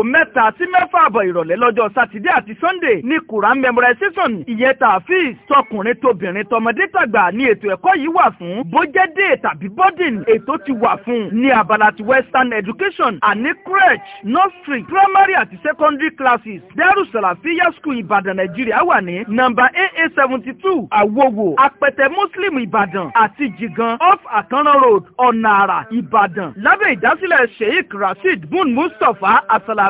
aago mẹ́ta sí mẹ́fà àbọ̀ ìrọ̀lẹ́ lọ́jọ́ sátidé àti sunday ní quran memorization ìyẹn tààfíìs tọkùnrin tobìnrin tọmọdé tàgbà ní ètò ẹ̀kọ́ yìí wà fún bójẹ́dé tàbí boarding ètò ti wà fún ní abala ti western education àní crèche nursery primary àti secondary classes dẹ́rù sàlàfíà school ìbàdàn nàìjíríà wà ní nọ́mbà aa seventy two àwòwò apẹtẹ muslim ìbàdàn àti jigan off àkànrán road ọ̀nà àrà ìbàdàn lábẹ́ ìdásílẹ̀ sheikh rasheed bun mustapha asala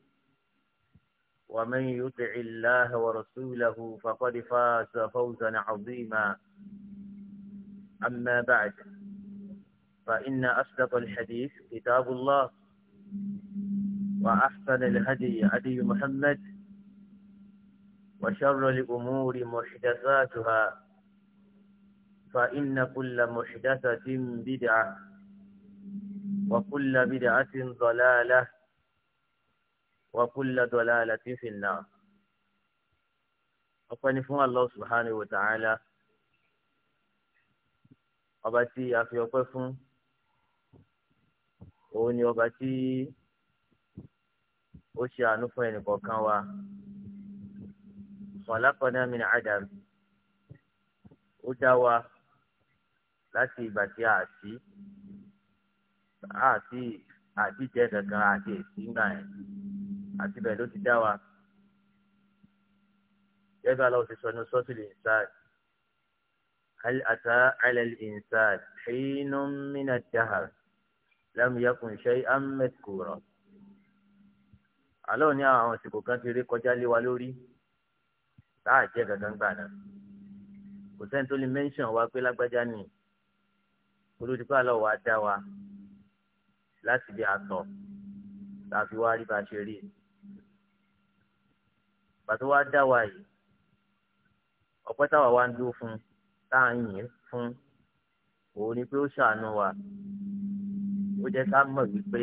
ومن يطع الله ورسوله فقد فاز فوزا عظيما أما بعد فإن أصدق الحديث كتاب الله وأحسن الهدي هدي محمد وشر الأمور محدثاتها فإن كل محدثة بدعة وكل بدعة ضلالة وكل ضلالة في النار ọpẹ́ ni fún Allah subhanahu wa ta'ala ọba tí a fi ọpẹ́ fún òun ni ọba tí ó ṣe àánú fún ẹnìkọ̀ọ̀kan wa khalaqana min adam ó dá wa láti ìgbà tí a sí a sí àtijẹ́ kankan àti èsì ńgbà yẹn àti bẹ́ẹ̀ ló ti dá wa gẹ́gẹ́ aláwọ̀ ti sọ ní sọ́tìlì ìsáàd hal ata ala al-insan hinun min ad-dahr lam yakun shay'an madhkura àlọ́ ní àwọn àsìkò kan ti rí kọjá lé wa lórí tá a jẹ́ gangan gbà náà kò sẹ́ni tó lè mẹ́ńṣọ̀n wa pé lágbájá nì olùdíkọ́ àlọ́ wa dá wa láti bí àtọ̀ tá wá rí bá a ṣe rí i pàtó wá dá wa yìí ọpẹ́ táwa wá ń dúró fún tá à ń yìn fún òun ni pé ó ṣàánú wa ó jẹ́ ká mọ̀ wípé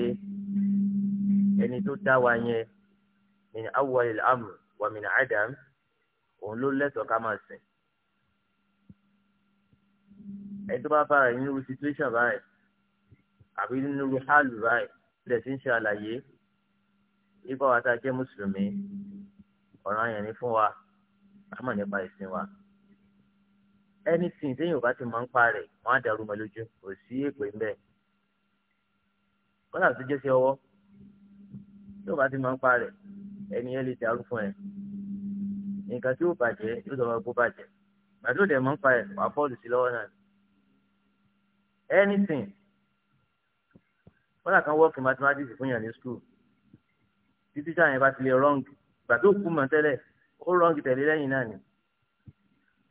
ẹni tó dá wa yẹn min awwalil amr wa min adam òun ló lẹ́tọ̀ọ́ ká máa sìn ẹni tó bá fara nínú situation báyìí àbí nínú hálù báyìí ó dẹ̀ ti ń ṣe àlàyé nípa wa jẹ́ mùsùlùmí ọ̀ràn yẹn ni fún wa ká mọ̀ nípa ìsìn wa anything téèyàn bá ti máa ń pa rẹ̀ wọ́n á dàrú mọ́ lójú kò sí èpè ńbẹ̀ kọ́lá tó jẹ́ sí ọwọ́ tí o bá ti máa ń pa rẹ̀ ẹni yẹn lè dàrú fún ẹ nǹkan tí ó bàjẹ́ yóò sọ wọn kó bàjẹ́ màdúró dẹ̀ máa ń pa ẹ̀ wà fọ́ọ̀lù sí lọ́wọ́ náà anything kọ́lá kan wọ́ọ̀kì mathematics fún yàn ní school títí táwọn yẹn bá ti lè wrong gbàtó kú mọ̀ tẹ́lẹ̀ ó rọ́ǹgì tẹ̀lé lẹ́yìn náà ni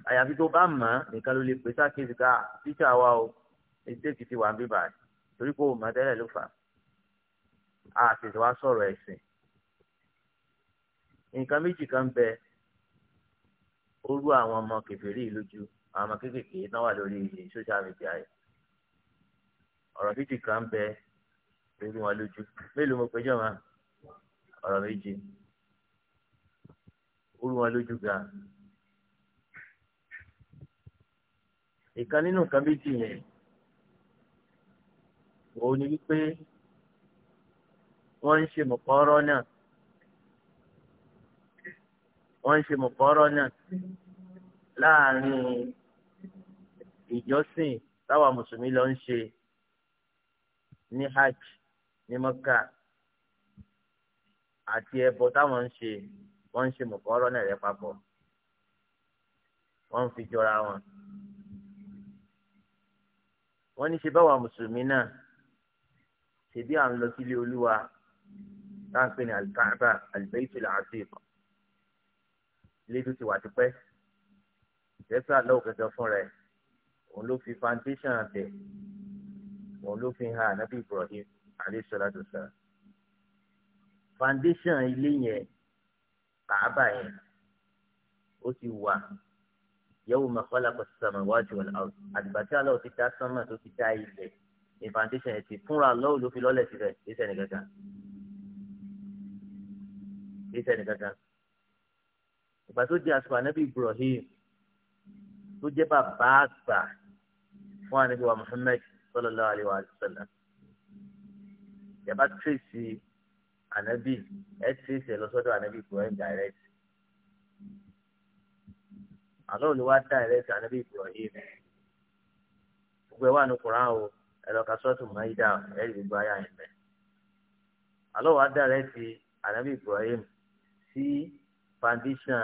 àyàfi tó bá mọ̀ nìkan ló lè pè sákèsì ká tíṣà wa o mistake ti wà ń bíbà torí kò mọ̀ tẹ́lẹ̀ ló fà á àtẹ̀tẹ̀ wá sọ̀rọ̀ ẹ̀sìn nǹkan méjì kan bẹ ó rú àwọn ọmọ kèfèrí lójú àwọn ọmọ kéékèèké náà wà lórí social media yìí ọ̀rọ̀ méjì kan bẹ lórí wọn lójú mélòó mo pèjọ́ wọn ọ̀rọ̀ méjì olúwa lójú ga ìkan nínú nǹkan méjì yẹn òun ni wípé wọ́n ń ṣe mọ̀kọ́rọ́ náà wọ́n ń ṣe mọ̀kọ́rọ́ náà láàrin ìjọsìn táwa mùsùlùmí lọ ń ṣe ní hajj ní mọ́kà àti ẹbọ táwọn ń ṣe wọ́n ń ṣe mọ̀kọ́rọ́ náà rẹ papọ̀ wọ́n ń fi jọra wọn. wọ́n ní ṣe báwa mùsùlùmí náà ṣèbí à ń lọ sílé olúwa táǹpé ní alikaaba alibaitul atiq ilé tó ti wà tipẹ́ ìfẹsẹ aláwọ kẹkẹ fún rẹ̀ òun ló fi foundation àtẹ òun ló fi hàn ànábì ibrahim alayhisalatu sara foundation ilé yẹn kàábà yẹn ó ti wà yawma khalaqa as-samawati wal-ard àdìbàtí aláwọ̀ ti dá sánmà tó ti dá ilẹ̀ ní foundation ẹ̀ ti fúnra lọ́wọ́ ló fi lọ́lẹ̀ síbẹ̀ kí sẹ́ni kankan kí ìgbà tó di àsìkò ànábì Ibrahim tó jẹ́ bàbá àgbà fún ànábì wa Muhammad sallallahu alayhi wa yàrá tírèsì. Anabi, ẹ tírèsì ẹ lọ sọ́dọ̀ ànábì Ibrahim direct àlọ́ òní wá direct ànábì Ibrahim gbogbo ẹ wà ní Kùránì o ẹ lọ ka sọ́ọ̀tù Maida ẹ lè gba ayà yẹn bẹ́ẹ̀ àlọ́ wá direct ànábì Ibrahim sí foundation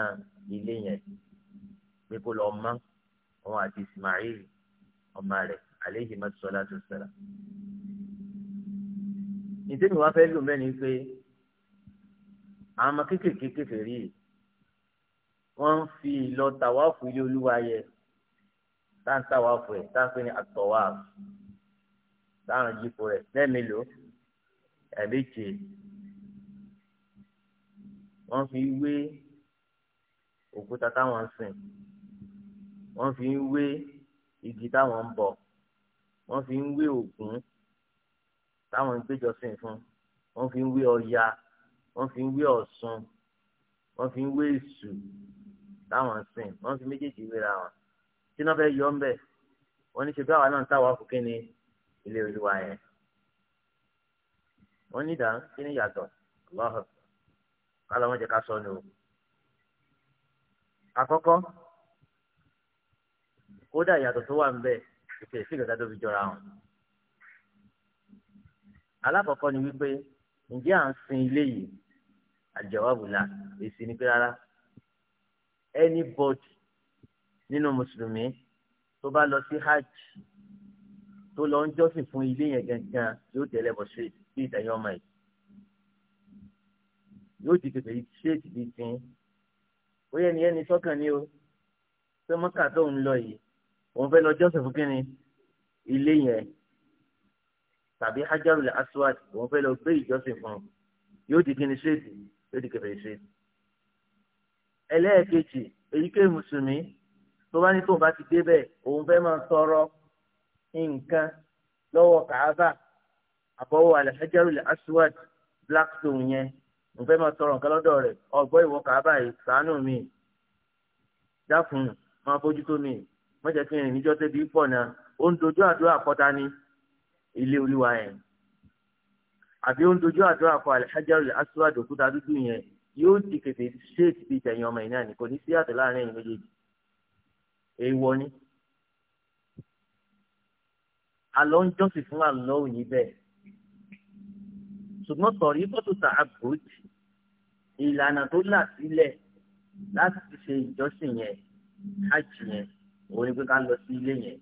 ilé yẹn pé kó lọ mọ́ òun àti Ismail ọmọ rẹ̀ alayhi salatu wassalam. ìdí mi wá fẹ́ lù mẹ́ni pé àwọn ọmọ kéékèèké kékeré wọ́n ń fi lọ tàwáfù ilé olúwa yẹ tá à ń tàwáfù ẹ̀ tá à ń pè ní àtọ̀wáfù tá à ń yípo rẹ̀ lẹ́ẹ̀mélòó ẹ̀ẹ́dẹ́jẹ wọ́n fi wé òkúta táwọn sìn wọ́n fi wé igi táwọn bọ wọ́n fi wé ògún táwọn ń sìn fún wọ́n fi wé ọya wọ́n fi ń wé ọ̀ṣun wọ́n fi ń wé èṣù táwọn sìn wọ́n fi méjèèjì wéra wọn tí wọ́n fẹ́ yọ ń bẹ̀ wọ́n ní ṣe bí àwa náà ń táwa fún kí ni ilé olúwa yẹn wọ́n ní ìdá kí ni yàtọ̀ lọ́hùn kálọ̀ wọ́n jẹ́ ká sọ ni o. àkọ́kọ́ kódà ìyàtọ̀ tó wà ń bẹ̀ ìpè sí ìgbàgbọ́ tó fi jọra hàn. alákọ̀ọ́kọ́ ni wípé ǹjẹ́ à ń sin ilé yìí àjẹwàbù la èsì ni pé rárá anybody nínú mùsùlùmí tó bá lọ sí hajj tó lọ ń jọ́sìn fún ilé yẹn gangan yóò tẹ̀lé bọ̀ straight bí ìtẹ̀yìn ọmọ yìí yóò ti tètè straight bíi tin ó yẹ nìyẹn ní sọ́kàn ni o pé mọ́kà tó ń lọ yìí òun fẹ́ lọ jọ́sìn fún kínni ilé yẹn tàbí hajarul aswad òun fẹ́ lọ gbé ìjọsìn fún yóò di kínni straight lódì kẹfẹ́ ṣe. ẹlẹ́ẹ̀kejì èyíkéyìí mùsùlùmí tó bá ní tó bá ti débẹ̀ òun fẹ́ máa sọ̀rọ̀ nǹkan lọ́wọ́ kàáfà àbọ̀wọ̀ alẹ́fẹ́jẹ́rù aswad blackstone yẹn òun fẹ́ máa sọ̀rọ̀ nǹkan lọ́dọ̀ rẹ̀ ọ̀gbọ́ ìwọ kàáfà yìí ṣàánú mi dákun máa bójú tó mi mọ̀jẹ̀ kí n rìn níjọ́ tẹ́bi pọ̀ náà ó ń dojú àdúrà kọ́ta ní ilé olúwa yẹn àbí ó ń dojú àdúrà kọ alhajarul aswad òkúta dúdú yẹn yóò di kèfè ṣéètì bíi tẹ̀yìn ọmọ ìnáà ní kò ní sí àtọ̀ láàrin ẹ̀yìn méjèèjì èèwọ̀ ni àlọ́ ń jọ́sìn fún àlọ́ òní bẹ́ẹ̀ ṣùgbọ́n sọ̀rí fọ́tòtà àbòjì ìlànà tó là sílẹ̀ láti ṣe ìjọsìn yẹn hajj yẹn òun ni pé ká lọ sí ilé yẹn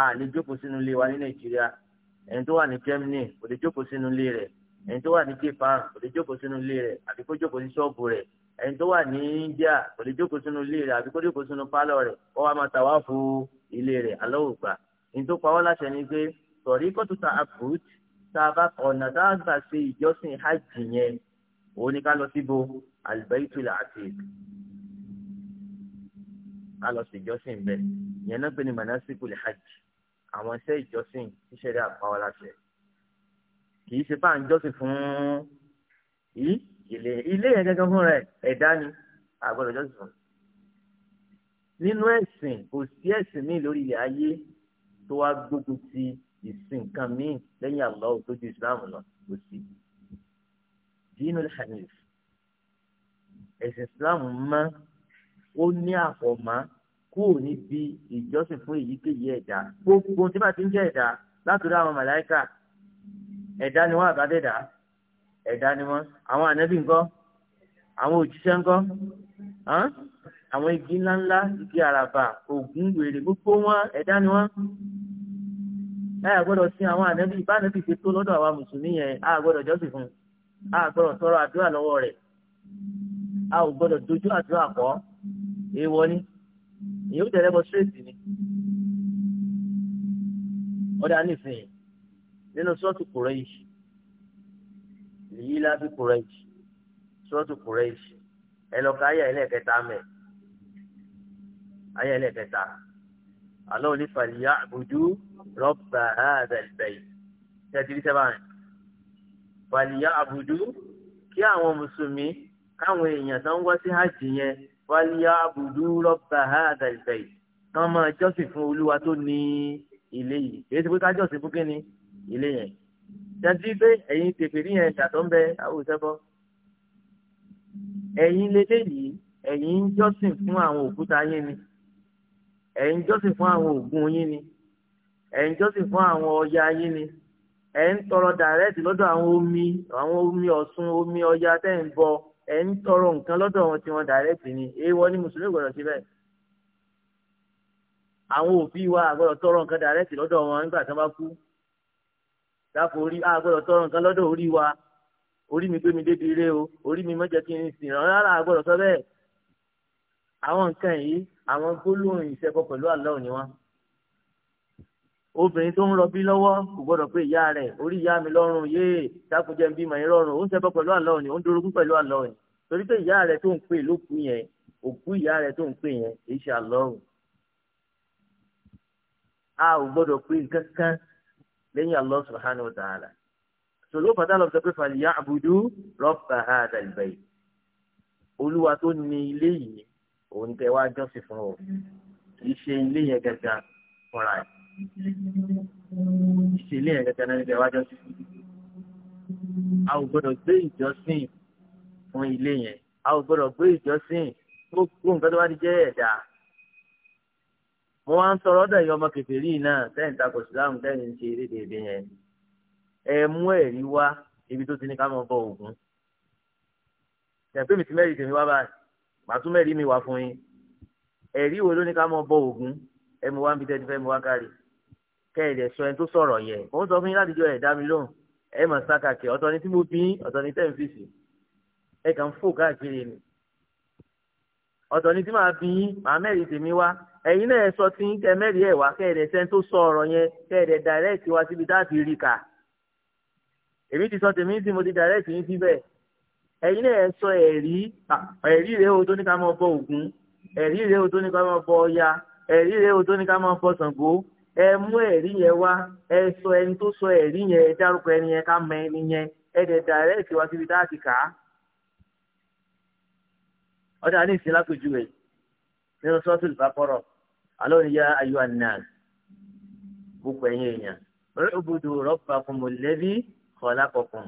a lè jókòó sínú ilé wa ní nàìjíríà ẹni tó wà ní Germany kò lè jókòó sínú ilé rẹ̀ ẹni tó wà ní Japan kò lè jókòó sínú ilé rẹ̀ àbí kó jókòó sí ṣọ́ọ̀bù rẹ̀ ẹni tó wà ní India kò lè jókòó sínú ilé rẹ̀ àbí kó jókòó sínú pálọ̀ rẹ̀ kó wá máa tàwa fún ilé rẹ̀ alọ́wọ́ gbà tó pawọ́ láṣẹ ni pé sọ̀rí kótó ta àbúrúd tá a bá ọ̀nà tá a gbà ṣe ìjọsìn hajj yẹn òun ni ká lọ síbo albaitul atiq ká lọ sí ìjọsìn bẹ́ẹ̀ yẹn náà pé ni manasikul hajj àwọn iṣẹ́ ìjọsìn ìṣẹ̀lẹ̀ àpáwọ́ láṣẹ kì í ṣe bá ń jọ́sìn fún yìí ilé ilé yẹn gẹ́gẹ́ fúnra ẹ̀ ẹ̀dá ni àgbọ̀dọ̀ jọ́sìn fún nínú ẹ̀sìn kò sí ẹ̀sìn míì lórí ilẹ̀ ayé tó wá gbógun ti ìsìn kan míì lẹ́yìn Allah tó ju ìsìláàmù lọ kò sí dínú hanif ẹ̀sìn ìsìláàmù mọ́ ó ní àfọ̀mọ́ kúrò níbi ìjọsìn fún èyíkéyìí ẹ̀dá gbogbo tí bá ti ń jẹ́ ẹ̀dá látòrí àwọn màláìkà ẹ̀dá ni wọ́n àbádẹ́dá ẹ̀dá ni wọ́n àwọn ànábì ńkọ́ àwọn òjíṣẹ́ ńkọ́ àwọn igi ńláńlá igi àràbà ògún wèrè gbogbo wọn ẹ̀dá ni wọ́n láyà gbọ́dọ̀ sí àwọn ànábì bá ànábì ṣe tó lọ́dọ̀ àwa mùsùlùmí yẹn á gbọ́dọ̀ jọ́sìn fún á gbọ́dọ̀ tọrọ àdúrà lọ́wọ́ rẹ̀ a ò gbọ́dọ̀ dojú àdúrà kọ́ èèwọ̀ ni èyí ó tẹ̀lé bọ ṣéètì ni ọ̀dà nífẹ̀ẹ́ nínú sọ́ọ̀tù kùrẹ́ẹ̀ṣì èyí lábí kùrẹ́ẹ̀ṣì sọ́ọ̀tù kùrẹ́ẹ̀ṣì ẹ lọ ka ayé ẹlẹ́ẹ̀kẹta mẹ́ ayé ẹlẹ́ẹ̀kẹta alọ́ ní fàlíyà àbùdú rọ́bà àdàlùbẹ̀yì tẹ̀tìrì sẹ́fàn fàlíyà àbùdú kí àwọn mùsùlùmí káwọn èèyàn tó ń wá sí hajj yẹn falyabudu rabba hadhal bayt kán máa jọ́sìn fún olúwa tó ní ilé yìí èyí ti pé ká jọ́sìn fún kíni ilé yẹn dájú pé ẹ̀yin tèfèrí yẹn ṣàtọ́ ń bẹ àwòṣẹ́bọ́ ẹ̀yin lélẹ́ yìí ẹ̀yin ń jọ́sìn fún àwọn òkúta yín ni ẹ̀yin ń jọ́sìn fún àwọn ògùn yín ni ẹ̀yin ń jọ́sìn fún àwọn ọya yín ni ẹ̀ ń tọrọ dàrẹ́ẹ̀tì lọ́dọ̀ àwọn omi àwọn omi ọ̀ṣun omi ọya tẹ́ ń bọ ẹ ń tọrọ nǹkan lọ́dọ̀ wọn tí wọ́n direct ni èèwọ̀ ni mùsùlùmí gbọ́dọ̀ ṣe bẹ́ẹ̀ àwọn òbí wa àgbọ́dọ̀ tọrọ nǹkan direct lọ́dọ̀ wọn nígbà tí wọ́n bá kú dáko orí àgbọ́dọ̀ tọrọ nǹkan lọ́dọ̀ orí wa orí mi gbé mi débi ré o orí mi mọ́jẹ́ kí n sìn rán rárá àgbọ́dọ̀ sọ bẹ́ẹ̀ àwọn nǹkan yìí àwọn gbólóhùn ìṣẹ́kọ̀ pẹ̀lú àlọ́ òní wọn obìnrin tó ń rọbí lọ́wọ́ kò gbọ́dọ̀ pé ìyá rẹ̀ orí ìyá mi lọ́rùn yéè dákúnjẹ́ ń bímọ ìrọ̀rùn ó ń ṣẹbọ pẹ̀lú àlọ́ òní ó ń dorogún pẹ̀lú àlọ́ òní torí pé ìyá rẹ̀ tó ń pè ló kú yẹn òkú ìyá rẹ̀ tó ń pè yẹn kì ṣe àlọ́ a ò gbọ́dọ̀ pé nǹkan kan lẹ́yìn Allah subhanahu wa ta'ala sòló fàtà lọ sọ pé fàlìyà àbùdú rọ́bà ha dàlùbẹ̀yì olúwa tó ní ilé yìí òun tẹ wá ìṣẹ̀lẹ̀ ẹ̀kẹ́kẹ́ náà níbẹ̀ wájọ́ sí. a ò gbọ́dọ̀ gbé ìjọsìn fún ilé yẹn a ò gbọ́dọ̀ gbé ìjọsìn gbogbo nǹkan tó bá ti jẹ́ ẹ̀dá. mo wá ń sọ̀rọ̀ ọ̀dọ̀ ìyá ọmọ kẹfìrí náà sẹ́yìn takò síláàmù sẹ́yìn ń ṣe eré dèbè yẹn. ẹ mú ẹ̀rí wá ibi tó ti ní ká mọ̀ bọ ògún. tẹ̀pẹ́mì ti mẹ́rin tèmi wá báyìí màtúmẹ́rin mi wá fún yín. ẹ̀rí wo ló ní ká mọ̀ bọ ògún ẹ mú wá ń bi tẹ́tí fẹ́ mú wá kárí. kẹ́ẹ̀dẹ̀ sọ ẹni tó sọ̀rọ̀ yẹn sọ fún yín láti jọ dá mi lóhùn ẹ ọ̀tọ̀ ni tí mo ọ̀tọ̀ ni ẹ kàn káàkiri ni ọ̀tọ̀ ni tí màá màá tèmi wá ẹ̀yin náà sọ tí kẹ wá tó yẹn kẹ́ẹ̀dẹ̀ direct wá síbi dáàbì rí kà èmi ti sọ tèmi tí mo ti direct yín ẹ sọ rèé o tó ní ẹ mú ẹ̀rí yẹn wá ẹ sọ ẹni tó sọ ẹ̀rí yẹn ẹ dárúkọ ẹni yẹn ká mọ ẹni yẹn ẹ dẹ̀ dàrẹ́ẹ̀tì wá síbi tá a ti kà á. ọ̀dà ní nínú sọ́ọ̀tù ìfàkọ́rọ̀ àlọ́ oníyá ayọ́ anáàs gbogbo ẹ̀yìn èèyàn rẹ́ẹ̀bùdù rabbakum alladhi khalaqakum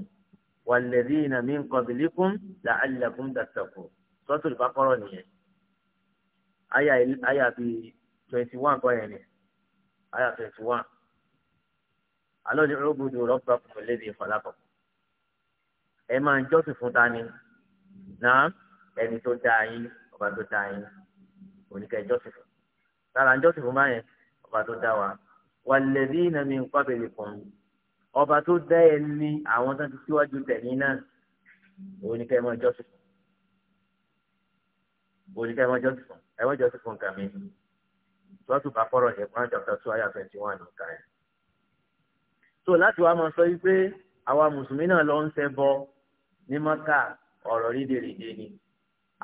walladhina min sọ́ọ̀tù nìyẹn. bíi twenty one kọ́ yẹn àyà twenty one alọ́ ni rúbùdù rọ́bà kò lébi ìfọ̀lákọ̀ ẹ máa ń jọ́sìn fún dání náà ẹni tó dáa yín ọba tó dáa yín oníkẹ́ jọ́sìn fún tààrà ń jọ́sìn fún báyẹn ọba tó dá wa wàlẹ́bí nàmi nkọ́bẹ̀lẹ̀ kan ọba tó dá ẹ ní àwọn tó ti síwájú tẹ̀lé náà oníkẹ́ máa jọ́sìn fún oníkẹ́ máa jọ́sìn fún ẹ máa jọ́sìn fún kàmí sọ́tù bá kọ́rọ̀ yẹn Quran chapter two ayah twenty one ọ̀ka yẹn. so láti wá máa sọ wípé àwa mùsùlùmí náà lọ ń ṣẹbọ ní mọ́kà ọ̀rọ̀ rídèrèdè ni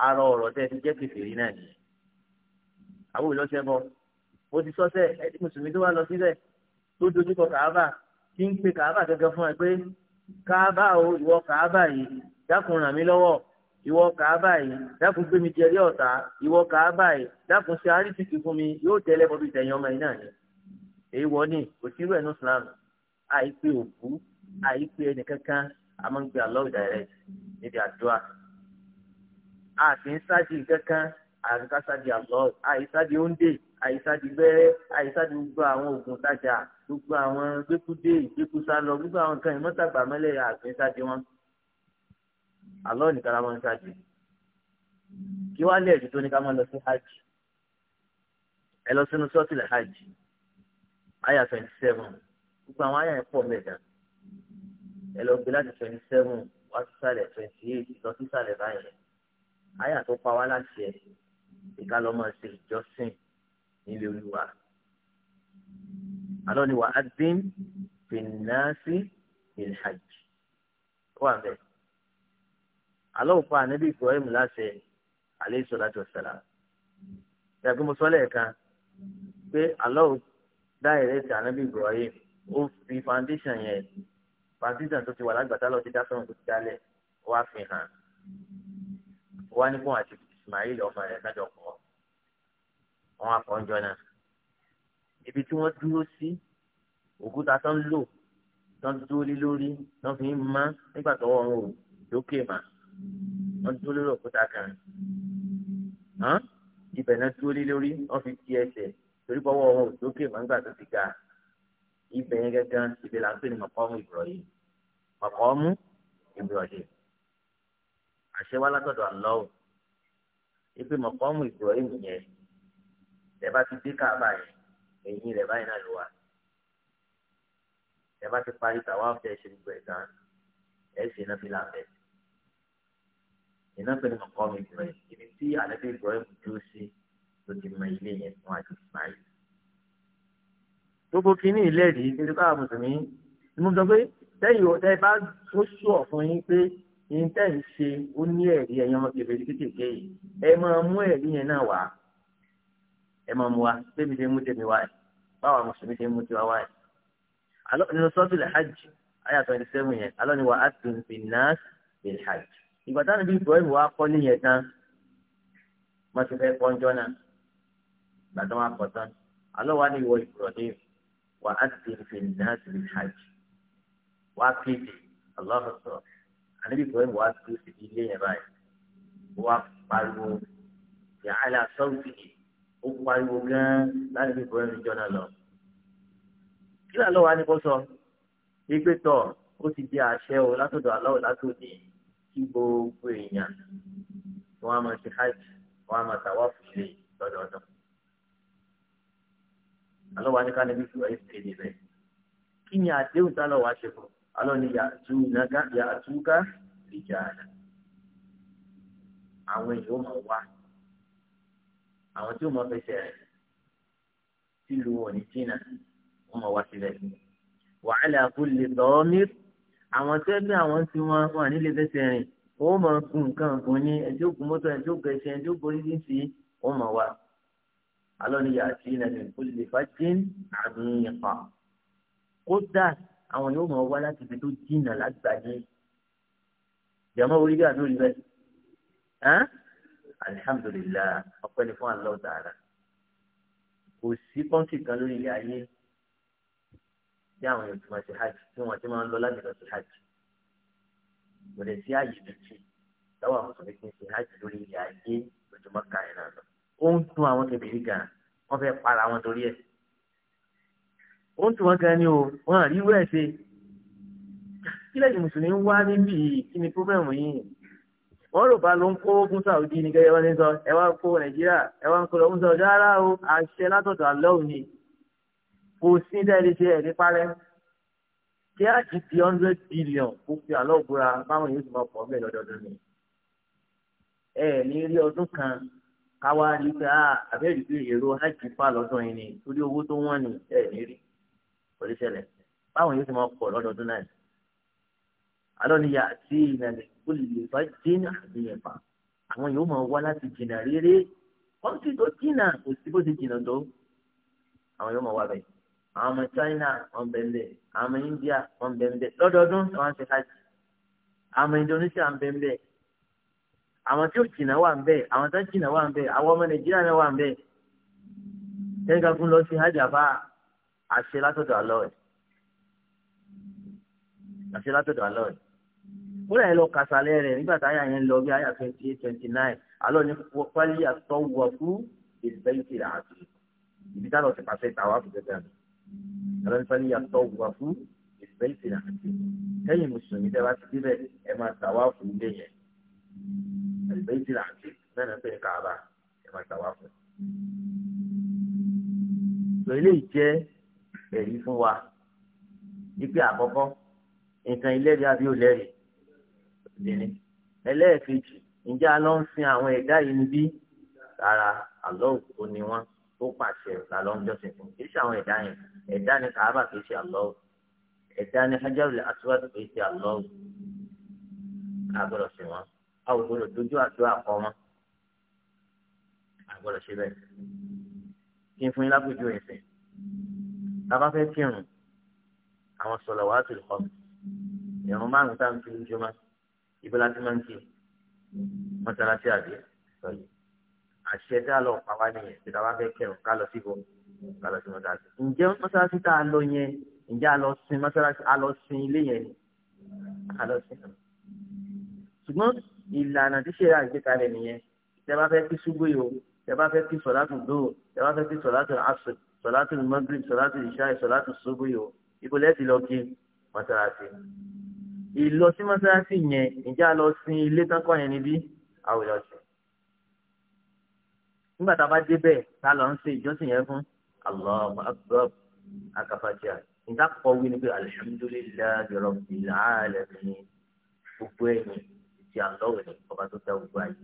ara ọ̀rọ̀ tẹ́ ti jẹ́ kèfèrí náà nìyẹn. àwọn ìlọsẹ̀bọ mo ti sọ́sẹ̀ ẹni mùsùlùmí tó wá lọ síbẹ̀ tó dojúkọ kàábà kí ń pe kàábà gẹ́gẹ́ fún ẹ pé kàábà o ìwọ kàábà yìí dákun ràn mí lọ́wọ́ ìwọ kàá báyìí dákun gbé mi jẹrí ọ̀tá ìwọ kàá báyìí dákun ṣe àríṣìkì fún mi yóò tẹ̀lé bọ́bí tẹ̀yìn ọmọ yìí náà ni èèwọ̀ ni kò sí rẹ̀ ní Islam àìpé òkú àìpé ẹnìkankan a máa ń gbé Allah direct níbi àdúrà a kì í sáàdì kankan àríká sáàdì Allah àìsáàdì oúnjẹ àìsáàdì bẹ́rẹ́ àìsáàdì gbogbo àwọn oògùn tajà gbogbo àwọn gbẹkúdé ìgbẹkúsá lọ gbogbo àwọn kan ìmọ̀tàgbàmọ́lẹ̀ àgbẹ̀sáàdì wọn. Allah nìkan la máa ń ṣáàjì kí wàá lé ẹ̀jú tó ní ká máa lọ sí hajj ẹ lọ sínú sọ́tìlẹ̀ hajj àyà twenty seven gbogbo àwọn àyà yẹn pọ̀ mẹ́ta ẹ lọ gbé láti twenty seven wá sí sàlẹ̀ twenty eight lọ sí sàlẹ̀ báyìí àyà tó pa wá láṣẹ ìka lọ máa ṣe ìjọsìn nílé olúwa Allah ni wàá dín fìnnásí ìlhajj ó wà bẹ́ẹ̀ alóhùn pa ànábì Ibrahim láṣẹ alayhi salatu wassalam yàgbé mo sọ́lẹ̀ kan pé alóhùn dá ìrètí ànábì Ibrahim ó fi foundation yẹn foundation tó ti wà lágbàtà lọ ti dá sọ́run tó ti dálẹ̀ wá fi hàn wá ní fún àti Ismail ọmọ rẹ̀ kájọ pọ̀ wọn àkọ́njọ náà ibi tí wọ́n dúró sí òkúta tó ń lò tó dúró lé lórí tó fi ń mọ́ nígbà tó wọ́n rò lókè mà wọ́n dúró lórí òkúta kan ibẹ̀ náà dúró lé lórí wọ́n fi ti ẹsẹ̀ torí pọ́wọ́ wọn ò sókè mọ́ngbà tó ti ga ibẹ̀ yẹn gángan ibẹ̀ là ń pè ní mọ̀kọ́mù Ibrahim mọ̀kọ́mù Ibrahim àṣẹ wa látọ̀dọ̀ àlọ́ ò ipe mọ̀kọ́mù Ibrahim yẹn tẹ́ bá ti dé káàbà yẹn ẹ̀yìn rẹ̀ báyìí náà ló wà tẹ́ bá ti parí tàwa ọ̀fẹ́ ṣe gbogbo ẹ̀ tán ẹ̀ ṣe náà fi làbẹ̀ẹ́ iná pẹ̀lú ọkọ mi ìbẹ̀rẹ̀ ibi tí àlẹ́bí Ibrahim dúró sí ló ti mọ ilé yẹn fún àti Ismail. gbogbo kínní ìlẹ́rìí nítorí káà mùsùlùmí ni mo sọ pé tẹ́yìn ọ̀tẹ́ bá ó ṣùọ̀ fún yín pé yín tẹ́ ń ṣe ó ní ẹ̀rí ẹ̀yàn ọmọ kẹfẹ́ kékèké yìí ẹ máa mú ẹ̀rí yẹn náà wá ẹ máa mú wa bébí ṣe mú tèmi wá ẹ báwa mùsùlùmí ṣe mú tiwa wá ẹ. nínú sọ́ọ̀tù lẹ́hàjì ayàtọ̀ ẹni sẹ́wọ̀n yẹn alọ́ ni wà á tún bí náà bí lẹ́hàjì ìgbà táwọn ibi ìbọ̀wé wa kọ́ níyẹn tán wọ́n ti fẹ́ pọ́njọ́ náà ìgbà tó wọn kọ́ tán alọ́wà ni ìwọ Ibrahim wà á ti fi náà ti fi hajj wà á kéde aláwọ̀ sọ àníbi ìbọ̀wé wa ti fi ilé yẹn báyìí wà á pariwo yàrá sọ́ọ̀tì ó pariwo gan láti fi ìbọ̀wé mi náà lọ kí lálọ́ wa ni kò sọ ìpè ó ti di àṣẹ o látọ̀dọ̀ aláwọ̀ látòdì yìí kí gbogbo èèyàn wọn a máa ṣe hajj wọn a máa tàwa fìlè lọ́dọọdún. àlọ́ wa ní ká níbi ìṣúra yìí ṣe níbẹ̀. kí ni àdéhùn tá lọ́wọ́ ṣe fún àlọ́ ni yàtú ìnáká yàtúká ìjà àná. àwọn èèyàn ó máa wá àwọn tí ó máa fẹsẹ̀ rẹ̀ sílùú òní jìnnà wọ́n máa wá sílẹ̀. wàhálà kúlè dọ́ọ́mìrì àwọn tó ẹgbẹ́ àwọn tí wọ́n wà nílé fẹsẹ̀ rìn ó mọ̀ gùn nǹkan gùn ní ẹjọ́ ògùn mọ́tò ẹjọ́ ògùn ẹsẹ̀ ẹjọ́ ògùn orí sí ó mọ̀ wá. alọ́ni yàtí nàbẹ̀ kó lè fa jíìn àmì ìpa kódà àwọn yóò mọ̀ wá láti fi tó jìnnà lágbàáyé jẹ̀mọ́ orí bí àdúrà rẹ̀ ẹ́ alihamudulilayi ọpẹ́ ni fún Allah Ta'ala kò sí kọ́ńtì kan lórí ilé ayé bí àwọn èèyàn ti máa ṣe hajj tí wọ́n ti máa ń lọ láti lọ sí hajj kò lè sí àyè méjì táwọn mùsùlùmí ti ń ṣe hajj lórí ilẹ̀ ayé lójúmọ́ ká ẹ̀ náà lọ ó ń tún àwọn kẹbìrì gan wọ́n fẹ́ para wọn torí ẹ̀ ó ń tún wọn gan ni o wọ́n àrí wẹ́ẹ̀ ṣe kí lẹ́yìn mùsùlùmí ń wá níbí kí ni pírọ́bẹ̀mù yìí wọ́n rò bá ló ń kó fún Saudi ní gẹ́gẹ́ bá ní sọ ẹ wá kó Nàìjíríà ẹ wá ń kó lọ fún Saudi rárá o àṣẹ látọ̀dọ̀ àlọ́ òní kò sí dẹ́rẹ́ ṣe ẹ̀rí parẹ́ kí á ti di hundred billion kó fi àlọ́ báwọn yóò sì máa pọ̀ bẹ́ẹ̀ lọ́dọọdún ni ẹ ní rí ọdún kan káwá rí pé ah, àbẹ́rẹ́ pé èrò hajj fà lọ́dún yìí ni torí owó tó wọ́n ni ẹ ní rí kò ṣẹlẹ̀ báwọn yóò sì máa pọ̀ lọ́dọọdún náà alọ́ ni yà sí ìlànà olùlè bá dé àbíyẹ̀fà àwọn yóò máa wá láti jìnnà réré wọ́n tó jìnnà kò sí bó ti jìnnà tó àwọn yóò máa wá bẹ́ẹ̀ àwọn ọmọ China wọn bẹ̀m̀bẹ̀ àwọn ọmọ India wọn bẹ̀m̀bẹ̀ lọ́dọọdún wọn ṣe hajj àwọn ọmọ Indonesia ń bẹ̀m̀bẹ̀ àwọn tí ó jìnnà wà ń bẹ̀ àwọn tó jìnnà wà ń bẹ̀ àwọn ọmọ Nàìjíríà náà wà ń bẹ̀ tẹ́ńkà fún lọ sí hajj àbá àṣẹ látọ̀dọ̀ àlọ́ ẹ̀ àṣẹ látọ̀dọ̀ àlọ́ ẹ̀ kúrò ẹ̀ lọ kàṣàlẹ̀ rẹ̀ nígbà táyà yẹn lọ bí àyà twenty eight twenty nine àlọ́ ní pálí àtọ́wọ́ fún ìbẹ́yìí rà á sí ibi táwọn ti pàṣẹ ìtàwá fún gẹ́gẹ́ àná àlọ́nifálẹ̀ yàtọ̀ wà fún ìfẹ́lìsì àti kẹ́yìn mùsùlùmí tẹ́ bá ti débẹ̀ ẹ máa tàwa fún ilé yẹn ìfẹ́lìsì àti mẹ́rin pé káàbà ẹ máa tàwa fún. sọ eléyìí jẹ́ ẹ̀rí fún wa wípé àkọ́kọ́ nǹkan ìlẹ́rìí àbí òlẹ́rìí obìnrin ẹlẹ́ẹ̀kejì ǹjẹ́ a lọ ń sin àwọn ẹ̀dá yìí níbí rárá àlọ́ òkú ni wọ́n tó pàṣẹ làlọ́ ń jọ́sìn fún kì ṣe àwọn ẹ̀dá yẹn ẹ̀dá ni kàábà kìí ṣe àlọ́ ẹ̀dá ni hajarul aswad kìí ṣe àlọ́ àgbọ̀dọ̀ sí wọn a ò gbọdọ̀ dojú àdúrà kọ wọn àgbọ̀dọ̀ ṣe bẹ́ẹ̀ kí n fún yín lápòjú ẹ̀sìn tábà fẹ́ kírun àwọn salawatul khams ìrun márùn tá à ń fi ojúmọ́ ibi láti máa ń kí mọ́sálásí àbí sọ̀yìn àṣẹ tá lọ pa nìyẹn tí fẹ́ kírun ká lọ síbò kálọ̀ sí mọ́sálásí ǹjẹ́ mọ́sálásí tá a lọ yẹn ǹjẹ́ a lọ sin mọ́sálásí a lọ sin ilé yẹn a lọ sin ṣùgbọ́n ìlànà tí ṣẹlẹ̀ àgbékalẹ̀ nìyẹn tẹ́ bá fẹ́ kí ṣubú yìí o tẹ́ bá fẹ́ kí sọ̀látù dò tẹ́ bá fẹ́ kí sọ̀látù asr sọ̀látù magrib sọ̀látù ìṣáì sọ̀látù ṣubú yìí o ibo lẹ́ẹ̀tì lọ kí mọ́sálásí ìlọ sí mọ́sálásí yẹn ǹjẹ́ a lọ sin ilé tán yẹn níbí àwòrán ṣe nígbà tá a bá débẹ̀ tá a lọ ń ṣe ìjọsìn yẹn fún Allahu akbar akafàtíà níta kọ́ wí ni pé alihamudulilayi rabbil alamin gbogbo ẹ̀yìn ti àlọ́wẹ̀ ọba tó dá gbogbo ayé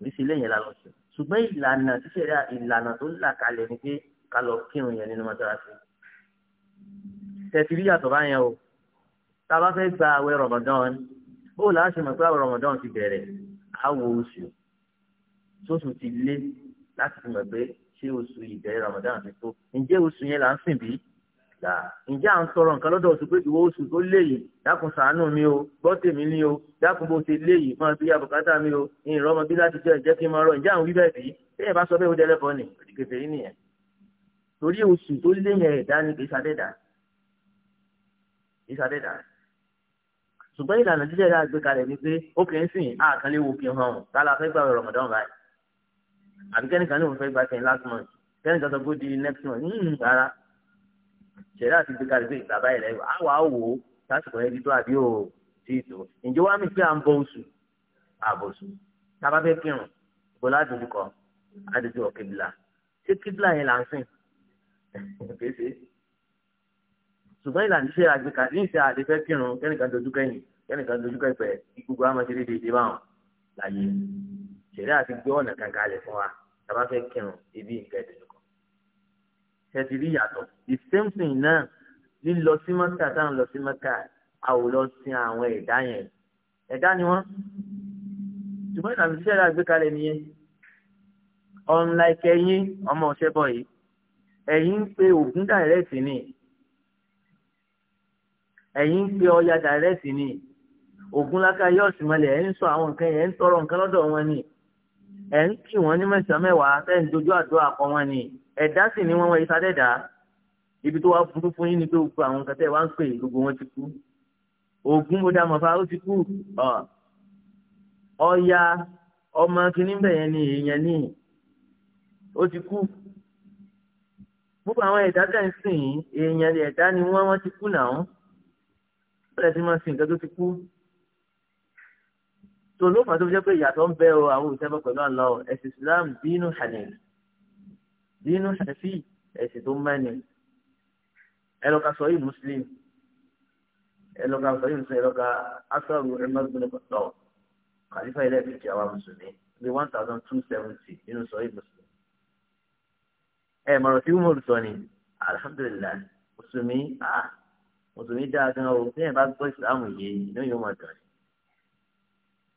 oríṣi lẹ́yìn la lọ sí ṣùgbọ́n ìlànà ṣíṣẹ̀dá ìlànà tó là kalẹ̀ ni pé ká lọ kírun yẹn nínú mọ́tàlásì tẹ̀sí yíyàtọ̀ bá yẹn o tá a bá fẹ́ gba àwẹ̀ Ramadan bó la ṣe pé àwẹ̀ Ramadan ti bẹ̀rẹ̀ àwọ̀ oṣù tóṣù ti lé láti fi mọ̀ pé ṣé oṣù ìbẹ̀rẹ̀ Ramadan ti tó ǹjẹ́ oṣù yẹn là ń sìn bí? là ǹjẹ́ à ń sọ̀rọ̀ nǹkan lọ́dọ̀ oṣù pé ìwọ oṣù tó léyìí dákun ṣàánú mi o gbọ́ tèmi ni o dákun bó ṣe léyìí máa bí abùkátà mi o ní ìrọ́mọ bí láti jẹ́ ìjẹ́ kí n máa rọ ǹjẹ́ à ń wí bẹ́ẹ̀ bí? bẹ́ẹ̀ bá sọ bẹ́ẹ̀ ó dẹ́rẹ́ bọ́ ni òdìgbèsè yìí nìyẹn torí oṣù tó léyìn ẹ̀dá ni kì í ṣàdẹ́dà kì í ṣàdẹ́dà ṣùgbọ́n ìlànà jíjẹ́ ìdá àgbékalẹ̀ ni pé ó kì í sìn Ramadan báyìí àbí kẹ́nìkan ní òun fẹ́ gba ten last month kẹ́nìkan sọ pé di next month ń hmm, rárá ṣẹ̀dá àti gbé kalẹ̀ pé ìgbàgbá yẹn lẹ́yìn á wàá wò ó sásìkò yẹn ti tó àbí ò tí ì tó ǹjẹ́ wàá mi pé à ń bọ oṣù àbọ̀ oṣù tábà fẹ́ kírun bọ́lá àdójúkọ àdójúkọ kébìlà ṣé kébìlà yẹn là ń sìn kéṣe ṣùgbọ́n ìlànà iṣẹ́ àgbékalẹ̀ ní ìṣe àdéfẹ́ kírun kẹ́nìkan dojú kẹ́yìn kẹ́nìkan dojú kẹ́pẹ́ gbogbo àmọ́ ṣẹ̀dá àti gbé ọ̀nà kankan lè fún wa tàbá fẹ́ kírun ibi nǹkan ìdílé kan. ṣẹ́ẹ̀tì rí yàtọ̀ the same thing náà lílọ sí mọ́kà tá à ń lọ sí mọ́kà a ò lọ sin àwọn ẹ̀dá yẹn ẹ̀dá ni wọ́n ṣùgbọ́n ìlànà tí ṣẹ̀dá gbé nìyẹn unlike ẹ̀yin ọmọ ọ̀ṣẹ́ bọ̀ yìí ẹ̀yin ń pe Ògún dàrẹ́ẹ̀tì ni ẹ̀yin ń pe Ọya dàrẹ́ẹ̀tì ni Ògún lákàyọ́ọ̀sì mọ́lẹ̀ ẹ̀ ń sọ àwọn nǹkan yẹn ń tọrọ nǹkan lọ́dọ̀ wọn ni ẹ̀ ń kí wọ́n ní mẹ́sàn-án mẹ́wàá ẹ̀ ń dojú àdúrà kọ́ wọn ni ẹ̀dá sì ni wọ́n wọ ìsadẹ́ dá ibi tó wá burú fún yín ni pé gbogbo àwọn kẹtẹ́ wá ń pè gbogbo wọn ti kú oògùn mo dá mọ̀fà ó ti kú ọ̀ya ọmọ kìíní bẹ̀yẹn ni èèyàn ní ó ti kú gbogbo àwọn ẹ̀dá tẹ̀ ń sìn èèyàn ẹ̀dá ni wọ́n wọ́n ti kú náà ó lẹ́sìn máa sìn nǹkan ti kú tó ló fà tó fi jẹ́ pé ìyàtọ̀ ń bẹ o àwọn olùsẹ́fẹ́ pẹ̀lú àlọ́ ẹ̀sìn Islam dínú hanif dínú hanifi ẹ̀sìn tó mẹ́ni ẹlọ́ka sọ yìí muslim ẹlọ́ka sọ yìí muslim ẹlọ́ka asaru Umar bin Khattab kàlífà ilẹ̀ kejì àwa mùsùlùmí bí one thousand two seventy nínú sọ yìí muslim ẹ mọ̀rọ̀ tí umaru sọ ni alhamdulilayi mùsùlùmí ah mùsùlùmí dáa gan o bí ẹ bá gbọ́ ìsìlámù yìí inú yóò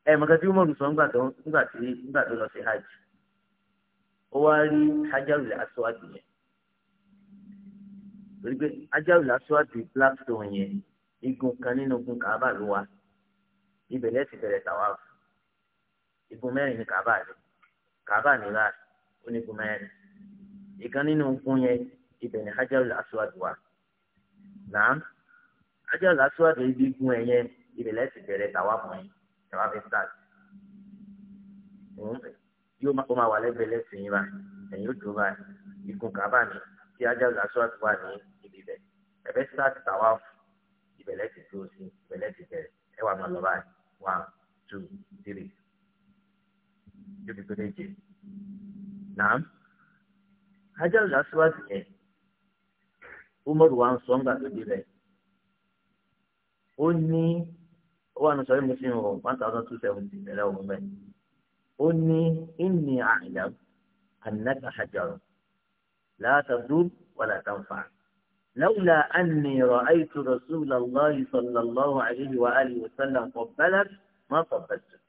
ẹ mọ̀kà tí umaru sọ ńgbà tó ńgbà tí ńgbà tó lọ sí hajj ó wá rí hajarul aswad yẹn torí pé hajarul aswad black stone yẹn igun kan nínú igun kaaba ló wà ibẹ̀ lẹ́sìn bẹ̀rẹ̀ tawaf igun mẹ́rin ni kaaba ni kaaba ni láàrin ó ní igun mẹ́rin ìkan nínú igun yẹn ibẹ̀ ni hajarul aswad wà náà hajarul aswad ibi igun ẹ̀yẹn ibẹ̀ lẹ́sìn bẹ̀rẹ̀ tawaf yẹn ẹ wá fẹ́ start òun yóò má kó máa wà lẹ́gbẹ̀ẹ́ lẹ́sìn yín báyìí ẹ̀yin ó dùn báyìí ikùn kàbá ni tí ajá làásùwà ti wà ní ibi ibẹ̀ ẹ fẹ́ start tàwa ìbẹ̀lẹ̀ ti tó sí ìbẹ̀lẹ̀ ti bẹ̀rẹ̀ ẹ wà máa lọ báyìí one two three yóò fi tó méje nàám ajá làásùwà ti yẹn umaru wa ń sọ ńgbà tó dé bẹ́ẹ̀ ó ní ó wà ní sọ́yìn muslim o one thousand two seventy ẹ̀rẹ́ òun bẹ́ẹ̀ ó ní inni a'lam annaka hajarun la tadur wala tanfa lawla anni ra'aytu rasulallahi sallallahu alayhi wa alihi wa sallam qabbalak ma qabbaltuk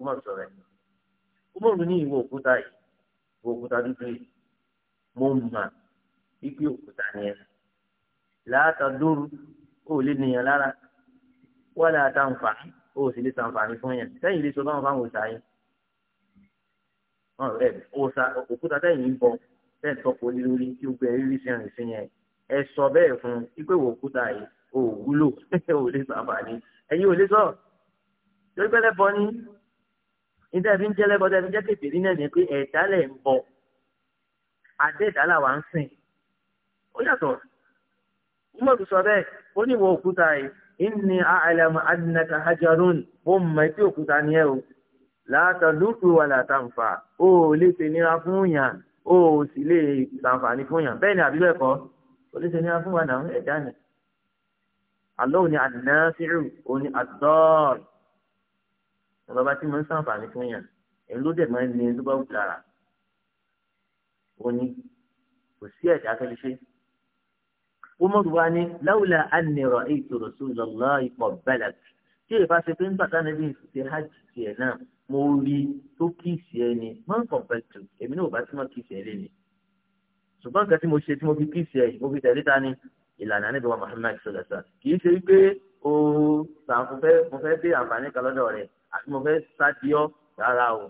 umar sọ̀rọ̀ ẹ̀ umar ní ìwọ òkúta yìí ìwọ òkúta dúdú yìí mo mà ipe òkúta ni ẹ la tadur ó lé nìyẹn lára wọ́n lè àtàǹfà ó sì lè sàǹfààní fún yẹn sẹ́yìn lè sọ báwọn fáwọn òòṣà yẹn òòṣà òkúta sẹ́yìn ń bọ sẹ́yìn tọkọ lórí tí ó gbẹ rírí sẹ́yìn sí yẹn ẹ sọ bẹ́ẹ̀ fún ipe wo òkúta yìí ò wúlò ò lè sàǹfààní ẹ̀yin ò lè sọ lórí pẹ́lẹ́ bọ ní níta ẹ̀fí ń jẹ́ lẹ́bọ̀ tẹ́ ẹ̀fí ń jẹ́ kékeré náà ní pé ẹ̀dá lẹ̀ ń bọ àdéhùn làwa ń sìn ó yàtọ̀ Umaru sọ bẹ́ẹ̀ ó ní ìwọ òkúta yìí inni a'lamu annaka hajarun ó mọ̀ tí òkúta ni ẹ o láàtọ̀ lùkù wà látàǹfà ó lè ṣe nira fún yàn ó sì lè ṣàǹfààní fún yàn bẹ́ẹ̀ ni àbí bẹ́ẹ̀ kọ́ ó lè ṣe nira fún wa náà ẹ̀dá ni àlọ́ òní ànáfíìrù òní àdọ́ọ̀rù ọlọ́ba tí mo ń ṣàǹfààní fún yàn èyí ló dẹ̀ máa ń ní ẹni tó bá òní kò sí ẹ̀dá kẹ́lẹ́ umar wa ni láwùlà ànìrọ ètò rọṣùlọlọ ipò bẹlẹk tí èèfà ṣe pé ń bàtà níbi ìṣe hajj tiẹ náà mo rí tó kíìsì ẹ ni máa ń kàn bẹtù èmi náà ò bá tí mo kíìsì ẹ lé ni ṣùgbọ́n nǹkan tí mo ṣe tí mo fi kíìsì ẹ mo fi tẹ̀lé ta ni ìlànà níbi wa Muhammad sọlẹsà kì í ṣe wípé o sàǹfù fẹ́ mo fẹ́ dé àǹfààní kan lọ́dọ̀ rẹ̀ àti mo fẹ́ sádìọ́ rárá o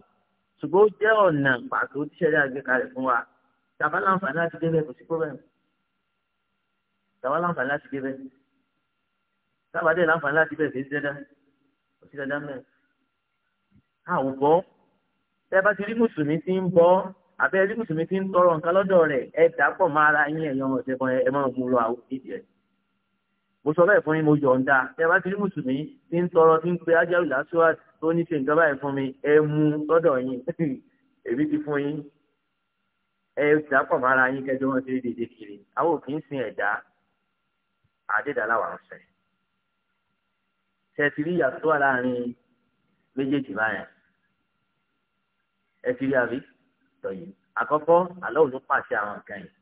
ṣùgbọ́n ó jẹ́ ọ̀nà pàtó tíṣẹ́lẹ̀ àgbékalẹ̀ fún wa tàbá láǹfààní láti débẹ̀ kò sí pọ́bẹ́mù tàwa láǹfààní láti dé bẹ́ẹ̀ sábàdé láǹfààní láti bẹ́ẹ̀ fèsì dáadáa kò sí dáadáa mẹ́rin. àwọn bọ́ tẹ́ bá ti rí mùsùlùmí tí ń bọ́ abẹ́ rí mùsùlùmí tí ń tọrọ nǹkan lọ́dọ̀ rẹ̀ ẹ dàpọ̀ máa ra yín ẹ̀yàn ọ̀sẹ̀ kan ẹ máa mú lọ àwọn ìdí ẹ̀. mo sọ bẹ́ẹ̀ fún yín mo yọ̀ǹda tẹ́ bá ti rí mùsùlùmí tí ń tọrọ tí ń pe ajáwì lásùwà tó ní ṣe nǹkan báyìí fún mi ẹ mú lọ́dọ̀ yín èmi ti fún yín ẹ dàpọ̀ máa ra yín kẹjọ wọn ṣe déédéé kiri àwọn òfin sin ẹ̀dá àdédàlá wà ń sẹ ṣe ti rí ìyàtọ̀ wà láàrin méjèèjì báyẹn ẹ ti rí àbí tọyìn àkọ́kọ́ àlọ́ òun ló pàṣẹ àwọn nǹkan yìí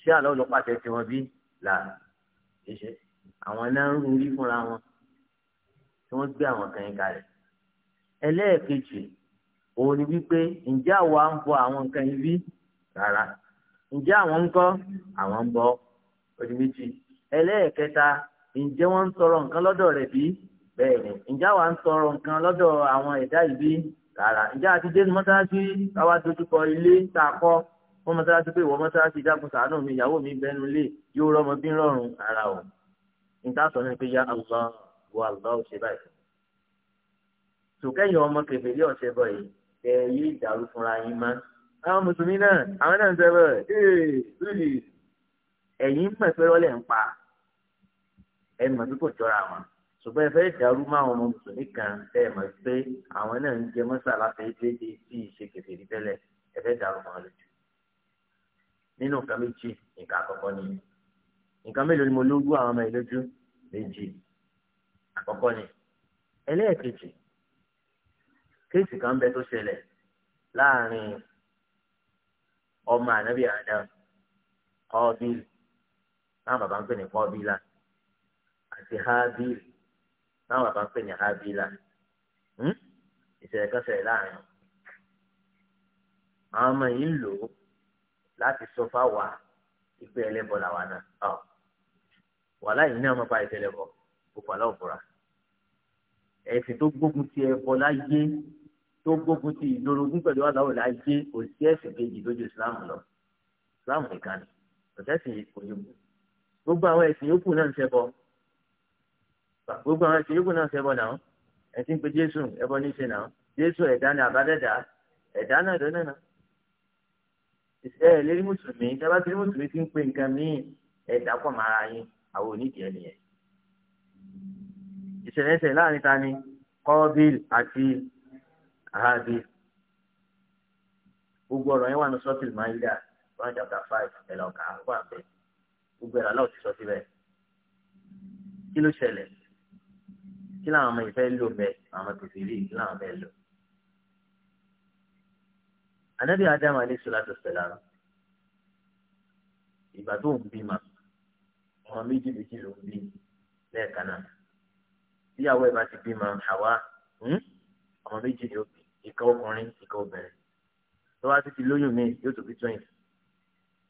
ṣé àlọ́ òun ló pàṣẹ tiwọn bí là ṣe àwọn náà ń rúurí fúnra wọn tí wọ́n gbé àwọn kan yín kalẹ̀ ẹlẹ́ẹ̀kejì òun ni wípé ǹjẹ́ àwa ń bọ àwọn nǹkan yìí bí rárá ǹjẹ́ àwọn ń kọ́ àwọn ń bọ ó méjì ẹlẹ́ẹ̀kẹta ǹjẹ́ wọ́n ń tọrọ nǹkan lọ́dọ̀ rẹ̀ bí bẹ́ẹ̀ ni ǹjẹ́ àwa ń tọrọ nǹkan lọ́dọ̀ àwọn ẹ̀dá yìí bí rárá ǹjẹ́ àti dénú mọ́sálásí táwa dojúkọ ilé tá a kọ́ fún mọ́sálásí pé ìwọ mọ́sálásí dákun ṣàánú mi ìyàwó mi bẹnu lé yóò rọmọ bí rọrùn ara o níta sọ ní pé yá Allah wọ Allah ṣe báyìí tòkẹ́yìn ọmọ kẹfẹ́lé ọ̀sẹ̀ bọ̀ yìí ẹ yé ìdàrú fúnra yín má àwọn mùsùlùmí náà àwọn náà ń sẹ́wọ̀ ẹ́ẹ́ ẹ̀yin mọ̀ pé rọ́lẹ̀ ń pa ẹ mọ̀ pé kò jọra wọn ṣùgbọ́n ẹ fẹ́ dàrú mọ́ àwọn ọmọ mùsùlùmí kan tẹ́ ẹ mọ̀ pé àwọn náà ń jẹ mọ́sálà fẹ́ déédéé tí ì ṣe kẹfìrí tẹ́lẹ̀ ẹ fẹ́ dàrú mọ́ lójú nínú nǹkan méjì nǹkan àkọ́kọ́ ni nǹkan mélòó ni mo lójú àwọn ọmọ ìlójú méjì àkọ́kọ́ ni ẹlẹ́ẹ̀kejì kéèsì kan bẹ tó ṣẹlẹ̀ láàrin ọmọ ànábì Adam Qabil táwọn bàbá ń pè ní kọ́bílà àti hábìl táwọn bàbá ń pè ní hábìlà hmm? ìṣẹ̀lẹ̀ kan ṣẹlẹ̀ láàrin àwọn ọmọ yìí ń lò ó láti sọ fáwa ìpè ẹlẹ́bọ làwa náà wàhálà yìí ní ọmọ bá ìṣẹ̀lẹ̀ bọ̀ kópa láwùjọra ẹ̀sìn tó gbógun ti ẹbọ láyé tó gbógun ti ìdorogún pẹ̀lú aláwọ̀ láyé kò sí ẹ̀sìn kejì lójú islam lọ islam nìkan ni kò sẹ́sìn kò yẹ gbogbo àwọn ẹ̀sìn yòókù náà ń ṣẹbọ gbogbo àwọn ẹ̀sìn yòókù náà ń ṣẹbọ náà ẹ̀sìn pé jésù ẹbọ ní í ṣe náà jésù ẹ̀dá ni àbádẹ́dá ẹ̀dá náà dọ́nà náà ẹ ẹ lérí mùsùlùmí tábà tí mùsùlùmí ti ń pe nǹkan míì ẹ̀dá pọ̀ mára yín àwọn onídìí ẹ̀ nìyẹn ìṣẹ̀lẹ̀ ṣẹlẹ̀ láàrin ta ni kọ́bíl àti àhábíl gbogbo ọ̀rọ̀ yẹn wà ní sọ́tìlì máyídà one chapter five ẹ̀lọ́kà wà bẹ́ẹ̀ gbogbo ẹ̀rọ aláwọ̀ ti sọ síbẹ̀ kí ló ṣẹlẹ̀ kí làwọn ọmọ ìfẹ́ lò bẹ́ẹ̀ àwọn ọmọ kòtìrì kí làwọn bẹ́ẹ̀ lò. ànábì ádámù alayhi salatu wassalam ìgbà tó ń bí ma ọmọ méjì méjì ló ń bí lẹ́ẹ̀kan náà tíyàwó ẹ̀ bá ti bí ma àwa hmm? ọmọ méjì ni ó bí ìka ọkùnrin ìka obìnrin tó wá sí ti lóyún mi yóò tó bí twins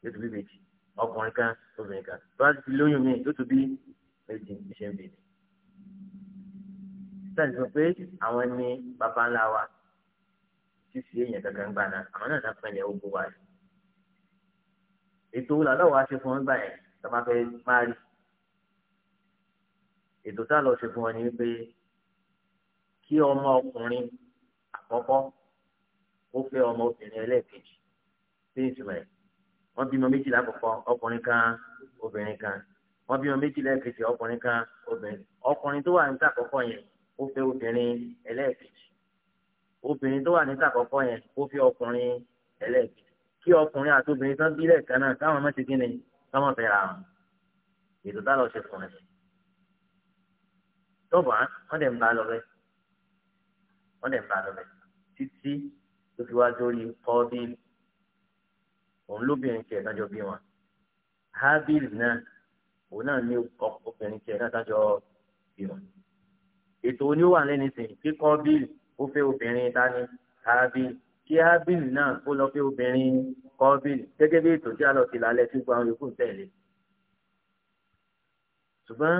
yóò tó bí méjì ọkùnrin kan obìnrin kan tó bá ti lóyún mi tó tún bí méjì ṣe ń bì ní. sẹ́ni sọ pé àwọn ẹni bàbá ńlá wa ṣíṣe èèyàn kankan gbà náà àwọn náà dáfẹ́ ilẹ̀ ogun wa rẹ̀. ètò làlọ́ wa ṣe fún wọn gbà yẹn tó bá fẹ́ máa rí. ètò tá a lọ ṣe fún wọn ni wípé kí ọmọ ọkùnrin àkọ́kọ́ ó fẹ́ ọmọ obìnrin ẹlẹ́ẹ̀kejì sí ìtumọ̀ ẹ̀ wọ́n bímọ méjì lákòókò ọkùnrin kan obìnrin kan wọ́n bímọ méjì lẹ́ẹ̀kejì ọkùnrin kan obìnrin ọkùnrin tó wà níta àkọ́kọ́ yẹn ó fẹ́ obìnrin ẹlẹ́ẹ̀kejì obìnrin tó wà níta àkọ́kọ́ yẹn ó fẹ́ ọkùnrin ẹlẹ́ẹ̀kejì kí ọkùnrin àti obìnrin tán bí lẹ́ẹ̀kan náà káwọn má ti kí ni káwọn fẹ́ ra wọn ètò tá lọ ṣe fún ẹ tọ́bà wọ́n dẹ̀ ń bá lọ bẹ́ẹ̀ wọ́n ń bá lọ títí tó fi wá dórí kọ́ọ́bíìlì òun lóbìnrin tiẹ̀ tájọ bí wọn habil náà òun náà ní obìnrin tiẹ̀ náà bí wọn ètò oníwà lẹ́ni sìn kíkọ́ bíl ó fẹ́ obìnrin tani habil kí habil náà ó lọ fẹ́ obìnrin kọ́ bíl gẹ́gẹ́ bí ètò tí a lọ sí lálẹ́ tí gbọ́n yòókù tẹ̀lé ṣùgbọ́n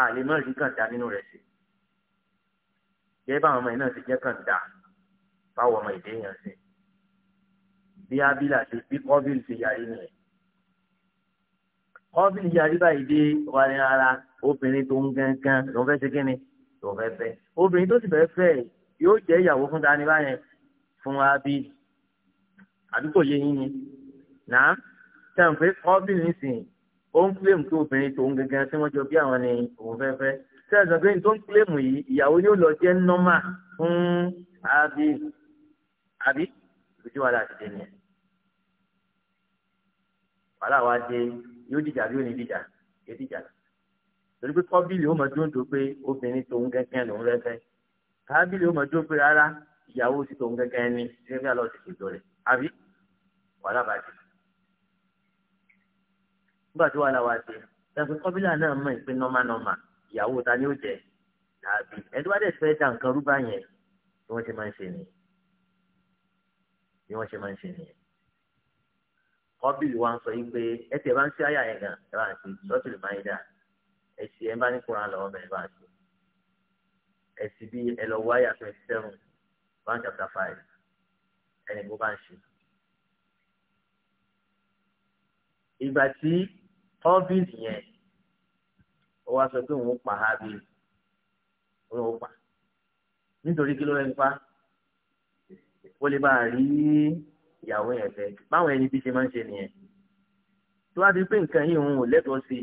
a lè má rí kàńdá nínú rẹ̀ sí jẹ́ báwọn ọmọ yìí náà ti jẹ́ kàńdá fáwọn ọmọ ìdè yẹn sí bí abila ṣe bí kọ́bìl ṣe yarí nìyẹn kọ́bìl yarí báyìí dé wà ní ara obìnrin tó ń gángan ló fẹ́ ṣe kí ni ló fẹ́ fẹ́ obìnrin tó sì fẹ́ fẹ́ yóò jẹ́ ìyàwó fún dání báyẹn fún abil àdúgbò yẹ yín ni náà tẹ̀m̀pé kọ́bìl nísìnyí ó ń kílèmù tó obìnrin tó ń gángan tí wọ́n jọ bí àwọn ni òun fẹ́ fẹ́ sẹ́ẹ̀sán pé tó ń kílèmù yìí ìyàwó yóò lọ jẹ́ nọ́mà fún abil àbí ojú wa láti dé nìyẹn wàhálà wa dé yóò dìjà bí ó ní dìjà yóò dìjà torí pé kọ́bílì ó mọ dúndùn pé obìnrin tòun gẹ́gẹ́ lòun rẹ́fẹ́ kábílì ó mọ dúndùn pé rárá ìyàwó ti tòun gẹ́gẹ́ ní rẹ́fẹ́ àlọ́ ti ṣètò rẹ̀ àbí wàhálà bá dé nígbà tí wàhálà wa dé tàbí kọ́bílà náà mọ̀ ìpín nọ́mà nọ́mà ìyàwó ta ni ó jẹ́ tàbí ẹ̀dúwádẹ́ fẹ́ dà nǹkan rúbà yẹn bí wọ́n bí wọ́n ṣe máa ń ṣe nìyẹn kọ́bìlì wa ń sọ yìí pé ẹ tẹ̀ bá ń ṣe àyà yẹn gan ẹ bá ń ṣe sọ́tìlì máyídà ẹ ṣe ẹ bá ní kóra lọ́wọ́ bẹ́ẹ̀ bá ṣe ẹ sì bí ẹ lọ wá àyà twenty seven one chapter five ẹni bó bá ń ṣe. ìgbà tí kọ́bìlì yẹn ó wá sọ pé òun pa á bí òun ò pa nítorí kí ló rẹ ń pa ó lè bá a rí ìyàwó yẹn fẹ́ báwọn ẹni bí ṣe máa ń ṣe nìyẹn tó wá di pé nǹkan yìí òun ò lẹ́tọ̀ọ́ sí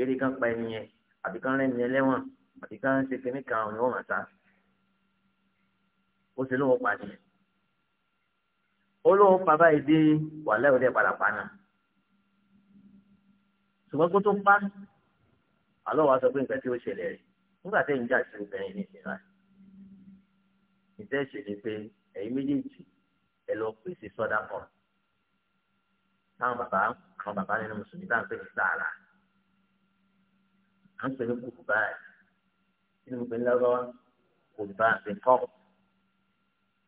eré kan pa ẹni yẹn àbí kan rẹ́ni yẹn lẹ́wọ̀n àbí kan ṣe kíní kan òun yóò hàn sá ó ṣe lówó pàdé ó lówó pa báyìí dé wàhálà òde padà pa náà ṣùgbọ́n kó tó pa àlọ́ wa sọ pé nǹkan tí ó ṣẹlẹ̀ rẹ̀ nígbà tẹ́ ń jà sí obìnrin ní ìlera ìtẹ́ ṣe ni pé ẹ̀yin méjèèjì ẹ lọ pèsè sọdá kan táwọn bàbá àwọn bàbá nínú mùsùlùmí táwọn pèsè sàrà à ń pè ní kùrùbá kí ni mo pè ní lọ́wọ́ kùrùbá àti kọ́ọ̀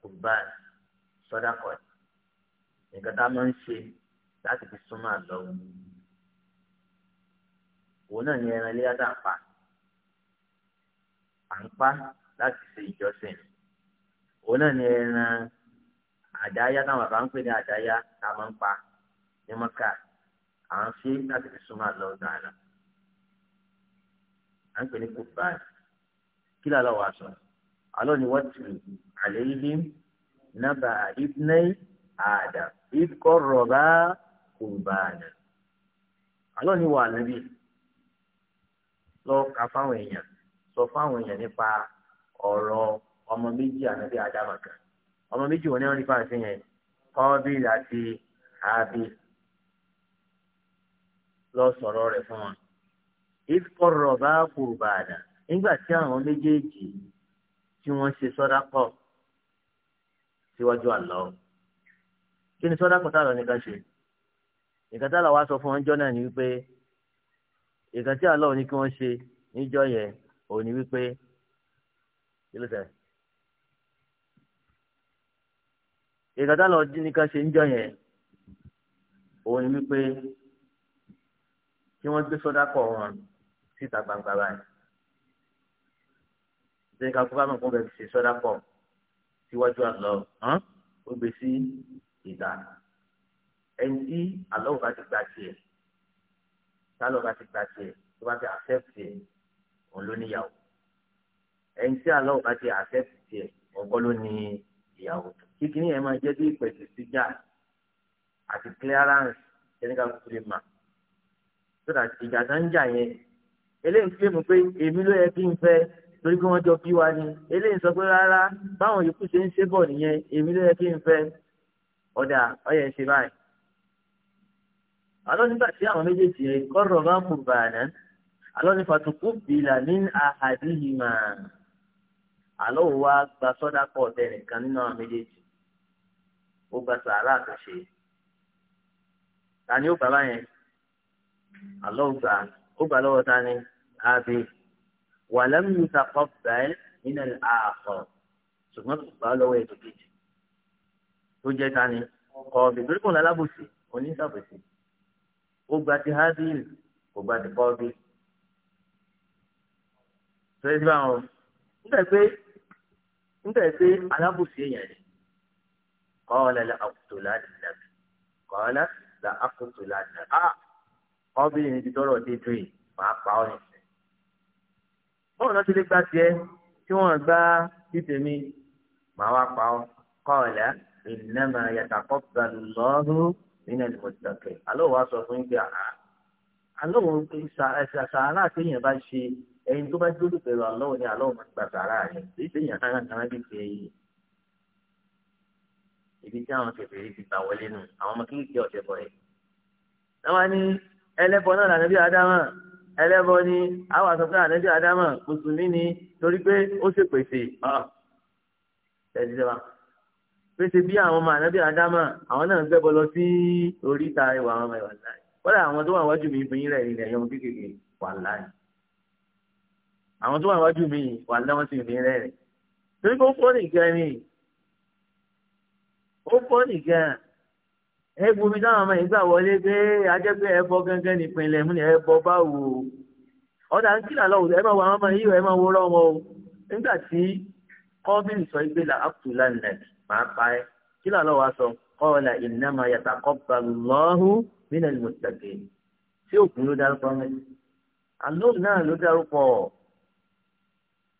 kùrùbá sọdá kan nǹkan tá a máa ń ṣe láti fi súnmọ́ àlọ́ òun náà ni ẹran ilé yàtọ̀ àpá à ń pa láti ṣe ìjọsìn òun náà ni ẹran àdáyá táwọn àbá ń pè ní àdáyá tá a máa ń pa ní mọ́kà à ń ṣe láti fi súnmọ́ àlọ́ dáadáa à ń pè ní kùbáì kí lálọ́ wàá sọ àlọ́ ni wọ́n ti àléhìn nàbà ìbnẹ́ àdà ìkọ̀rọ̀bà kùbáàdà àlọ́ ni wàá níbí lọ ka fáwọn èèyàn sọ fáwọn èèyàn nípa ọ̀rọ̀ ọmọ méjì ànábì àdàmà kan ọmọ méjì wọn ni wọn nípa àṣẹ yẹn kọ́bìl àti àbí lọ sọ̀rọ̀ rẹ̀ fún wọn. ìkọ̀rọ̀ bá kúrò bàdà nígbà tí àwọn méjèèjì tí wọ́n ṣe sọ́dá pọ̀ síwájú àlọ́ kí ni sọ́dá pọ̀ tá a lọ nìkan ṣe nìkan tá a lọ wá sọ fún wọn jọ́ náà ni wípé nìkan tí àlọ́ ò ní kí wọ́n ṣe níjọ́ yẹn ò ní wípé kí ló tẹ̀. ìdàdà lọ dín nìkan ṣe ń jọ yẹn òun ni wípé kí wọ́n gbé sọ́dá kọ̀ wọn síta gbangba báyìí ṣe ká kó bá mọ̀ kó bẹ̀rẹ̀ ṣe sọ́dá kọ̀ síwájú àlọ́ ó gbé sí ìdá ẹni tí àlọ́ bá ti gbà tiẹ̀ tálọ̀ bá ti gbà tiẹ̀ tó bá ti accept tiẹ̀ òun ló níyàwó ẹni tí àlọ́ bá ti accept tiẹ̀ ọ̀gbọ́n ló ní ìyàwó tó kíkiri yẹn máa jẹ́ bí ìpèsè síjà àti clearance ẹnìkan kò lè mà sódà ìjà tó ń jà yẹn eléyìí fi mú pé èmi ló yẹ kí n fẹ́ torí pé wọ́n jọ bí wa ni eléyìí sọ pé rárá báwọn yòókù ṣe ń ṣe bọ̀ nìyẹn èmi ló yẹ kí n fẹ́ ọ̀dà ọ̀yẹ̀ ń ṣe báyìí. àlọ́ nígbà tí àwọn méjèèjì yẹn kọ́rọ̀ bá kù bàánà àlọ́ ní fatukú bìlà ní àhàdìhìmà àlọ́ òwa gba sọ́dà tẹnìkan nínú àwọn méjèèjì ó gba sàárà àtúnṣe ta ni ó gbà báyẹn àlọ́ gbà ó gbà lọ́wọ́ ta ni àbí wàlámù yìí ta kọ́ bẹ́ẹ̀ nínú àkọ́ ṣùgbọ́n tó gbà lọ́wọ́ ètò kejì tó jẹ́ ta ni kọ́ bìbélì kò lálábòsí oníṣàbòsí ó gba ti hábìlì kò gba ti kọ́ bíi tẹ́lẹ̀ báwọn nígbà pé nígbà pé alábòsí èèyàn ni. قال لأقتلنك قال لأقتلنك آه ọbìnrin ti tọrọ dédú yìí máa pa ọ nìsín. bọ́ọ̀ náà ti lè gba tiẹ̀ tí wọ́n gba títẹ̀ mi máa wá pa ọ. kọ́ọ̀lá ìnáma yàtàkọ́ balùlọ́ọ̀rù nínú ìmọ̀tàkẹ́. àlọ́ wa sọ fún ìgbà á. àlọ́ sàárà téèyàn bá ṣe ẹyin tó bá dúró pẹ̀lú àlọ́ ni àlọ́ máa gba sàárà rẹ̀ èyí téèyàn kára kan á bí ṣe ibi tí àwọn ṣẹ̀ṣẹ̀ yìí ti gbà wọlé nù àwọn ọmọ kéékèèké ọ̀ṣẹ́ bọ̀ yẹn. náà ní ẹlẹ́bọ náà lànàbí àdámà ẹlẹ́bọ ni àwọn àsọpẹ́ ànàbí àdámà mùsùlùmí ni torí pé ó ṣe pèsè ah. ẹ̀ẹ́dẹ́gbà pèsè bí àwọn ọmọ ànàbí àdámà àwọn náà ń gbẹ́bọ lọ sí oríta ìwà àwọn ọmọ ìwà láì kọ́lá àwọn tó wà wájú mi ìbí rẹ̀ ilẹ̀ yọmọ kéékèèké wà láì àwọn tó wà wájú mi wà láwọn sì ìbí rẹ̀ rẹ̀ torí pé ó fọ́ nìkan ni ó kọ́ nìkan ẹgbẹ́ omi táwọn ọmọ yìí gbà wọlé pé gángan nípìnlẹ̀ mú ni ọ̀dà ń ẹ máa wọ àwọn ọmọ yìí ẹ máa o nígbà tí kọ́bìn sọ pé là ápùlà pa ìnáma yàtà kọ́ba lọ́hùn nínú tí òkun ló dárúkọ alóhùn náà ló dárúkọ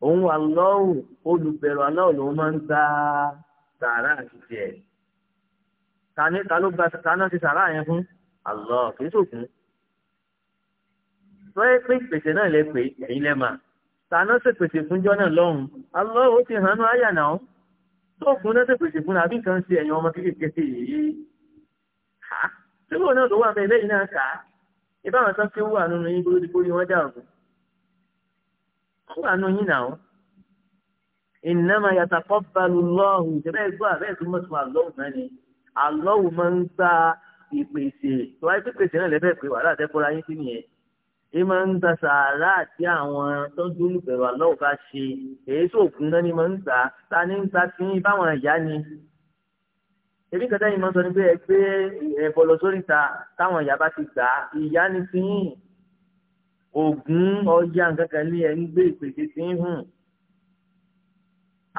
òun tani ta ló gba tana ti sàrà yẹn fún Allah kì í sòkun lọ́yẹ́ pé pèsè náà lè pè èyí lẹ́ mà tana ṣe pèsè fúnjọ́ náà lọ́hùn Allah ó ti hànú àyà náà sókun náà ṣe pèsè fún àbí kan ṣe ẹ̀yìn ọmọ kékeré ha síbò náà ló wà bẹ́ẹ̀ lẹ́yìn náà kà á ìbáwọn sọ pé ó wà nínú yín gbórí gbórí wọn dà ọ̀gùn ó wà nínú yín náà ìnáma yàtàkọ́ balùwọ̀ ọ̀hún ìjọba ẹgbẹ́ àbẹ́ẹ̀túmọ̀tún àlọ́ òun náà ni àlọ́wù máa ń gba ìpèsè tó wáyé pípèsè náà lẹ́fẹ̀ẹ́ pé wàhálà tẹ́kọ́ra yín sí nìyẹn ẹ máa ń gba sàárà àti àwọn tó ń dúró pẹ̀lú àlọ́wù ká ṣe èyí tó òkun náà ni máa ń gbà ta ni ń gba sí báwọn ìyá ni èmi kẹta yìí máa ń sọ ní pé ẹ gbé lọ sórí ta táwọn ìyá bá ti gbà á ìyá ni fi ń ògún ọjà nǹkan kan ní ẹ ń gbé ìpèsè sí ń hùn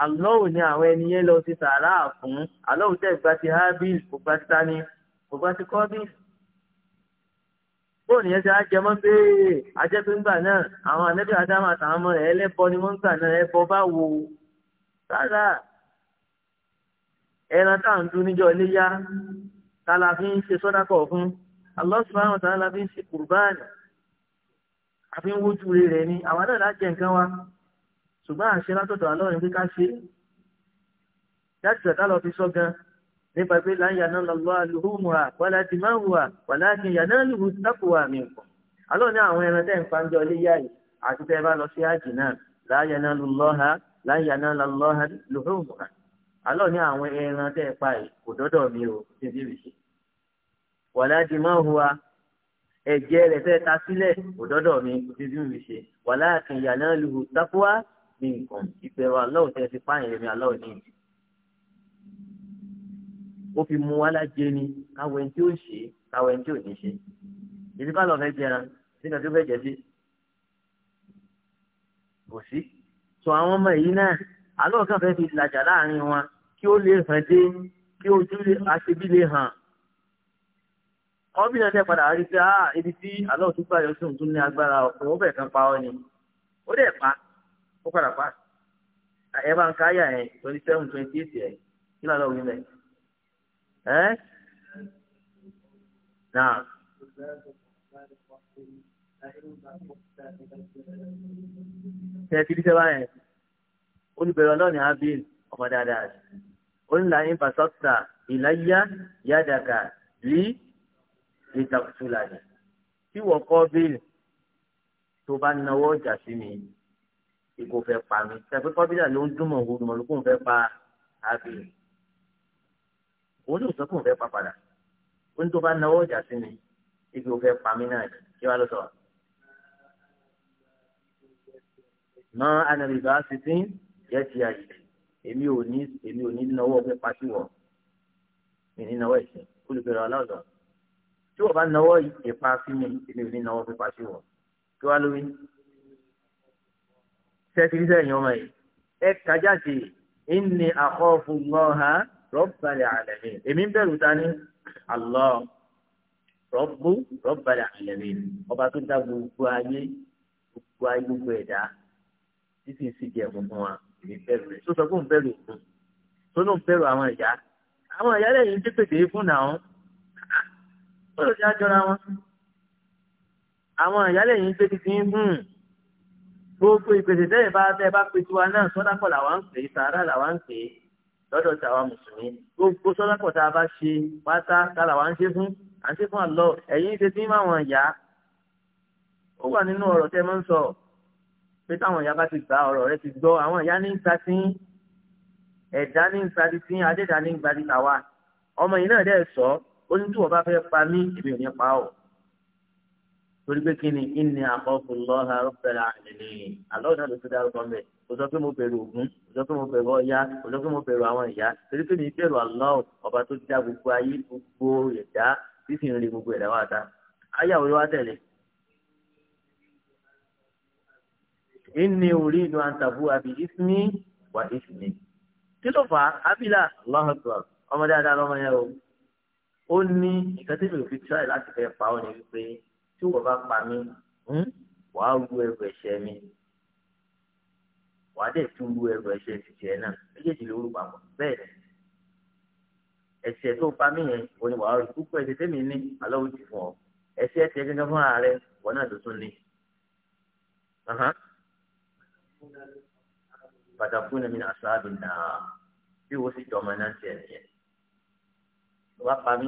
àlọ́hùn ni àwọn ẹni yẹn lọ sí sàárà fún àlọ́hùn tẹ̀ gba ti habil kò gba ti tani kò gba ti kọ́bíl. bóòlù yẹn ti á jẹ mọ́ béèrè ajẹ́píngbà náà àwọn ànábì ádámù àtàwọn ọmọ rẹ̀ ẹlẹ́bọ ni wọ́n ń gbà náà ẹbọ bá wo sára ẹran tá à ń dún níjọ iléyá tá la fi ń ṣe sọ́dá kọ̀ fún Allah subhanahu wa ta'ala la fi ń ṣe kùrbáànì àfi ń wójú rẹ̀ ni àwọn náà lájẹ nǹkan wa ṣùgbọ́n à ń ṣe látọ̀dọ̀ àlọ́rin pé ká ṣe láti ṣẹ̀dá lọ fi sọ gan nípa pé láyé àná lọ́lọ́ àlùhùmù à wàlá ti máa hùwà wàlá ti yàná lùhù tápùwà mi nǹkan. àlọ́ ní àwọn ẹran tẹ́ ń panjọ ilé yá yìí àti tẹ́ bá lọ sí àjì náà láyé àná lọ́lọ́ ha láyé àná lọ́lọ́ ha lùhùmù à. àlọ́ ní àwọn ẹran tẹ́ pa yìí kò dọ́dọ̀ mi o ti bí mi ṣe. wàlá ti máa hùwà ẹ̀jẹ̀ rẹ̀ fẹ́ ta sílẹ̀ kò dọ́dọ̀ mi ti bí mi ṣe wàlá ti bí nǹkan ìbẹ̀rù aláwọ̀ tẹ̀ fi pààyàn lèmi aláwọ̀ ní ìdí. ó fi mú wa ni káwọn ẹni tí ó ṣe káwọn ẹni tí ò ní ṣe ìdí bá lọ fẹ́ jẹran nígbà tó fẹ́ jẹ sí kò sí. sọ àwọn ọmọ yìí náà aláwọ̀ kan fẹ́ fi làjà láàrin wọn kí ó lè hàn dé kí ojú aṣebí lè hàn ọbìnrin tẹ padà rí pé ah, ibi tí aláwọ̀ tó gbà yọ sí òun tún ní agbára ọ̀pọ̀ ó bẹ̀ kan pa ọ́ ni ó dẹ̀ pa á ó padà pa ẹ bá ń ká yà ẹ twenty seven twenty eight ẹ kí lọ́ọ́ wí mẹ́ ẹ náà. Tẹ̀sí bí sẹ́wá yẹn, olùbẹ̀rẹ̀ ọlọ́ọ̀ni Abil ọmọ dáadáa rẹ̀, ó ń la infrastructure ìláyà yádàkà lé ìtàkùtù lànà. Tí wọ́n kọ́ Bill tó bá náwó ọjà sí mi ìgò fẹ́ pa mi ṣàpé fábílà ló ń dúnmọ̀ òun mọ̀ ló kó ń fẹ́ pa àbíyè òun ló sọ pé òun fẹ́ pa padà ó ní tó bá náwó ọjà sí mi ibi òun fẹ́ pa mí náà kí wàá lọ sọ. mọ anabigba fitin yẹ ti àyè èmi ò ní èmi ò ní náwó ọgbẹ́ pàṣẹ wọ̀ mi ní náwó ẹ̀sìn olùbẹ̀rẹ̀ aláwọ̀ tí wọ́n bá náwó ìpa sí mi èmi ò ní náwó ọgbẹ́ pàṣẹ wọ̀ kí wàá lóyún tẹ́tí ní sẹ́yìn ọmọ yìí ẹ kájáde inni akhafu Allaha rabbal alamin èmi ń bẹ̀rù ta ní Allah rabbu rabbal alamin ọba tó dá gbogbo ayé gbogbo ayé gbogbo ẹ̀dá títí sì jẹ́ funfun wa èmi bẹ̀rù rẹ̀ tó sọ fún bẹ̀rù òkun tó ló ń bẹ̀rù àwọn ìyá àwọn ìyá lẹ́yìn tí pèsè fún náà ó lọ sí àjọra wọn àwọn ìyá lẹ́yìn pé títí ń hùn gbogbo ìpèsè tẹ́lẹ̀ bá tẹ́ bá pe tiwa náà sọ́dápọ̀ làwọn ń pè é sàárà làwọn ń pè é lọ́dọ̀ tàwa mùsùlùmí gbogbo sọ́dápọ̀ tá a bá ṣe pátá tá làwọn ń ṣe fún à ń ṣe fún àlọ́ ẹ̀yìn ṣe tí máwọn ìyá ó wà nínú ọ̀rọ̀ tẹ́ máa ń sọ pé táwọn ìyá bá ti gba ọ̀rọ̀ rẹ ti gbọ́ àwọn ìyá ní nta tí ẹ̀dá ní nta ti tí adéda ní gbadi tàwa ọmọ yìí náà dẹ́ sọ ó ní tí wọ́n bá fẹ́ pa mí èmi ò ní torí pé kí ni inni akhafullaha rabbal alamin àlọ́ náà ló ti dárúkọ mẹ́ kò sọ pé mo bẹ̀rù ògún kò sọ pé mo bẹ̀rù ọya kò sọ pé mo bẹ̀rù àwọn ìyá torí pé mi bẹ̀rù Allah ọba tó dá gbogbo ayé gbogbo ẹ̀dá fífi ń rí gbogbo ẹ̀dá wà dá ayáwó ló wá tẹ̀lé. inni uridu an tabua bi ismi wa ismi kí ló fà á abila Allahu akbar ọmọ lọ́mọ yẹn o ó ní ìkàtí tí wọ́n bá pa mí hmm, wàá ru ẹrù ẹ̀ṣẹ̀ mi wàá dẹ̀ tún ru ẹrù ẹ̀ṣẹ̀ tìtì ẹ̀ náà méjèèjì ló rú papọ̀ bẹ́ẹ̀ ẹ̀ṣẹ̀ tó pa mí yẹn wọ́n ni wàá rí púpọ̀ ẹ̀ṣẹ̀ tẹ́mi ní alẹ́ òjì fún ọ ẹ̀ṣẹ̀ ẹ̀ṣẹ̀ gẹ́gẹ́ fún ààrẹ wọn náà ló tún ní. pàtàkì fún mi ní aṣọ náà bí wọ́n sì jọ ọmọ náà tiẹ̀ nìyẹn wàá pa mí.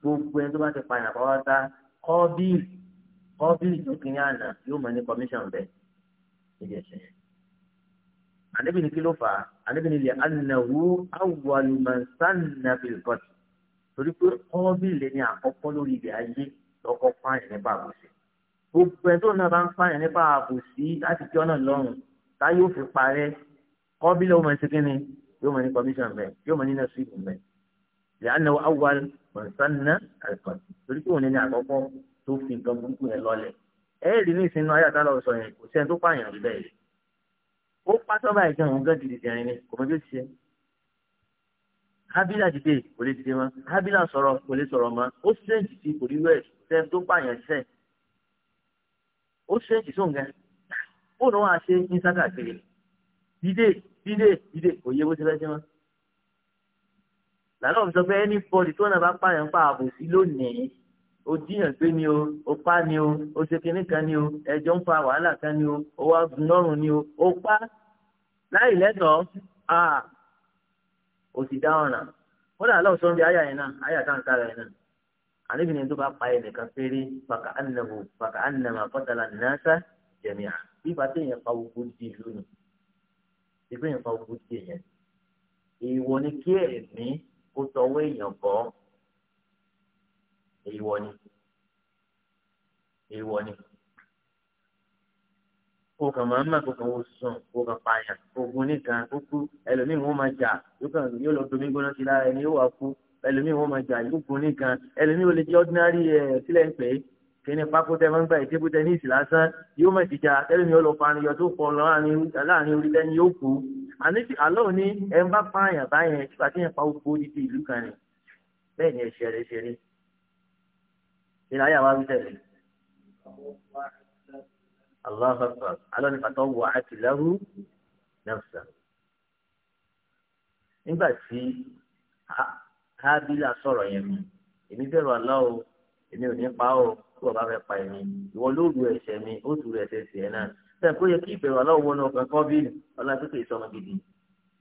gbogbo ẹni tó bá ti pààyàn pàwọ́tá kọ́bíìlì kọ́bíìlì tó kiri àná yóò mọ̀ ní kọmíṣọ̀n bẹ́ẹ̀ níbi ẹ̀sẹ̀. àníbi ni kí ló fà á àníbi ni lè anáwó awùwàlùmọ̀sánnàbìlgọ́tì torí pé kọ́bíìlì ni àkọ́kọ́ lórí ilẹ̀ ayé lọ́kọ́ pààyàn nípa àbòsí. gbogbo ẹni tó náà bá ń pààyàn nípa àbòsí láti kí ọ́nà lọ́rùn tá yóò fi parẹ́ kọ́bíìlì ó mọ̀ ní lẹ́yìn àwọn awọn pẹ̀sánná àìsàn torí pé òní ni àkọ́kọ́ tó fi nǹkan burúkú yẹn lọ́lẹ̀ ẹ rí ní ìsinmi ayé àtàlọ́ sọ yẹn kò sẹ́ni tó pààyàn rí bẹ́ẹ̀ ó pátọ́ báyìí jẹun nǹkan dìdìdì ẹ̀rin ni kò mọ bí ó ti ṣe hábílà dìde kò lè dìde mọ́ hábílà sọ̀rọ̀ kò lè sọ̀rọ̀ mọ́ ó sẹ́ǹtì sí kò rí wẹ́ẹ̀ sẹ́ni tó pààyàn sẹ́ẹ̀ ó sẹ́ǹtì sóǹgà ó lọ́wọ́ àṣe ní sákàkiri dìde dìde dìde kò yẹ bó ti fẹ́ sí mọ́ làlọ́ mi sọ pé ẹni bọ́ọ̀lì tó náà bá pààyàn pa àbòsí lónìí ó jíyàn gbé ni o ó pa ni o ó ṣe kinní kan ni o ẹjọ́ ń fa wàhálà kan ni o ó wá lọ́rùn ni o ó pa láì lẹ́tọ̀ọ́ a ò sì dá ọ̀ràn kódà àlọ́ sọ́ńbi àyà yẹn náà àyà tá à ń sára yẹn náà àníbi ni tó bá pa ẹ̀ nìkan péré fàkà ànàmù fàkà ànàmù àkọ́tàlà nàásà jẹ̀míà bíbá téèyàn pa gbogbo di lónìí bíbá téèyàn pa gbogbo di yẹn èèwọ̀ ni kí ẹ̀mí kó tọwọ́ èèyàn bọ́ èèwọ̀ ni èèwọ̀ ni kó kàn máa ń mà kó kàn wò sùn kó kàn pààyàn kó gun nìkan kó kú ẹlòmíì wọn máa jà yóò kàn yóò lọ domi gbóná sí lára ẹni yóò wá kú ẹlòmíì wọn máa jà yóò gun nìkan ẹlòmíì ò lè jẹ ordinary ẹ sílẹ̀ ń pè é kíni pákó tẹ́fọ́n gbà ìtẹ́bù tẹ́nísì lásán yóò mọ̀ ìdíjà tẹ́lẹ̀mí ó lọ parí yọ tó pọ̀ láàrin orí tẹ́ni yóò kú àníṣe àlọ́ òní ẹ̀ ń bá pààyàn báyẹn ìgbà tí yẹn pa gbogbo odidi ìlú kan rẹ̀ bẹ́ẹ̀ ni ẹ̀ṣẹ̀ rẹ̀ ṣe rí ìlàyà wa wí tẹ̀lé. alọ́ ni pàtó wà á ti lẹ́rú nẹ́fṣà. nígbà tí hábílà sọ̀rọ̀ yẹn mi èmi bẹ̀rù àlọ́ o èmi ò ní pa ọ́ tí wọ́n bá fẹ́ pa ẹ̀mí ìwọ ló ru ẹ̀ṣẹ̀ mi ó sì ru ẹ̀ṣẹ̀ tiẹ̀ náà sẹ́yìn kó yẹ kí ìbẹ̀rù aláwọ̀ wọnú ọkàn kan bí ọlá tó sọmọ gidi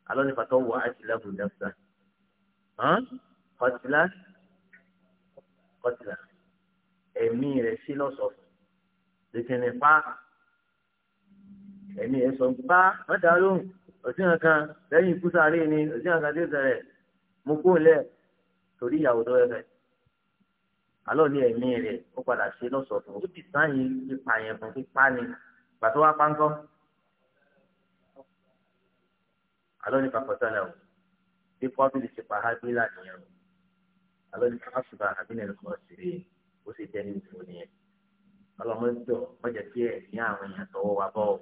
alọ́ nípa tó wọ àtìlẹ́kùn dẹ́kùtà kọtìlá kọtìlá ẹ̀mí rẹ̀ sí lọ́sọ̀ọ̀sọ̀ lẹ́tẹ̀ẹ̀nì pa ẹ̀mí rẹ̀ sọ̀ pa mọ́tà lóhùn kan lẹ́yìn ikú sáré ni òsínà kan tó sẹ̀rẹ̀ mú kó lẹ̀ torí ìyàwó tó rẹ̀ fẹ́ alọ́ ni ẹ̀mí rẹ̀ ó padà ṣe lọ́sọ̀ọ́ ó ti sáyìn ipa yẹn fún pípa ni pàtó wá pánkọ́ alọ́ ní pàpọ̀tọ́lẹ̀ o bí kọ́bí lè ṣe pàhábí lánìyàn o alọ́ ní káṣùbà àbínẹ̀ lọ́kọ̀ ṣeré ó sì jẹ́ ní ìfún nìyẹn ọlọ́mọ jọ wọ́n jẹ́ kí ẹ̀mí àwọn èèyàn tọwọ́ wa bọ́ o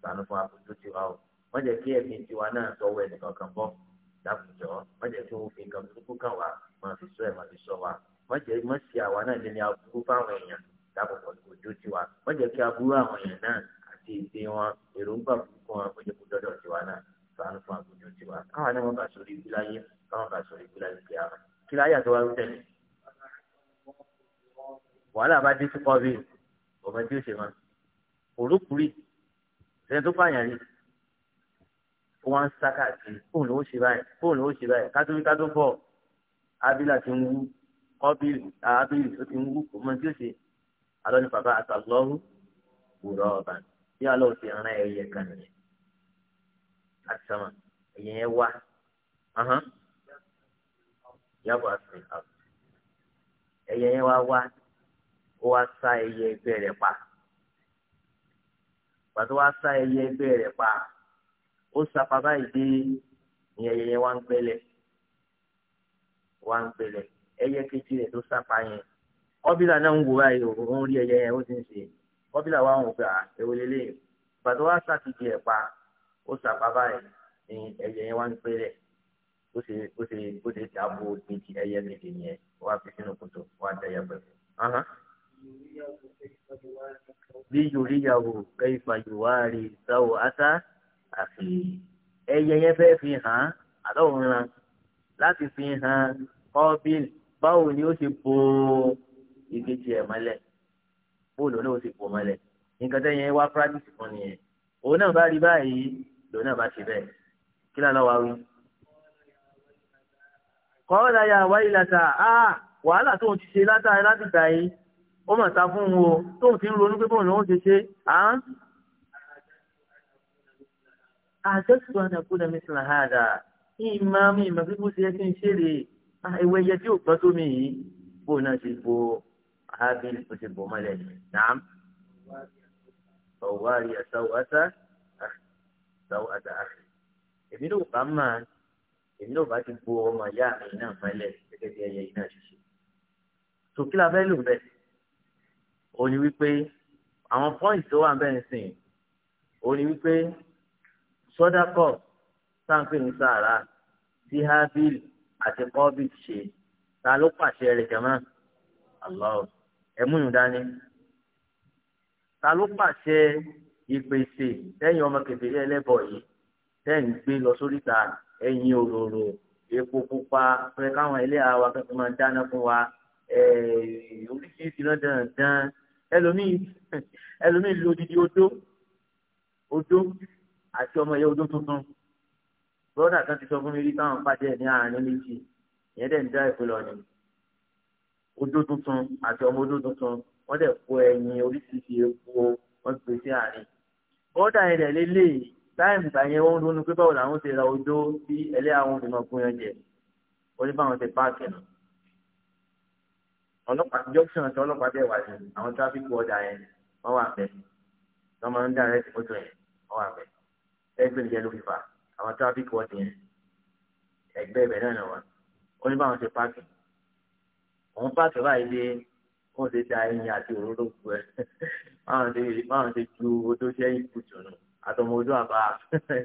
sànù fún àbùtù tiwa o wọ́n jẹ́ kí ẹ̀mí tiwa náà tọwọ́ ẹnìkan kan bọ́ dàbùjọ́ wọ́n jẹ́ kí òfin kan burúkú kan wà máa fi sọ ẹ̀ máa fi sọ wa má jẹ́ má ṣe àwa náà lé ní aburú fáwọn èèyàn dábò pọ̀ ní ojú tiwa má jẹ́ kí aburú àwọn èèyàn náà àti ìdè wọn èròǹgbà burúkú wọn kó jẹ́ kó dọ́dọ̀ tiwa náà sànù fún àgbójú tiwa káwọn náà wọ́n bá sórí ibi láyé káwọn bá sórí ibi láyé kí á kí láyé àti wáyé tẹ̀lé wàhálà bá dé sípò bíi ọmọ tí ó ṣe wọn òrùkùrì ṣẹ́ni tó pààyàn rí wọn sákàtì fóònù ó ṣe báyìí fóònù ó ṣe báyìí kátó kọ́bìrì àábìrì ó ti ń wú kò mọ tí ó ṣe alọ́ ní bàbá àtàlọ́rù wùrọ̀ ọ̀bà bí alọ́ ti rán ẹyẹ kan nìyẹn láti sọ́mọ̀ ẹyẹ yẹn wá yàgò àfihàn àbò ẹyẹ yẹn wá wá ó wá sá ẹyẹ ẹgbẹ́ rẹ̀ pa pàtó wá sá ẹyẹ ẹgbẹ́ rẹ̀ pa ó sapá báyìí dé ní ẹyẹ yẹn wá ń gbẹ́lẹ̀ wá ń gbẹ́lẹ̀ ẹyẹ kejì rẹ̀ tó sápa yẹn kọ́bílà náà ń wò báyìí ó rí ẹyẹ yẹn ó ti ń ṣe kọ́bílà wa ń wò pé èwo lélẹ̀ wa sàkìjì ẹ̀ pa ó sàpá báyìí ni ẹyẹ yẹn wá ń pé rẹ̀ ó ṣe ó ṣe ó ṣe dàbò kejì ẹyẹ kejì yẹn wá fi sínú kòtò wá dẹyẹ pẹ̀lú. bí yorì yàwó kẹfà yòwárí sáwọ ata àfi ẹyẹ yẹn fẹ́ fi hàn án àtọ̀hún ran láti fi hàn kọ́bílì báwo ni ó ṣe bo ìkejì ẹ̀ mọ́lẹ̀ bóòlù náà ó ṣe bo mọ́lẹ̀ nǹkan tẹ́yẹn wá practice fún nìyẹn òun náà bá rí báyìí lòun náà bá ṣe bẹ́ẹ̀ kí ló lọ́wọ́ wí. kọ́ọ̀dà ya wáyé lata wàhálà tóun ti ṣe látàrí láti gbà yìí ó mà sá fún un o tóun ti ń ronú pé bóun ni wọ́n ṣe ṣe àjọṣùwọ̀n àkúdàmísìn àhàdà ìmọ̀ mi ìmọ̀ pípọ̀ ṣe é kí n ṣe rèé. Ah, ewé ẹyẹ tí ò gbọ́ sómi yìí bó náà ṣe bo habil kò ṣe bò mọ́lẹ̀ nàám ọ̀wárí àtàwọ̀tà àtàwọ̀tà àfẹ́ èmi ló bá máa èmi ló bá ti bo ọmọ ìyá mi náà mọ́lẹ̀ gẹ́gẹ́ bí ẹyẹ yìí náà ṣe ṣe tòkí la fẹ́ lò bẹ́ẹ̀ ó ní wípé àwọn pọ́ìntì tó wà bẹ́ẹ̀ sìn ó ní wípé sọ́dákọ̀ sáǹpì ní sàárà sí habil àti kọ́ọ̀bì ṣe ta ló pàṣẹ rẹ̀ jẹ́mọ́ Allah ẹ̀múyùn dání ta ló pàṣẹ ìpèsè tẹ́yìn ọmọ kékeré ẹlẹ́bọ̀ yìí tẹ́yìn gbé lọ sóríta ẹ̀yìn òróró epo pupa pé káwọn ilé àwa kankan máa dáná fún wa oríṣiríṣi náà dandan ẹlòmíì ẹlòmíì lo odidi odó odó àti ọmọ ìyá odó tuntun bọ́dà kan ti sọ fún mi rí táwọn pàdé ẹ̀ ní àárín méjì ìyẹn dẹ̀ ń dá ìpè lọ ni odó tuntun àti ọmọ odó tuntun wọ́n dẹ̀ kó ẹyin oríṣiríṣi epo wọ́n gbé sí àárín bọ́dà yẹn dẹ̀ lélẹ́yìí táìmù tàyẹn wọn ronú pé báwo làwọn ṣe ra odó sí ẹlẹ́ àwọn òmìnira fún yẹn jẹ wọ́n ní báwọn ṣe páàkì nù ọlọ́pàá junction àti ọlọ́pàá bẹ́ẹ̀ wà ní àwọn traffic order yẹn wọ́n wà bẹ́ẹ̀ wọ́n máa ń dá rẹ́sì mọ́tò àwọn traffic wọ́ọ̀dì yẹn ẹgbẹ́ ibẹ̀ náà wà ó ní báwọn ṣe páàkì òun páàkì báyìí dé wọ́n ṣe da ẹyin àti òróró gbogbo ẹ̀ báwọn ṣe báwọn ṣe ju odó sẹ́yìn kùtù nù àtọmọ odó àbá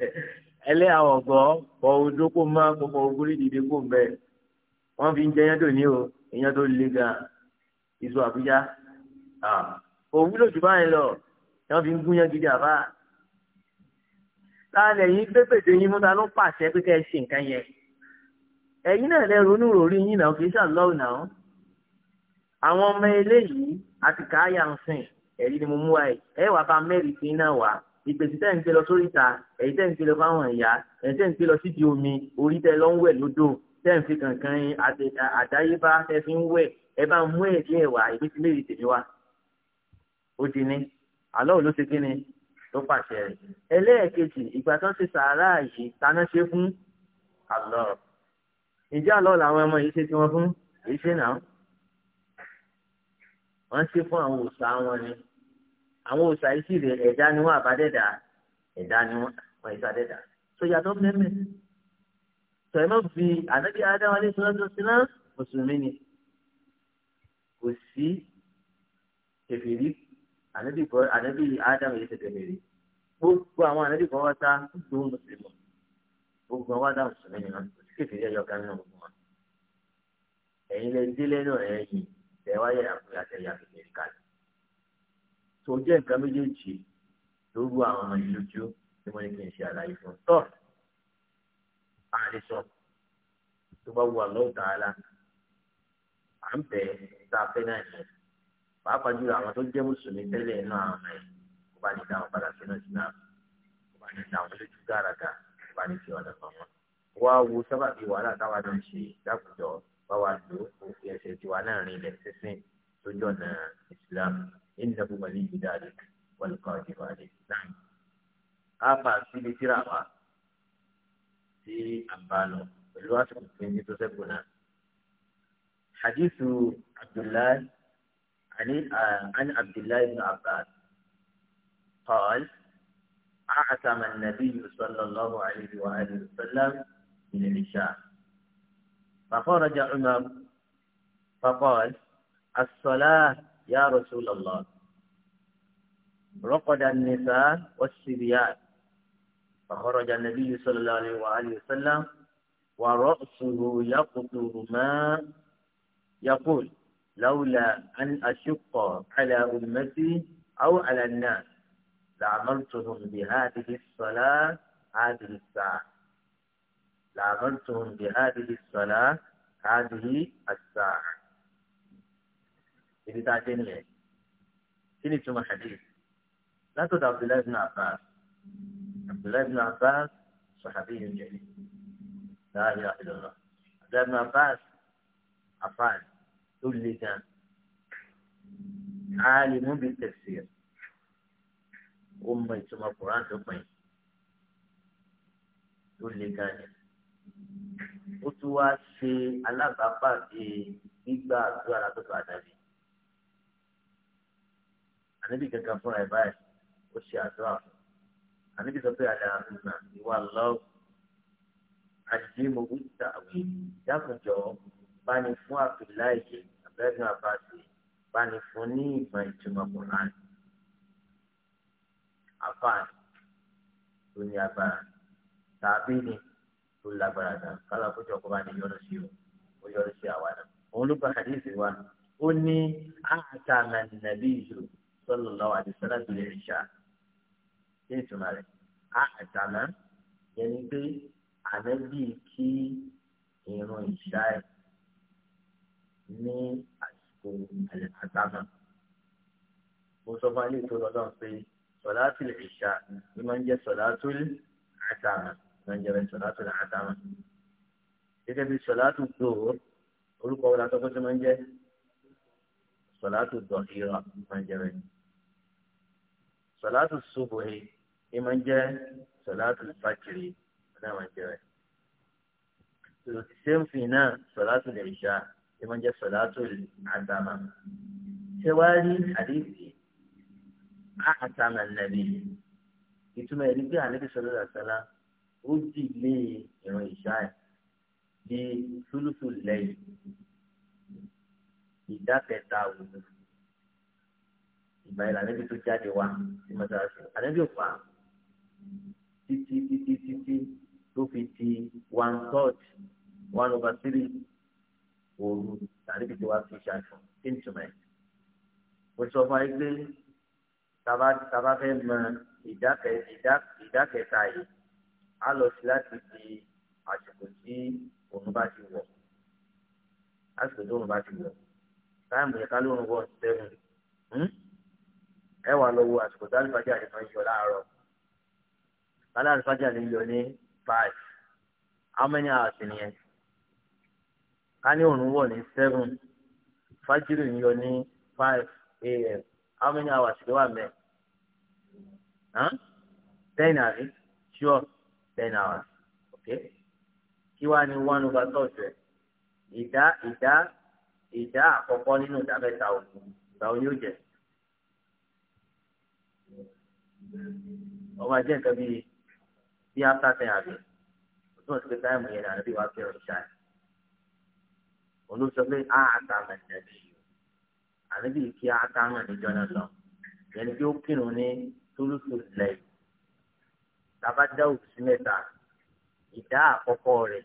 ẹlẹ́yàwó gbọ́ bọ odó kó má gbogbo ogúrí dìde kó mbẹ́ wọ́n fi ń jẹ́ yẹn tó ní o ìyẹn tó le gan iṣu àbújá òwúlò jù báyìí lọ wọ́n fi ń gún yẹn gidi àbá láàrin ẹ̀yin gbẹ́gbẹ̀dẹ̀ yín mú ta pàṣẹ pé kẹ́ ẹ ṣe nǹkan yẹn ẹ̀yin náà lẹ ronú ròrí yín náà kì í náà àwọn ọmọ eléyìí àti káyà ń sìn ẹ̀rí ni mo mú wa ẹ wàá bá mẹ́rin sí náà wá ìpèsè tẹ́ ń gbé lọ sórí ìta èyí tẹ́ ń gbé lọ fáwọn ẹ̀yà èyí tẹ́ ń gbé lọ síbi omi orí tẹ́ lọ ń wẹ̀ lódò tẹ́ ń fi kankan àdáyébá tẹ́ fi ń wẹ̀ ẹ bá mú ẹ̀ wá ìbí ti léèrè tèmi wá ó ti ní àlọ́ ò ṣe kí ni tó pàṣẹ rẹ̀ ẹlẹ́ẹ̀kejì ìgbà tó ṣe sàárà yìí taná ṣe fún àlọ́ ìjà àlọ́ làwọn ọmọ yìí ṣe tí wọ́n fún èyí ṣe náà wọ́n ṣe fún àwọn òòṣà wọn ni àwọn òòṣà yìí sì rè ẹ̀dá ni wọ́n àbádẹ́dà ẹ̀dá ni wọ́n ìsàdẹ́dà tó yàtọ̀ mẹ́mẹ́ tọ́ ẹ má fi ànábì adáwọn ní sọ́dọ̀ síná mùsùlùmí ni kò sí kẹfìrí ànábì bọ́ ànábì ádámù yìí ṣẹ̀ṣẹ̀ mẹ́rin gbogbo àwọn ànábì kan wá sá gbogbo mùsùlùmí gbogbo àwọn ádámù sùnmí ni wọn sì kékeré ẹyọ kan nínú gbogbo wọn. ẹ̀yin lẹ délé náà ẹ̀yìn tẹ̀wáyé àkùnrin àtẹ̀yà kékeré kalẹ̀. tó jẹ́ nǹkan méjèèjì ló rú àwọn ọmọ yìí lójú tí wọ́n ní kí n ṣe àlàyé fún tọ́ àdìsọ tó bá wù àlọ́ tààlà à ń bẹ̀ tá a fẹ́ náà pàápàá jùlọ àwọn tó jẹ́ mùsùlùmí tẹ́lẹ̀ inú àwọn ọmọ ẹ̀ kó bá ní dá wọn padà sínú islam kó bá ní dá wọn lójú gàràgà kó bá ní fi ọ̀nà kan wọn. wá wo sábàbí wàhálà táwa ló ń ṣe dákùjọ báwa lò ó fi ẹsẹ̀ tiwa náà rin ilẹ̀ sísìn sójú ọ̀nà islam inna bumali idari wal qadir ali náà. a fà síbi tíra wa sí àbálọ pẹ̀lú àsìkò tó ń yí tó عن عن عبد الله بن عباس قال أعتم النبي صلى الله عليه وآله وسلم من العشاء فخرج عمر فقال الصلاة يا رسول الله رقد النساء والصبيان فخرج النبي صلى الله عليه وآله وسلم ورأسه يقطر ما يقول لولا أن أشق على أمتي أو على الناس لعملتهم بهذه الصلاة هذه الساعة لعملتهم بهذه الصلاة هذه الساعة إذا تعتني كني ثم حديث لا تدع عبد الله بن عباس عبد الله بن عباس صحابي جليل لا إله إلا الله عبد الله بن عباس عفان tó le gan alimu bi tafsir ó mọ ìtumọ̀ Quran tó pẹ́ tó le gan ni ó tún wá ṣe alábàápàdé gbígbà àdúrà látọ̀dọ̀ àdàbí ànábì kankan fúnra ẹ̀ báyìí ó ṣe àdúrà fún ànábì sọ pé àdàbùnà ìwà lọ́wọ́ àdìmọ̀ wíta àwìn dákùnjọ́ bá ní fún àfìláyé lẹ́nu àbáṣe báni fún ní ìgbà ìtumọ̀ Quran afaan tó ní agbára tàbí ni tó lágbára dà kálá kó jọkọ bá ní yọrọ sí o ó yọrọ sí àwa náà òun ló gba àdéhùn wa ó ní àtàmà nàbí ìṣòro sallallahu alaihi wasallam tó lè rí ṣá ṣé ìtumọ̀ rẹ̀ àtàmà yẹn ni pé ànábì kí irun ìṣá ẹ̀. ní àsìkò àlẹ́kàtàmà. mo sọ fún alẹ́ ìtòlọ́ náà pé sọ̀láàtì lè ṣá ni máa ń jẹ́ sọ̀láàtì àtàmà máa ń jẹ́ sọ̀láàtì àtàmà. gẹ́gẹ́ bí sọ̀láàtì dòwó orúkọ wọn látọ́ pé tí máa ń jẹ́ sọ̀láàtì dọ̀hìrà máa ń jẹ́ rẹ̀. sọ̀láàtì subuhi ni máa ń jẹ́ sọ̀láàtì fàjìrì náà máa ń jẹ́ rẹ̀. same thing náà sọ̀láàtì lè ṣá. tí wọ́n jẹ́ sọ̀dátò àtàmà ṣé wàá rí àdéhìí àtàmà nàbí ìtumọ̀ ẹ̀rí bí ànábì sọ̀rọ̀ àtàlà ó dì lé ìran ìṣá ẹ̀ bí túlùtù lẹ́yìn ìdá kẹta òwúrọ̀ ìgbà yìí lànàbì tó jáde wá sí mọ́tàlásì ànábì ò pa títí títí títí tó fi di one third one over three òru tàbí tí wàá fi ṣàìsàn kí n túmọ̀ ẹ̀. mo sọ fún ayé pé tàbá fẹ́ mọ ìdákẹ́ta yìí á lọ sí láti di àsìkò tí òun bá ti wọ̀ àsìkò tí òun bá ti wọ̀ táìmù yẹn ká lóun wọ̀ sẹ́wọ̀n hmm? ẹ wà lọ wo àsìkò tí alifájà lè máa yọ láàárọ̀ alifájà lè yọ ní five how many hours nìyẹn a ní òòrùn wọ̀ ní seven fájírì ń yọ ní five a.m. how many hours ló wà mẹ́ ten àbí sure ten hours okay kí wàá ní one over twelve rẹ̀ ìdá ìdá ìdá àkọ́kọ́ nínú ìdá mẹ́ta òkú ìgbà wo ni ọba jẹ́ nǹkan bíi bíi after ten àbí òtún ọ̀sẹ̀ pé táìmù yẹn ni àná bí wàá fẹ́ ọ̀ṣà olùsọ pé a àtàmà nàbí ànábì kí a àtàmà níjọ náà lọ yẹn tí ó kírun ní tólùsọ lẹ́yìn tàbá dá òkùsí mẹ́ta ìdá àkọ́kọ́ rẹ̀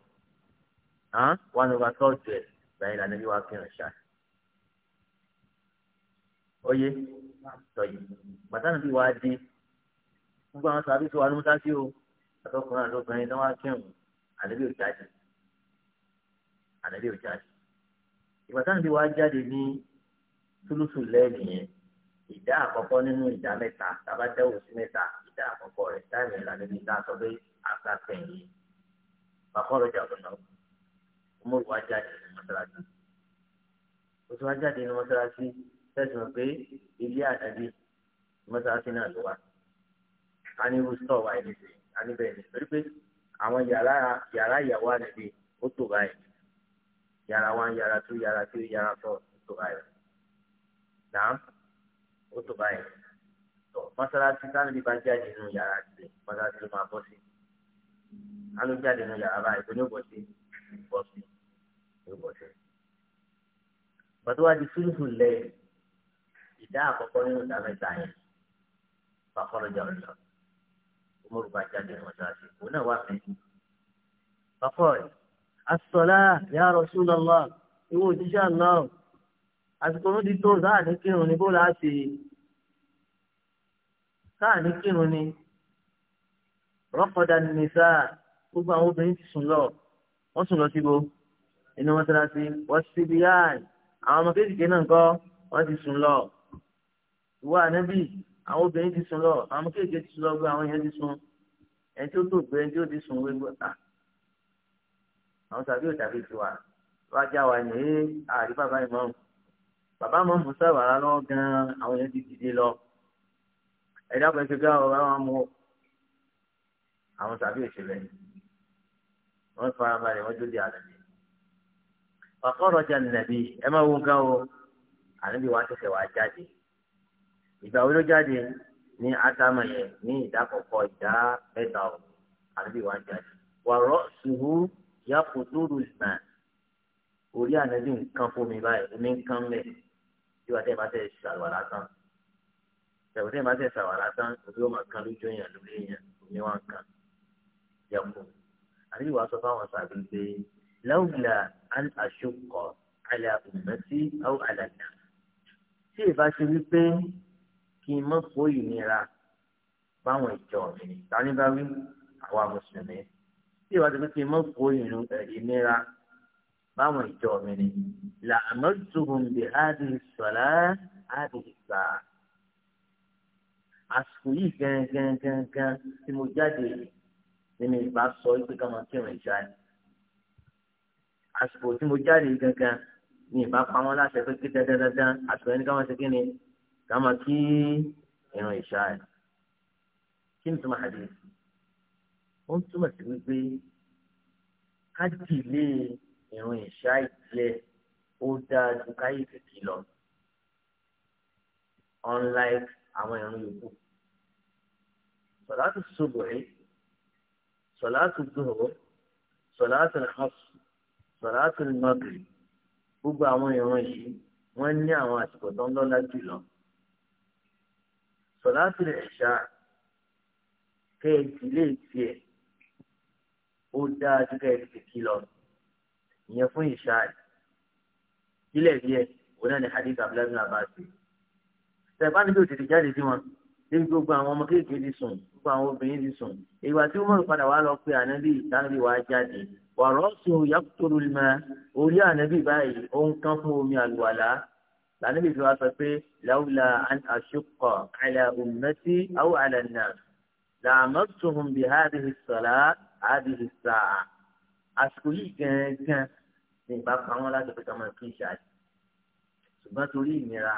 wọn ló bá tọ́jú ẹ̀ báyìí lànà bí wàá kírun ṣáà oye tọyì bàtàna bí wàá di gbogbo àwọn sàbí tó wà ní mọ́tàkì o àtọkùnrin àtọkùnrin tó wàá kírun ànábì ò jáde ànábì ò jáde ìgbà táwọn ti wá jáde ní túlùtù lẹ́ẹ̀lì yẹn ìdá àkọ́kọ́ nínú ìdá mẹ́ta tàbá dẹ́wò sí mẹ́ta ìdá àkọ́kọ́ rẹ̀ táìmù ìlànà ibi tá a sọ pé àgbà tẹ̀yìn bàkọ́rọ̀ jà ọ̀nà ọmọrù wá jáde nínú mọ́sálásí ó ti wá jáde nínú mọ́sálásí tẹ̀sán pé ilé àdàbí mọ́sálásí náà ló wà a ní rústọ̀ wáyé nísìnyí a níbẹ̀ ní torí pé àwọn yàrá yàrá ìyàwó àdàbí ó tó báyìí yàrá one yàrá two yàrá three yàrá four tó báyìí náà ó tó báyìí tó mọ́sálásí táwọn ibi bá jáde nínú yàrá tiẹ̀ mọ́sálásí ló máa bọ́ sí aló jáde nínú yàrá báyìí tó ní bọ́ sí bọ́ sí ní bọ́ sí. pàtó wá di fílùfù lẹ́yìn ìdá àkọ́kọ́ nínú ìdá mẹ́ta yẹn fàkọ́rọ̀jà ọ̀sán ó mọ̀rùbá jáde nínú mọ́sálásí òun náà wà fẹ́ẹ́ asọ́lá ya Rasulullah ìwọ òjíṣẹ́ àná àsìkò ló di tó sáà ní kírun ni bó la ṣe sáà ní kírun ni rọ́pọ̀dà ní sáà gbogbo àwọn obìnrin ti sùn lọ wọ́n sùn lọ síbo inú mọ́sálásí wọ́n ti bí yáàyè àwọn ọmọ kéékèèké náà kọ́ wọ́n ti sùn lọ ìwọ ànábì àwọn obìnrin ti sùn lọ àwọn ọmọ kéékèèké ti sùn lọ gbé àwọn yẹn ti sùn ẹni tó tó gbé ẹni tó ti sùn wé gbé àwọn tàbí ò tàbí tiwa wá já wa ní àrí bàbá ìmọ̀ọ́mù bàbá ìmọ̀ọ́mù sábàrà lọ́wọ́ gan-an àwọn yẹn ti dìde lọ ẹ̀dá pẹ̀sẹ̀ gbá bàbá wọn mú àwọn tàbí ò ṣe bẹ́ẹ̀ wọ́n fara balẹ̀ wọ́n tó di àlẹ́ mi. ọ̀kọ́rọ̀ jà nàbí ẹ máa wo gan o ànábì wa tẹ̀sẹ̀ wá jáde ìgbà wo ló jáde ní átámọ̀ yẹn ní ìdákọ̀ọ́kọ́ ìdá mẹ́ta ọ̀ ànábì wa jáde wàrọ̀ sùhú yá kòtòrò ìgbà orí ànábì nǹkan fún mi báyìí omi nǹkan mẹ bí wàá tẹ bá tẹ ṣàwàrà tán tẹ̀wọ́ tẹ bá tẹ ṣàwàrà tán omi ó máa kan lójú èèyàn lórí èèyàn omi wá ń kan yẹ fún un àbí wàá sọ fáwọn sàbí pé láwùlà àṣokọ̀ àlẹ́ àbùmọ́sí àwọn àlàdà tí ìbá ṣe wípé kí n mọ̀ fún ìnira báwọn ìjọ mi tani bá wí àwa mùsùlùmí tí ìwádìí mi ti mọ́ fo ìrìn ìnira báwọn ìjọ mi ni là àmọ́tòhùn bí áàdì sọ̀lá áàdì ìgbà. àsìkò yìí gangan tí mo jáde nínú ìbá sọ pé ká máa kírun ìṣá ni. àsìkò tí mo jáde gangan ní ìbá pamọ́ láṣẹ pé kí dandandandan àsìkò yẹn ní ká máa ṣe kí ni ká máa kí ìrun ìṣá ni. kí ni tó máa dé? ó ń túmọ̀ sí wípé ká dìlé ìrun ìṣá ìdílé ó dáa ju káyé kìkì lọ unlike àwọn ìrun yòókù sọláàtù subuhi sọláàtù duhur sọláàtù al-asr sọláàtù al-maghrib gbogbo àwọn ìrun yìí wọ́n ní àwọn àsìkò tó ń lọ́lá jùlọ sọláàtù al-isha kẹ́ẹ̀dì lè tiẹ̀ ó dáa ju ká ẹni kìkì lọ ìyẹn fún ìṣáì sílẹ̀ díẹ̀ òun náà ni hadith abdullahi bin abbas sẹ̀fánì bí òtítì jáde sí wọn débi gbogbo àwọn ọmọ kéékèèké ti sùn gbogbo àwọn obìnrin ti sùn ìgbà tí Umaru padà wá lọ pé ànábì ìtànàbì wàá jáde wàrọ̀ sùn yàtòrò lùmọ̀ orí ànábì báyìí ó ń kán fún omi àlùwàlá lànàbì fi wá sọ pé làwùlà àṣùkọ àlà ummati aw àlànà làmọ́tòhùn bìhárì sọ̀lá àádìrí sáà àsìkò yìí gángan ní ìbá pa wọn láti pé ká máa kí ìṣá yìí ṣùgbọ́n torí ìnira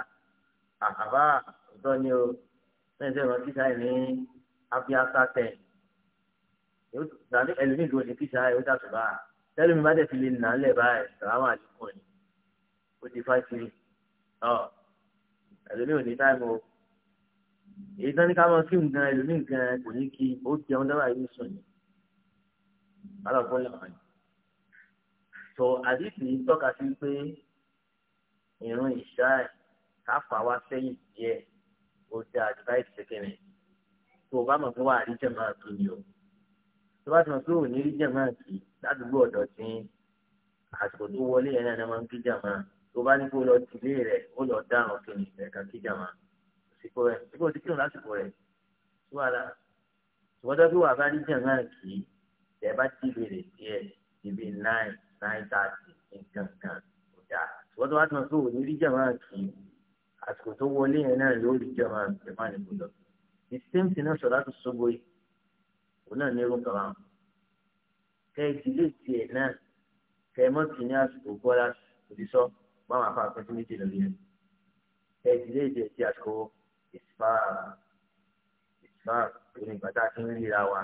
àbá ọ̀dọ́ ni o lẹ́yìn tí wọ́n kí ìṣá yìí ní abiasa tẹ̀ ẹlòmíì ló ní kí ìṣá yìí ó dàtọ̀ bá tẹ́lẹ̀ mi bá dẹ̀ fi lè nà á lẹ̀ báyìí sàlámà àdínkù ni ó ti fá sí ọ ẹlòmíì ò ní táìmù o èyí tán ní ká máa kí nǹkan ẹlòmíì nǹkan kò ní kí ó jẹun dábàá yìí sùn ni alákọ̀ọ́lẹ̀ ọ̀rọ̀ yìí. tó àdìsí yìí tọ́ka sí pé ìrun ìṣá káfà wá sẹ́yìn díẹ̀ ó ti àdìbá ìṣẹ́kẹ̀rẹ̀ tó o bá mọ̀ pé wà á rí jẹ̀ máa tún ni o tó bá ti mọ̀ pé ò ní rí jẹ̀ máa kì í ládùúgbò ọ̀dọ̀ tí àsìkò tó wọlé yẹn náà máa ń kí jàmá tó bá ní kó lọ tìlé rẹ̀ ó lọ dáhùn kí ni ẹ̀ka kí jàmá òsìkò rẹ̀ síbò tí kírun lásìkò rẹ̀ tó wà lá ṣùgbọ́n tó bí wà bá rí jẹ̀ máa kì í tẹ bá ti bèrè díẹ̀ ibi nine nine thirty nǹkan kan kò dáa wọ́n tó wá tán tó òní rí jàmáà kì í àsìkò tó wọlé yẹn náà yóò rí jàmáà jàmáà ní gbọdọ̀ the same thing náà sọ̀rọ̀ àti sọ́gbó yìí òun náà ní irun kan wọn kẹ́ ìdílé tiẹ̀ náà kẹ́ mọ́tì ní àsìkò bọ́lá òdìsọ́ báwọn afá àpẹtí méjì lórí ẹ̀ kẹ́ ìdílé tiẹ̀ ti àsìkò ìsìfà ìsìfà òní ìgbà tá a ti ń ríra wa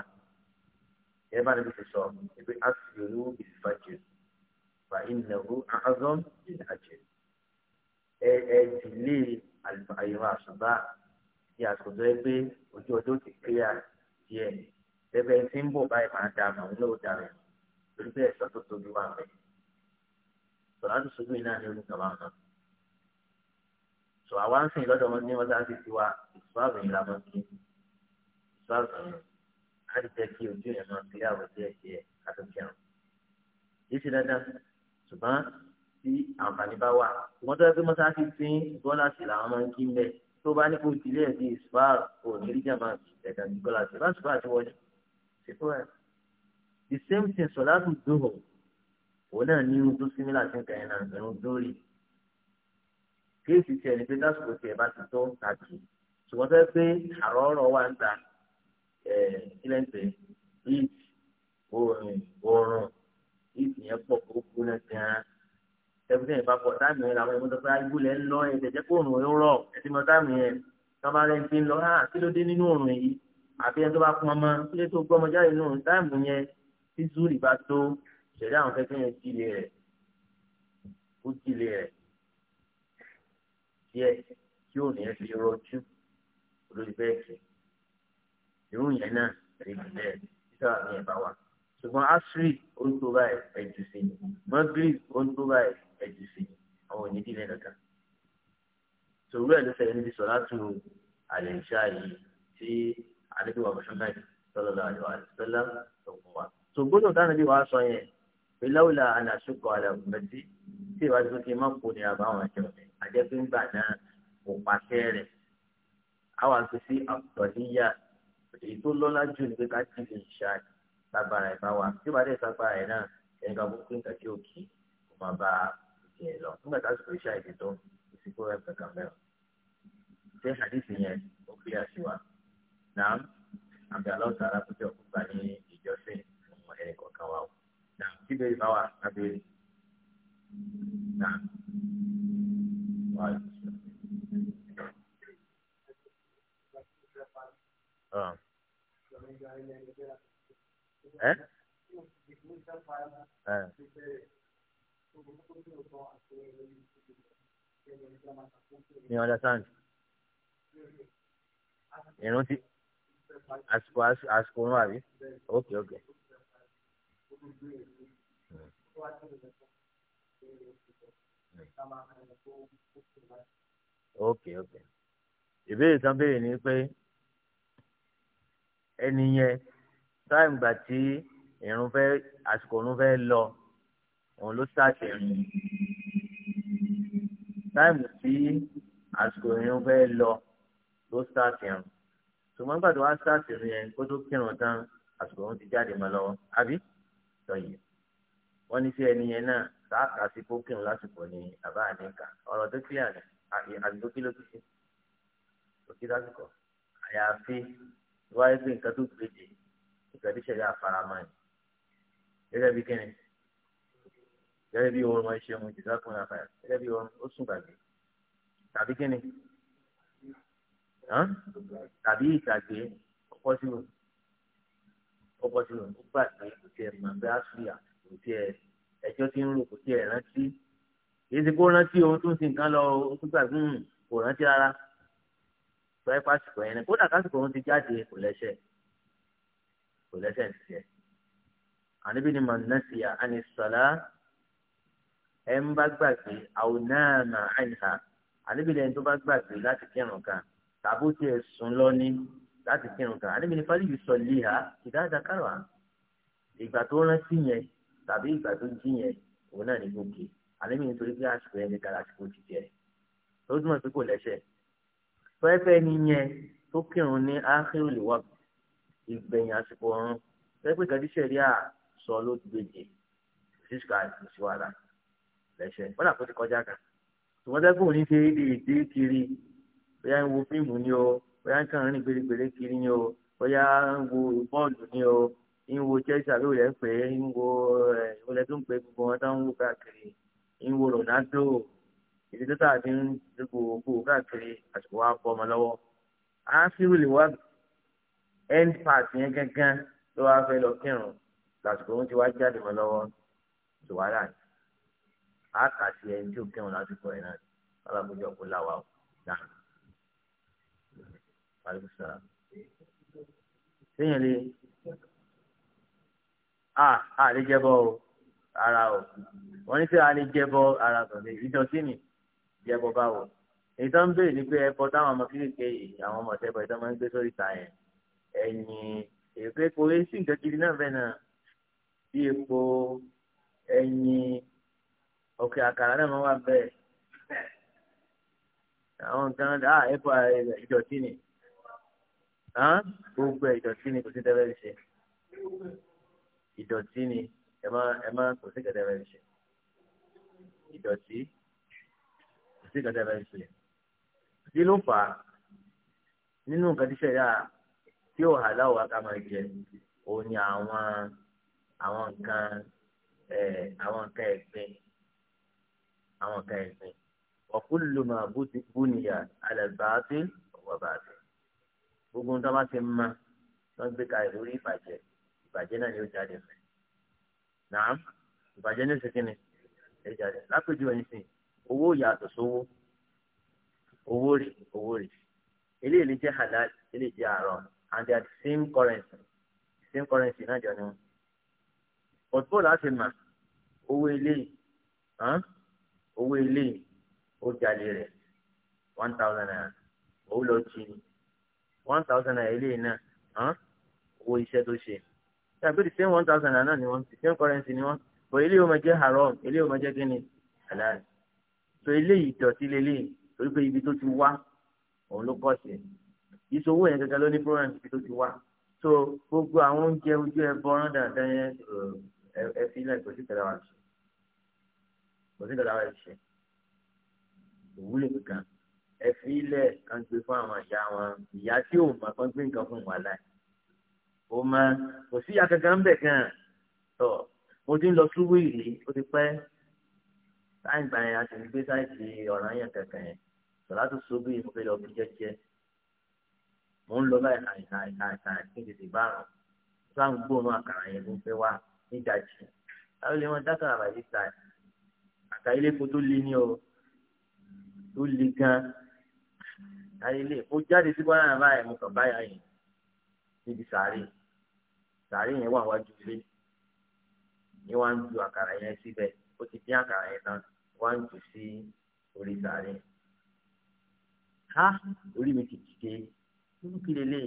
ẹ bá níbi ṣe sọ ẹgbẹ́ asiru ìfàjẹ fa ìnáwó àhazọ́m ìlàjẹ ẹ ẹ dìlé àyẹ̀wò àṣùbà ní àsọ̀tọ̀ ẹ pé ojú ọjọ́ ti kíyà díẹ̀ ẹbẹ̀ tí ń bọ̀ báyìí máa dà mọ̀ ní òdà rẹ̀ torí bẹ́ẹ̀ sọ tó tóbi wà mẹ́ sọ̀rọ̀ àti sọ́gbìn náà ní orúkọ máa mọ̀ sọ àwa ń sìn lọ́dọ̀ wọn ní wọn dáhùn sí tiwa ìṣúwàbù yìí la kí ìṣúwàbù yìí á ti jẹ́ kí ojú yẹn máa fi àwọ̀ díẹ̀ díẹ̀ kátó kẹrùn. yìí ti dandan ṣùgbọ́n tí àǹfààní bá wà ṣùgbọ́n tó yẹ pé mọ́sáàsì ti ń bọ́lá sí làwọn máa ń kí ń bẹ̀ tó bá ní kó tilé ẹ̀ sí ìṣùpáà kò ní rí jàmbá ẹ̀ka ní bọ́lá sí bá ṣùpáà ti wọlé ṣètò ẹ̀. the same thing sọ̀lá tó dùn hàn òun náà ní irun tó símílà sí nǹkan yẹn náà irun dórí kéèsì tiẹ̀ ní pé lásìkò tiẹ̀ bá ti tó tàbí ṣùgbọ́n tó yẹ pé àrọ́ọ̀rọ̀ wà ń ta kílẹ̀ ń pè heat oòrùn oòrùn heat yẹn pọ̀ kó gbóná gan-an tẹ̀síntẹ̀ yẹn bá pọ̀ táàmì yẹn làwọn ìmọ̀tọ́ pé agbólẹ̀ ah, ń lọ ẹ̀jẹ̀ jẹ́ kó òrùn ń rọ̀ ẹ̀sì mọ̀ táàmì yẹn tọ́ba rẹ̀ ń fi ń lọ hàn ah, kí ló dé nínú òrùn yìí àfi ẹni tó bá pọn ọmọ kí ló tó gbọ́ ọmọ jáde nínú táàmì yẹn tí zuri bá tó ṣẹ̀dá àwọn kẹ́kẹ́ yẹn jílé rẹ̀ ó jílé rẹ̀ díẹ̀ tí òrùn yẹn fi rọjú olórí bẹ́ẹ̀ kìí irú yẹn náà rè jẹ títà ní ẹ̀bá wa ṣùgbọ́n asri orúkọ báyìí ẹ̀jú sí ni magrib orúkọ báyìí ẹ̀jú sí ni àwọn onídìrí kankan sòwúrọ̀ ẹ̀ ló fẹ́ níbi sọ̀rọ̀ àtú àlẹ́ ìṣá yìí tí àdébíwá Muhammad sallallahu alaihi wasallam tó kọ́ wa. sògbónà táwọn ẹbí wa sọ yẹn pé láwùlà àlàsùkọ àlàmùmẹ́tì tí ìwádìí tó ti máa ń kó ní àbáwọn ẹ̀jẹ̀ ọ̀dẹ̀ àjẹpé ńgbà náà kò pàṣẹ rẹ̀ àwọn àti sí àtọ̀níyà èyí tó lọ́lá jù ní pé ká kí lè ṣá lágbára ẹ̀ bá wà tí ó bá dẹ̀ ságbára ẹ̀ náà ẹ̀yìn kan kúkú nǹkan tí ó kí kó máa bá ìjẹ́ ẹ̀ lọ nígbà tá a sọ̀rọ̀ ṣá ìdè tó ìsìnkú rẹ̀ kankan mẹ́rin ṣé àdìsí yẹn ó fi àṣì wa náà àbí aláwùsà alákòjọ kó gbà ní ìjọsìn fún ẹnì kọ̀ọ̀kan wa o náà kí bẹ́ẹ̀ bá wà lábẹ́rẹ́ náà wà á yọ. Um, ẹ. Eh? Eh. mi understand irun ti àsìkò àsìkò irun àbí ok ok. ok ok ìbéèrè tán béèrè ni pé ẹni yẹn táìmù gbà tí ìrun fẹ́ àsìkò ìrun fẹ́ lọ òun ló ṣáàtì ìrun táìmù tí àsìkò ìrun fẹ́ lọ ló ṣáàtì ìrun ṣùgbọ́n nígbà tó wá ṣáàtì ìrun yẹn kó tó kírun tán àsìkò ìrun ti jáde mọ́ lọ́wọ́ àbí tọ̀yẹ̀ wọ́n ní sí ẹni yẹn náà sáàkà sí kó kírun lásìkò ní àbá àníkà ọ̀rọ̀ tó kílẹ̀ àti àdúgbò kí ló ti ṣe òkè lásìkò àyàfi wáyé pé nǹkan tó gbèdè nǹkan tí ṣẹlẹ̀ àfaramọ́ ẹ̀ gẹ́gẹ́ bí kẹ́ni gẹ́gẹ́ bí oorun ẹ̀ṣẹ̀ ohun ìjìká fún ẹ̀fà gẹ́gẹ́ bí oorun ó sùn gbàgbé tàbí kẹ́ni tàbí ìtàgbé ọkọ̀ sí òun ọkọ̀ sí òun ó gbàgbé kò tiẹ̀ mọ̀ bí àṣùyà kò tiẹ̀ ẹjọ́ tí ń rò kò tiẹ̀ rántí èyí ti kó rántí ohun tó ń sin nǹkan lọ ó tún gbàgbé hmm, kò rántí rárá sọ ẹ pásìkò yẹn ni kódà kásìkò òun ti jáde kò lẹ́sẹ̀ kò lẹ́sẹ̀ ń tiẹ̀ àníbi ni mọ̀nàṣíà àni sọ̀lá ẹ̀ ń bá gbàgbé àwònáàmà àìhà àníbi ni ẹni tó bá gbàgbé láti kírun kan tàbó tiẹ̀ sùn lọ́ní láti kírun kan àníbi ni fálíbi sọ léha ìdáadáa kárọ̀ ìgbà tó rántí yẹn tàbí ìgbà tó jí yẹn òun náà ní gòkè àníbi nítorí pé àsìkò yẹn kára àsìkò ti tiẹ̀ tó túmọ̀ sí kò lẹ́sẹ̀ pẹ́pẹ́ ni yẹn tó kírun ní ákírù lè wà ìgbẹ̀yìn àsìkò ọ̀run pẹ́pẹ́ kẹ́díṣẹ́ rí à sọ ló gbèjì sísúkà ìṣúwàlà lẹ́sẹ̀ bọ́dà kó ti kọjá kan ṣùgbọ́n tẹ́kùn ní ṣe èdè èdè kiri bóyá ń wo fíìmù ni o bóyá ń kàn rìn gbèrègbèrè kiri ni o bóyá ń wo bọ́ọ̀lù ni o ń wo chelsea ló rẹ̀ ń pè é ń wo ẹ̀ ìwọlẹ́ tó ń pè gbogbo wọn tó ń wò káàkiri ń wo Ronaldo èdè tó tàbí ń dúpọ̀ òkú káàkiri àsìkò wa bọ́ ọmọ lọ́wọ́ áfírù lè wá end part yẹn gángan ló wá fẹ́ lọ kírun lásìkò wọn ti wá jáde mọ́ lọ́wọ́ tó wá rà á kà sí ẹni tí ò kírun lásìkò ẹ̀ náà alábòjọ kó láwa ò dá àlùsàrà sẹ́yìn lè a a lè jẹ́ bọ́ ara o wọ́n ní sẹ́yìn a lè jẹ́ bọ́ ara tọ̀lé ìjọ ni jẹ́ bọ́ báwo ìtàn ń béèrè ni pé ẹbọ táwọn ọmọ kéékèèké yìí àwọn ọmọ ọ̀tẹ́bọ ìtàn máa ń gbé sórí ìta yẹn ẹ̀yìn èké kò rí sí nǹkan kiri náà bẹ́ẹ̀ náà bí epo ẹ̀yìn òkè àkàrà náà máa wà bẹ́ẹ̀ àwọn nǹkan á ẹbọ ìdọ̀tí ni gbogbo ìdọ̀tí ni kò sí tẹ́lẹ̀ ṣe ìdọ̀tí ni ẹ má ẹ má kò sí kẹ̀tẹ́ rẹ̀ ṣe ìdọ̀tí sí ìgbàdá ìbáyìí sílẹ̀ kí ló fà á nínú nǹkan tí sẹ́yà tí ò hà láwọ̀ ká máa jẹ òun ni àwọn àwọn nǹkan àwọn nǹkan ẹ̀gbin àwọn nǹkan ẹ̀gbin ọ̀kúlù máa bú nìyà alẹ́bàáfí ọ̀wọ̀bàáfí gbogbo nǹkan bá ti mọ wọn gbé ka ìlórí ìbàjẹ́ ìbàjẹ́ náà ni ó jáde mẹ́ nàá ìbàjẹ́ ní oṣù ẹ̀ jáde lápèjúwe yín owó yàtọ̀ sówó owó rè owó rè eléyìí lè jẹ́ halal eléyìí jẹ́ haram and they are the same currency same currency náà jọ ni wọn but bó láti mà owó eléyìí owó eléyìí ó jalè rẹ̀ one thousand naira òun lọ jí ni one thousand naira eléyìí náà owó iṣẹ́ tó ṣe ṣàgbé the same one thousand naira náà ni wọ́n the same currency ni wọ́n but eléyìí ó máa jẹ́ haram eléyìí ó máa jẹ́ kí halal so eléyìí ìdọ̀tí lélẹ̀ torí pé ibi tó ti wá òun ló kọ̀ sí ìṣòwò yẹn gẹ́gẹ́ ló ní problem ibi tó ti wá so gbogbo àwọn oúnjẹ ojú ẹ bọ́rán dáadáa yẹn ẹ fi ilẹ̀ kò sí kẹlẹ́ wa ṣe kò sí kẹlẹ́ wa ṣe òwúlò kankan ẹ fi ilẹ̀ kan gbé fún àwọn àṣà wọn ìyá tí ò mà kan gbé nǹkan fún wàhálà ó má kò sí ìyá kankan bẹ̀ kan tọ̀ mo ti ń lọ súwìrì ó ti pẹ́ táyìn gbà yẹn a ti gbé sáìtì ọ̀ràn yẹn kẹ̀kẹ́ yẹn sọ̀látù sóbì mo fẹ́ lọ bí jẹ́jẹ́ mo ń lọ láì láì láì láì láì kí n tètè bá rùn sáà ń gbóòórùn àkàrà yẹn ló ń fẹ́ wá nídàjì àwọn ilé wọn dákàrà bàjẹ́ ta àkàrà ilé epo tó le ní o tó le gan àyè ilé epo jáde sí bọ́lá báyìí mo kàn báyà yìí níbi sàárè sàárè yẹn wà wájú ilé ni wọ́n ń ju àkàrà yẹn síbẹ̀ ó ti dín àkàrà yẹn tán wọ́n á jù sí orí sàárẹ̀ ha orí mi ti dìde nínú kí lélẹ̀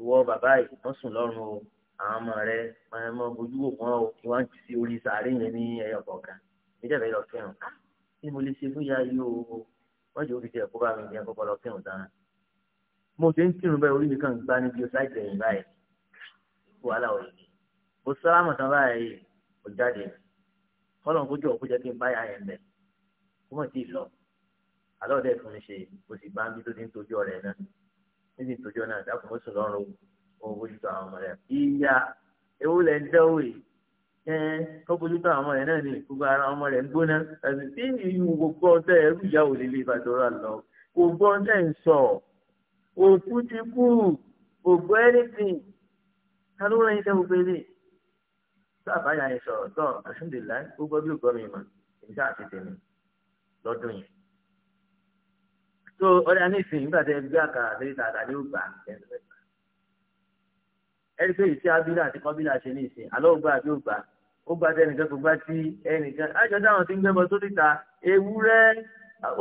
ìwọ bàbá yìí wọ́n sùn lọ́rùn o àwọn ọmọ rẹ máa mọ ojú wò wọ́n o kí wọ́n á jù sí orí sàárẹ̀ yẹn ní ẹyọ kọ̀ọ̀kan níjẹ̀bẹ̀ lọ fẹ́ràn á bí mo lè ṣe fún ya yìí o wọ́n jẹ́ òfìsẹ́ ẹ̀kọ́ bá mi ní ẹ̀kọ́ lọ fẹ́ràn dáná mo ṣe ń kírun bẹ́ẹ̀ orí mi kàn gbá níbi ọ̀sáìtì ẹ̀yìn báyìí wàhálà òyìnbó mo sọ àmọ̀tán báyìí mo jáde kọ́lọ́n kójú ọ̀kú jẹ́ kí n bá ya ẹ̀ mẹ́ kó mọ̀ tí ì lọ àlọ́ fún mi ṣe kò sì bá ń tó ti ń tọ́jú ọ̀rẹ́ náà níbi ìtọ́jú náà dákun ó sùn lọ́rùn ó bójútó àwọn ọmọ rẹ̀ ìyá ewu lẹ̀ ń dẹ́wò yìí ẹ tó bójútó àwọn ọmọ rẹ̀ náà ni gbogbo ara ọmọ rẹ̀ ń gbóná àti tí ìyún gbogbo ọ̀tẹ̀ ẹrú ìyàwó líle ìbàdọ́rà lọ gbogbo ọ̀tẹ̀ ń sọ òkú ti kú gbogbo ẹ̀rìndìn ta ló rẹ̀ gbogbo eléyìí tó àbáyà yẹn sọ̀rọ̀ tó alhamdulillah gbogbo bí ògbọ́n mi mọ̀ ìjà àti tèmi lọ́dún yẹn. tó ọ̀rẹ́ anísìn nígbà tẹ gbé àkàrà àti tààtà ní ògbà ẹni pé ìṣe abílà àti kọ́bílà ṣe ní ìsìn àlọ́ ògbà àbí ògbà ó gba tẹ ẹnìkan kò gbá tí ẹnìkan àjọ dáhùn tí ń tó níta ewúrẹ́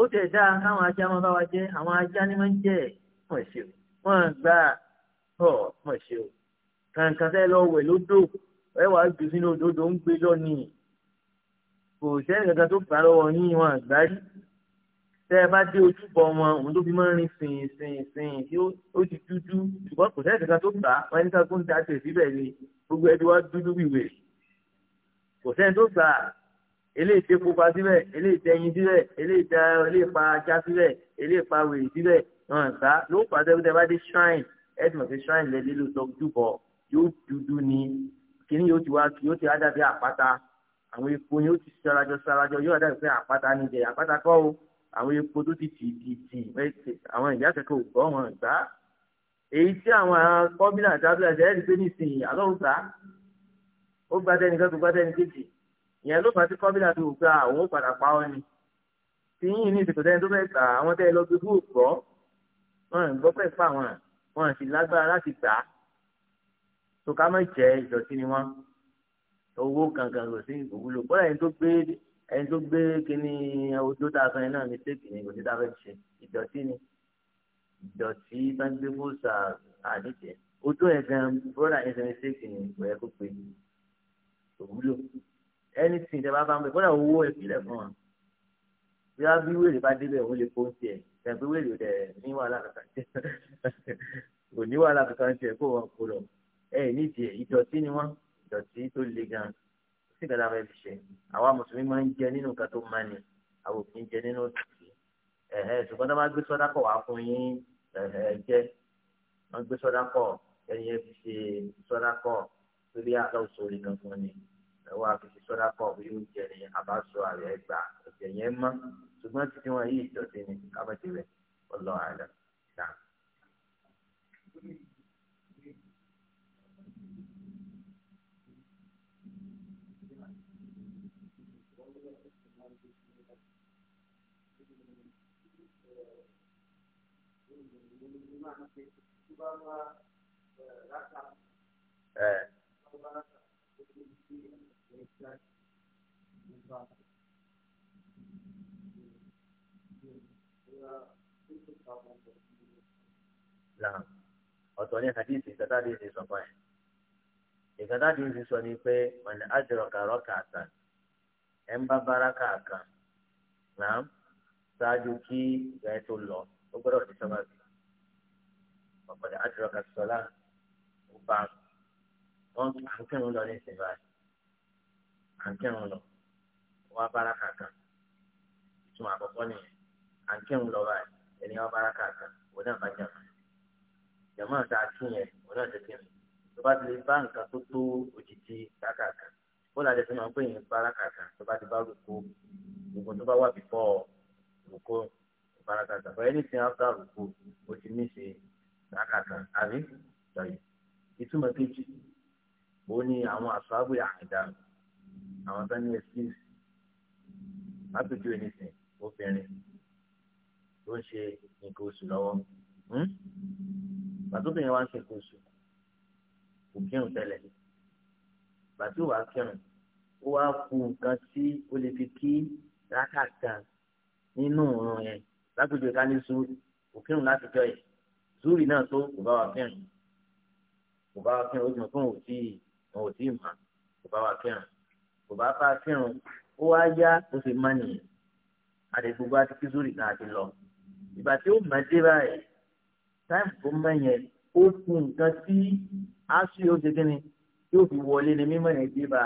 ó tẹ̀ dáa káwọn ajá máa bá wa jẹ́ àwọn ajá ni wọ́n ń jẹ́ wọ́n ṣe wọ́n ṣe kankan tẹ́ ẹwà jù sínú òdodo ń gbé lọ́nìí kò sẹ́yìn kankan tó gbà lọ́wọ́ yín wọn àgbáyé tẹ́ ẹ bá dé ojúbọ wọn òun tó fi máa ń rin sìn sìn sìn tí ó ti dúdú ṣùgbọ́n kò sẹ́yìn kankan tó gbà wọn ní káàkó ń ta síbẹ̀ ni gbogbo ẹni wá dúdú wìwè kò sẹ́yìn tó gbà eléyìí tẹ pupa síbẹ̀ eléyìí tẹ ẹyin síbẹ̀ eléyìí tẹ eléyìí pa ajá síbẹ̀ eléyìí pa wèrè síbẹ̀ wọn gbà yóò pàṣẹ pé tẹ bá dé shrine ẹ ti mọ̀ sí shrine lẹ́ẹ̀lẹ́ kìíní yóò ti wá yóò ti ádàbí àpáta àwọn epo yóò ti sarajọ sarajọ yóò ádàbí pé àpáta ní jẹ àpáta kọ́ o àwọn epo tó ti tì tì tì àwọn ìyá kẹ́kọ̀ọ́ gbọ́ wọn gbá èyí tí àwọn kọ́bílà tábìlà jẹ́ ẹ̀rí pé nísìnyí àlọ́ gbà ó gbà tẹnìkan tó gbà tẹnìkejì ìyẹn ló fà á sí kọ́bílà tó gbà àwọn ó padà pa ọ́ ni tí yín ní ìsìnkú tẹ́ni tó fẹ́ gbà àwọn tẹ́ lọ gbogbo gbọ́ wọn gbọ́ pẹ́ fà wọn wọn sì lágbára láti gbà á so ká má jẹ́ ìdọ̀tí ni wọ́n owó kankan kò sí ìwúlò bọ́lá ẹni tó gbé ẹni tó gbé kíní ojú tá a sọ yẹn náà ní tèkì ni kò sí tá a fẹ́ ṣe ìdọ̀tí ni ìdọ̀tí bá gbé fóòsà àdìjẹ ojú ẹ̀ gan bọ́lá ẹni sẹ́ni tèkì ni kò yẹ kó pe òwúlò ẹni tí ìjọba bá ń bẹ bọ́lá owó ẹ̀ fílẹ̀ fún wa bí wàá bí wèrè bá débẹ̀ òun lè kó ń tiẹ̀ tẹ̀gbẹ́ wèrè ò dẹ̀ ní wàhálà kankan tiẹ̀ kò ní wàhálà kankan tiẹ̀ kó wọn kó lọ ẹ ní tiẹ̀ ìdọ̀tí ni wọ́n ìdọ̀tí tó le gan sí ìgbàlá rẹ̀ fi ṣe àwa mùsùlùmí máa ń jẹ nínú nǹkan tó máa ní àwọn òfin jẹ nínú òsì ẹ̀hẹ́ ṣùgbọ́n tó bá gbé sọ́dá kọ̀ wá fún yín ẹ̀hẹ́ jẹ́ wọ́n gbé sọ́dá kọ̀ ẹni yẹn fi ṣe sọ́dá kọ̀ torí àlọ́ òṣòrí kan fún ni ẹ̀wọ́ àfihàn sọ́dá kọ̀ bí ó jẹ ní àbáṣọ àrẹ ẹgbà ẹ̀jẹ̀ yẹn mọ́ ṣùgbọ́n títí wọn yìí ìdọ̀tí ni kábàtì rẹ̀ ọlọ́ àlẹ́ náà. É. Náà ọ̀tọ̀ ní hadith ìkàtàdé ti sọ fún ẹ̀. Ìkàtàdé ti sọ ni pé ọ̀nà àjọrọ̀kà rọ́kà àtàn ẹ̀ ń bá báràkà kan náà ṣáájú kí ìgbà ẹ̀ tó lọ ó gbọ́dọ̀ ọ̀pọ̀lọpọ̀ àdúrà sọlá ó bá wọn à ń kírun lọ ní ìsìn báyìí à ń kírun lọ wá bára kàkà ìtumọ̀ àkọ́kọ́ nìyẹn à ń kírun lọ báyìí ẹni wá bára kàkà òun náà bá jẹun jẹmọ́ àti àtúnyẹ òun náà ti kírun tó bá ti lè bá nǹkan tó tó òjijì kàkàkà ó láti fi máa ń pè yín bára kàkà tó bá ti bá rúkó gbogbo tó bá wà bífọ́ rúkó bára kàkà for anything after rúkó ó ti ní ṣe rákàtà àbí tọ́yì ìtumọ̀ kejì ó ní àwọn àṣàbò àkàdá àwọn tó ní excuse látòjú ẹnìsìn obìnrin ló ń ṣe nǹkan oṣù lọ́wọ́ hmm? bàtóbìnrin wa ń ṣe nǹkan oṣù kò kírun tẹ́lẹ̀ bàtí ò wá kírun ó wá ku nǹkan tí ó lè fi kí rákàtà nínú òun yẹn látòjú ẹ̀ka ní sùn kò kírun látòjọ́ yẹn zúrì náà tó kò bá wa kẹrin kò bá wa kẹrin ó ti mọ fún òun tí òun ò tí ì mà kò bá wa kẹrin kò bá bá kẹrin ó wá yá ó fi má nìyẹn àdìgbògbò àti kí zúrì náà ti lọ ìgbà tí ó mọ̀ dé báyìí táìmù tó mọ̀ yẹn ó kú nǹkan tí aṣọ yóò ṣe kíni yóò fi wọlé ní mímọ̀ yẹn dé bá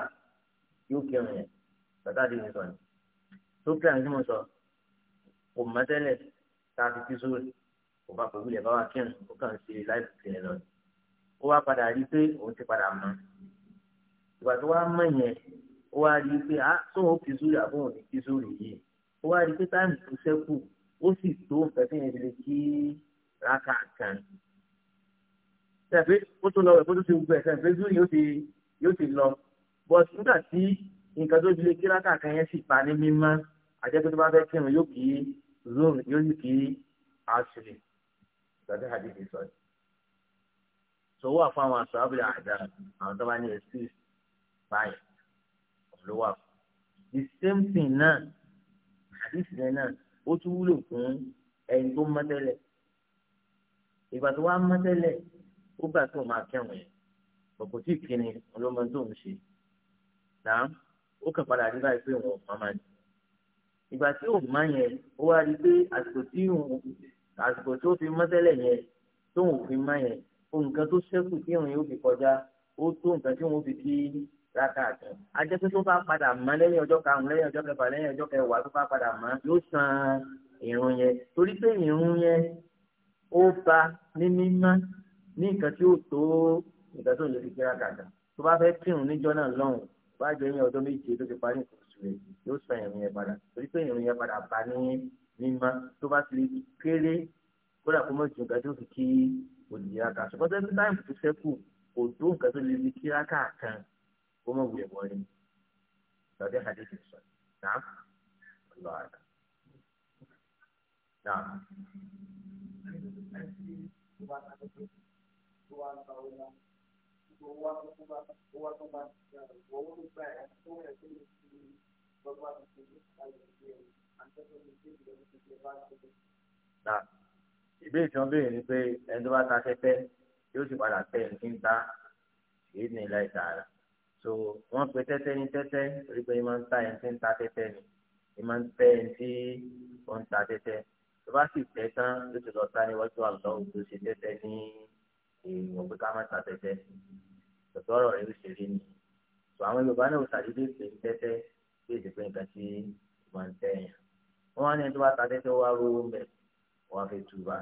yóò kẹrin yẹn bàtà dé nìkan tó kẹrin tí mo sọ kò mọ̀ tẹ́lẹ̀ tá a fi kí zúrì kò bá pẹ̀lú ilẹ̀ bá wà kírun ó kàn ṣe láìpẹ́ tìrẹ lọ. ó wá padà rí i pé òun ti padà mọ́ ìgbà tó wá mọ̀ yẹn ó wá rí i pé á ah, tó òun fi zúrì àbọ̀ òun ní fi zúrì yìí ó wá rí i pé táìmù tó ṣẹ́kù ó sì tó nǹkan tí yẹn lè kí rákà kan. sẹ́fẹ̀ ó tó lọ rẹ̀ kó tó ti gbẹ sẹ́fẹ̀ zúrì yóò ti lọ bọ́t nígbà tí nǹkan tó lè kí rákà kan yẹn sì pa ní mímọ́ àjẹpẹ́ tó bá fẹ́ kírun yóò kí zúrì yóò sì kí àṣírí tàbí àdìsí sọ ni so wà fún àwọn àṣàbìlì àdá àwọn tó bá ní ẹsì báyìí ló wà fún the same thing náà àdìsí yẹn náà ó tún wúlò fún ẹni tó mọ tẹ́lẹ̀ ìgbà tó wá mọ tẹ́lẹ̀ ó gbà tó máa kẹwọn yẹn kò tí ì kíni tó ń ṣe náà ó kàn padà rí báyìí pé òun ò máa máa ní ìgbà tí òun máa yẹn ó wá rí pé àsìkò tí òun àsìkò tó fi mọ́ tẹ́lẹ̀ yẹn tóun ò fi mọ́ yẹn nǹkan tó ṣẹ́kù tí òun yóò fi kọjá ó tó nǹkan tí òun fi kí rákà kan ajẹ́ pé tó bá padà mọ́ lẹ́yìn ọjọ́ karùn-ún lẹ́yìn ọjọ́ kẹfà lẹ́yìn ọjọ́ kẹwàá tó bá padà mọ́ yóò san ìrun yẹn torí pé ìrun yẹn ó ba ní mímọ́ ní nǹkan tí ó tó nǹkan tó lè fi kí rákà kan tó bá fẹ́ kírun níjọ́ náà lọ́hùn bá jẹ́ ní ọdún méje tó ti parí nǹkan oṣù rẹ̀ yóò san ìrun yẹn padà torí pé ìrun yẹn padà ba ní mímá tó bá ti kéré kódà kó mọ̀ jù nǹkan tó fi kí òdìyàkà ṣùgbọ́n tẹ́lifí táìmù tó ṣẹ́kù kò tó nǹkan tó lè ní kíráàkà kan kó mọ̀ wúyẹ̀ wọlé lọ́dẹ àdéhùn sọ náà lọ́ àdá. náà. Thank you ìbéèrè tí wọ́n béèrè ni pé ẹni tó bá ta tẹ́tẹ́ yóò sì padà tẹ ẹni tí ń ta èyí ní ilẹ̀ ìtààrà so wọ́n pe tẹ́tẹ́ ní tẹ́tẹ́ torí pé ìmọ̀ ń ta ẹni tí ń ta tẹ́tẹ́ ni ìmọ̀ ń tẹ ẹni tí ó ń ta tẹ́tẹ́ tó bá sì tẹ́ tán yóò ti lọ ta níwájú àlọ́ òkú ṣe tẹ́tẹ́ ní èèyàn pé ká má ta tẹ́tẹ́ tọ̀tọ̀ ọ̀rọ̀ rẹ̀ yóò ṣe rí ni so àwọn Yorùbá náà ṣàdédé pé tẹ́tẹ́ bí èdè pé nǹkan wọ́n ní ẹni tó ta tẹ́tẹ́ wá rówó mbẹ̀ wọ́n á fẹ́ túbà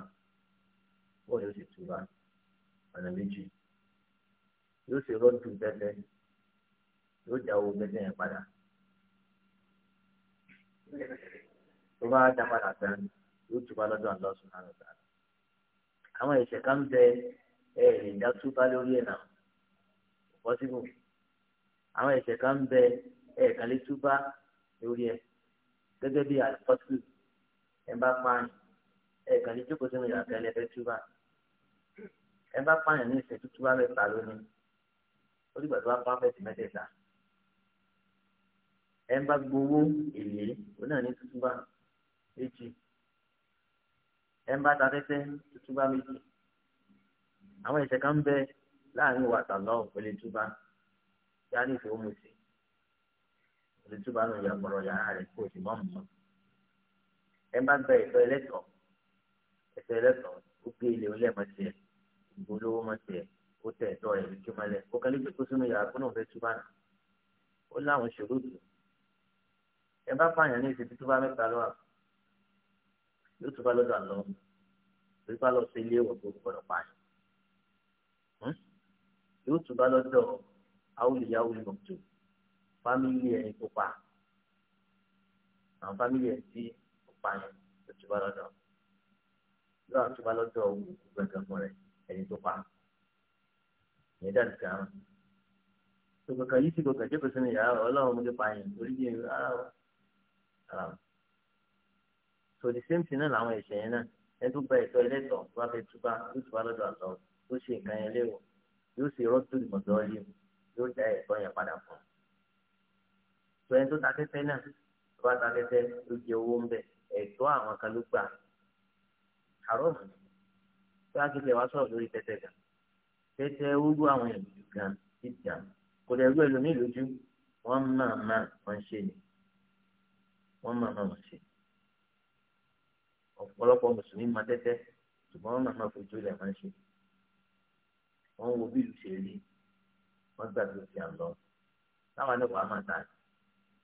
bọ́ọ̀ yóò ṣe túbà ọ̀nà méjì yóò ṣe rọ́ọ̀dù tẹ́tẹ́ yóò já owó tẹ́tẹ́ yẹn padà tó bá já padà tán yóò túbà lọ́dọ̀ Allah subhanahu wa ta'ala àwọn ẹ̀ṣẹ̀ kan bẹ ẹ̀ lè dá túbà lórí ẹ̀ náà possible àwọn ẹ̀ṣẹ̀ kan bẹ ẹ̀ kálí túbà lórí ẹ̀ gẹ́gẹ́ bí àlùfọ́tù ẹ bá pààyàn ẹ̀ẹ̀kan ní jókòó sínú ìyàtọ̀ ẹlẹ́fẹ́ túbà ẹ bá pààyàn ní ìṣẹ́jú túbà bẹ́ẹ̀ pa lónìí ó dìgbà tó bá pa fẹ́ẹ̀tì mẹ́tẹ̀ẹ̀ta ẹ bá gbowó èlé òun náà ní túbà méjì ẹ bá ta tẹ́tẹ́ túbà méjì àwọn ìṣẹ̀kan ń bẹ láàrin wàtà lọ́wọ́ pẹ̀lú túbà yá ní ìṣòwò lè túbọ̀ nù ìyàpọ̀rọ̀ yàrá rẹ̀ kó o sì mọ̀ mọ́. ẹ má gba ẹ̀fọ́ ẹlẹ́tọ̀ ẹ̀fọ́ ẹlẹ́tọ̀ ó gbé ilé ọlẹ́mọ tiẹ̀ ìgbólówó mọ tiẹ̀ ó tẹ̀ ẹ̀tọ́ rẹ̀ lójú mọ́lẹ̀ ó kẹ́lẹ́ pé kó sínú yàrá kó náà fẹ́ túbọ̀ nù. ó láwọn ṣòro tù. ẹ bá pààyàn ní ìsìnkú túbọ̀ mẹ́ta lọ́wọ́ yóò túbọ̀ lọ́dọ̀ àlọ́ torí bá lọ sí ilé ìwọ̀ tó gbọ́dọ̀ pààyàn yóò túbọ̀ lọ́dọ̀ awúlìyáwúlì mọ̀tò fámìlì ẹni tó pa àwọn fámìlì ẹni tí ó pa yẹn tó ti bá lọ́dọ̀ lọ́wọ́ tó bá lọ́dọ̀ òun kò gbẹ̀gàn fún rẹ̀ ẹni tó pa yẹn dàbí kan tó kankan yìí ti kò kàn jókòó sínú yàrá ọlọ́run mo ti pa yẹn orí yẹn ara wọn so the same thing náà làwọn ẹ̀ṣẹ̀ yẹn náà ẹni tó gba ẹ̀tọ́ ẹlẹ́tọ̀ tó bá fẹ́ túbá yóò túbá lọ́dọ̀ àtọ̀ ó ṣe nǹkan yẹn léwọ̀ yóò ṣe rọ́tò ìmọ̀tọ́ yìí yóò dá ẹ̀tọ́ yẹn padà fún un sọyìn tó ta tẹ́tẹ́ náà tó bá ta tẹ́tẹ́ ló jẹ owó ń bẹ ẹ̀tọ́ àwọn kan ló gbà àrọ mọ tó a kìtẹ wá sọ̀rọ̀ lórí tẹ́tẹ́ gan tẹ́tẹ́ wúlú àwọn èèyàn lójú gan títà kò lè rú ẹlòmíì lójú wọn máa máa wọn ṣe ni wọn máa máa wọn ṣe ọ̀pọ̀lọpọ̀ mùsùlùmí máa tẹ́tẹ́ ṣùgbọ́n wọn máa máa fojú rẹ̀ máa ṣe wọn wo bí ìlú ṣe rí wọn gbàgbé ti lọ táwọn náà wàá máa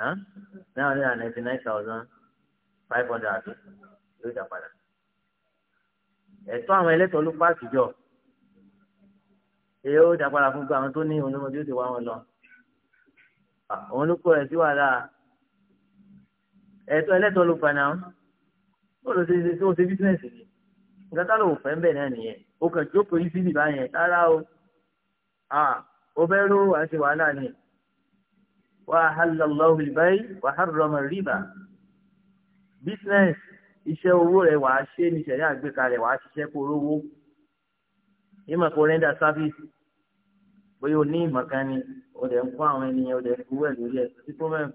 huh? nine hundred and ninety nine thousand five hundred àti yóò dà padà ẹ̀tọ́ àwọn ẹlẹ́tọ̀ọ́ ló pààkì jọ èyí ó dà padà fún gbogbo àwọn tó ní onímọ̀jú ti wá wọn lọ òun ló kó rẹ̀ sí wàhálà ẹ̀tọ́ ẹlẹ́tọ̀ọ́ ló padà ń ó lọ sí ṣe ó ṣe bísíǹsì ni nǹkan tá ló wò fẹ́ ń bẹ̀ náà nìyẹn ó kàn jókòó yìí sí ìbá yẹn rárá o ó bẹ́ẹ̀ ló wà ń wàhálà nìyẹn. وأحل الله البيع وحرم الربا business iṣẹ́ owó rẹ̀ wàá ṣe ní ṣẹ̀rí àgbékalẹ̀ wàá ṣiṣẹ́ kó rówó ìmọ̀ kó rẹ́ndà sáfíìsì bóyá o ní ìmọ̀ kan ni o dẹ̀ ń kó àwọn ènìyàn o dẹ̀ ń gbowó ẹ̀ lórí ẹ̀ sí problem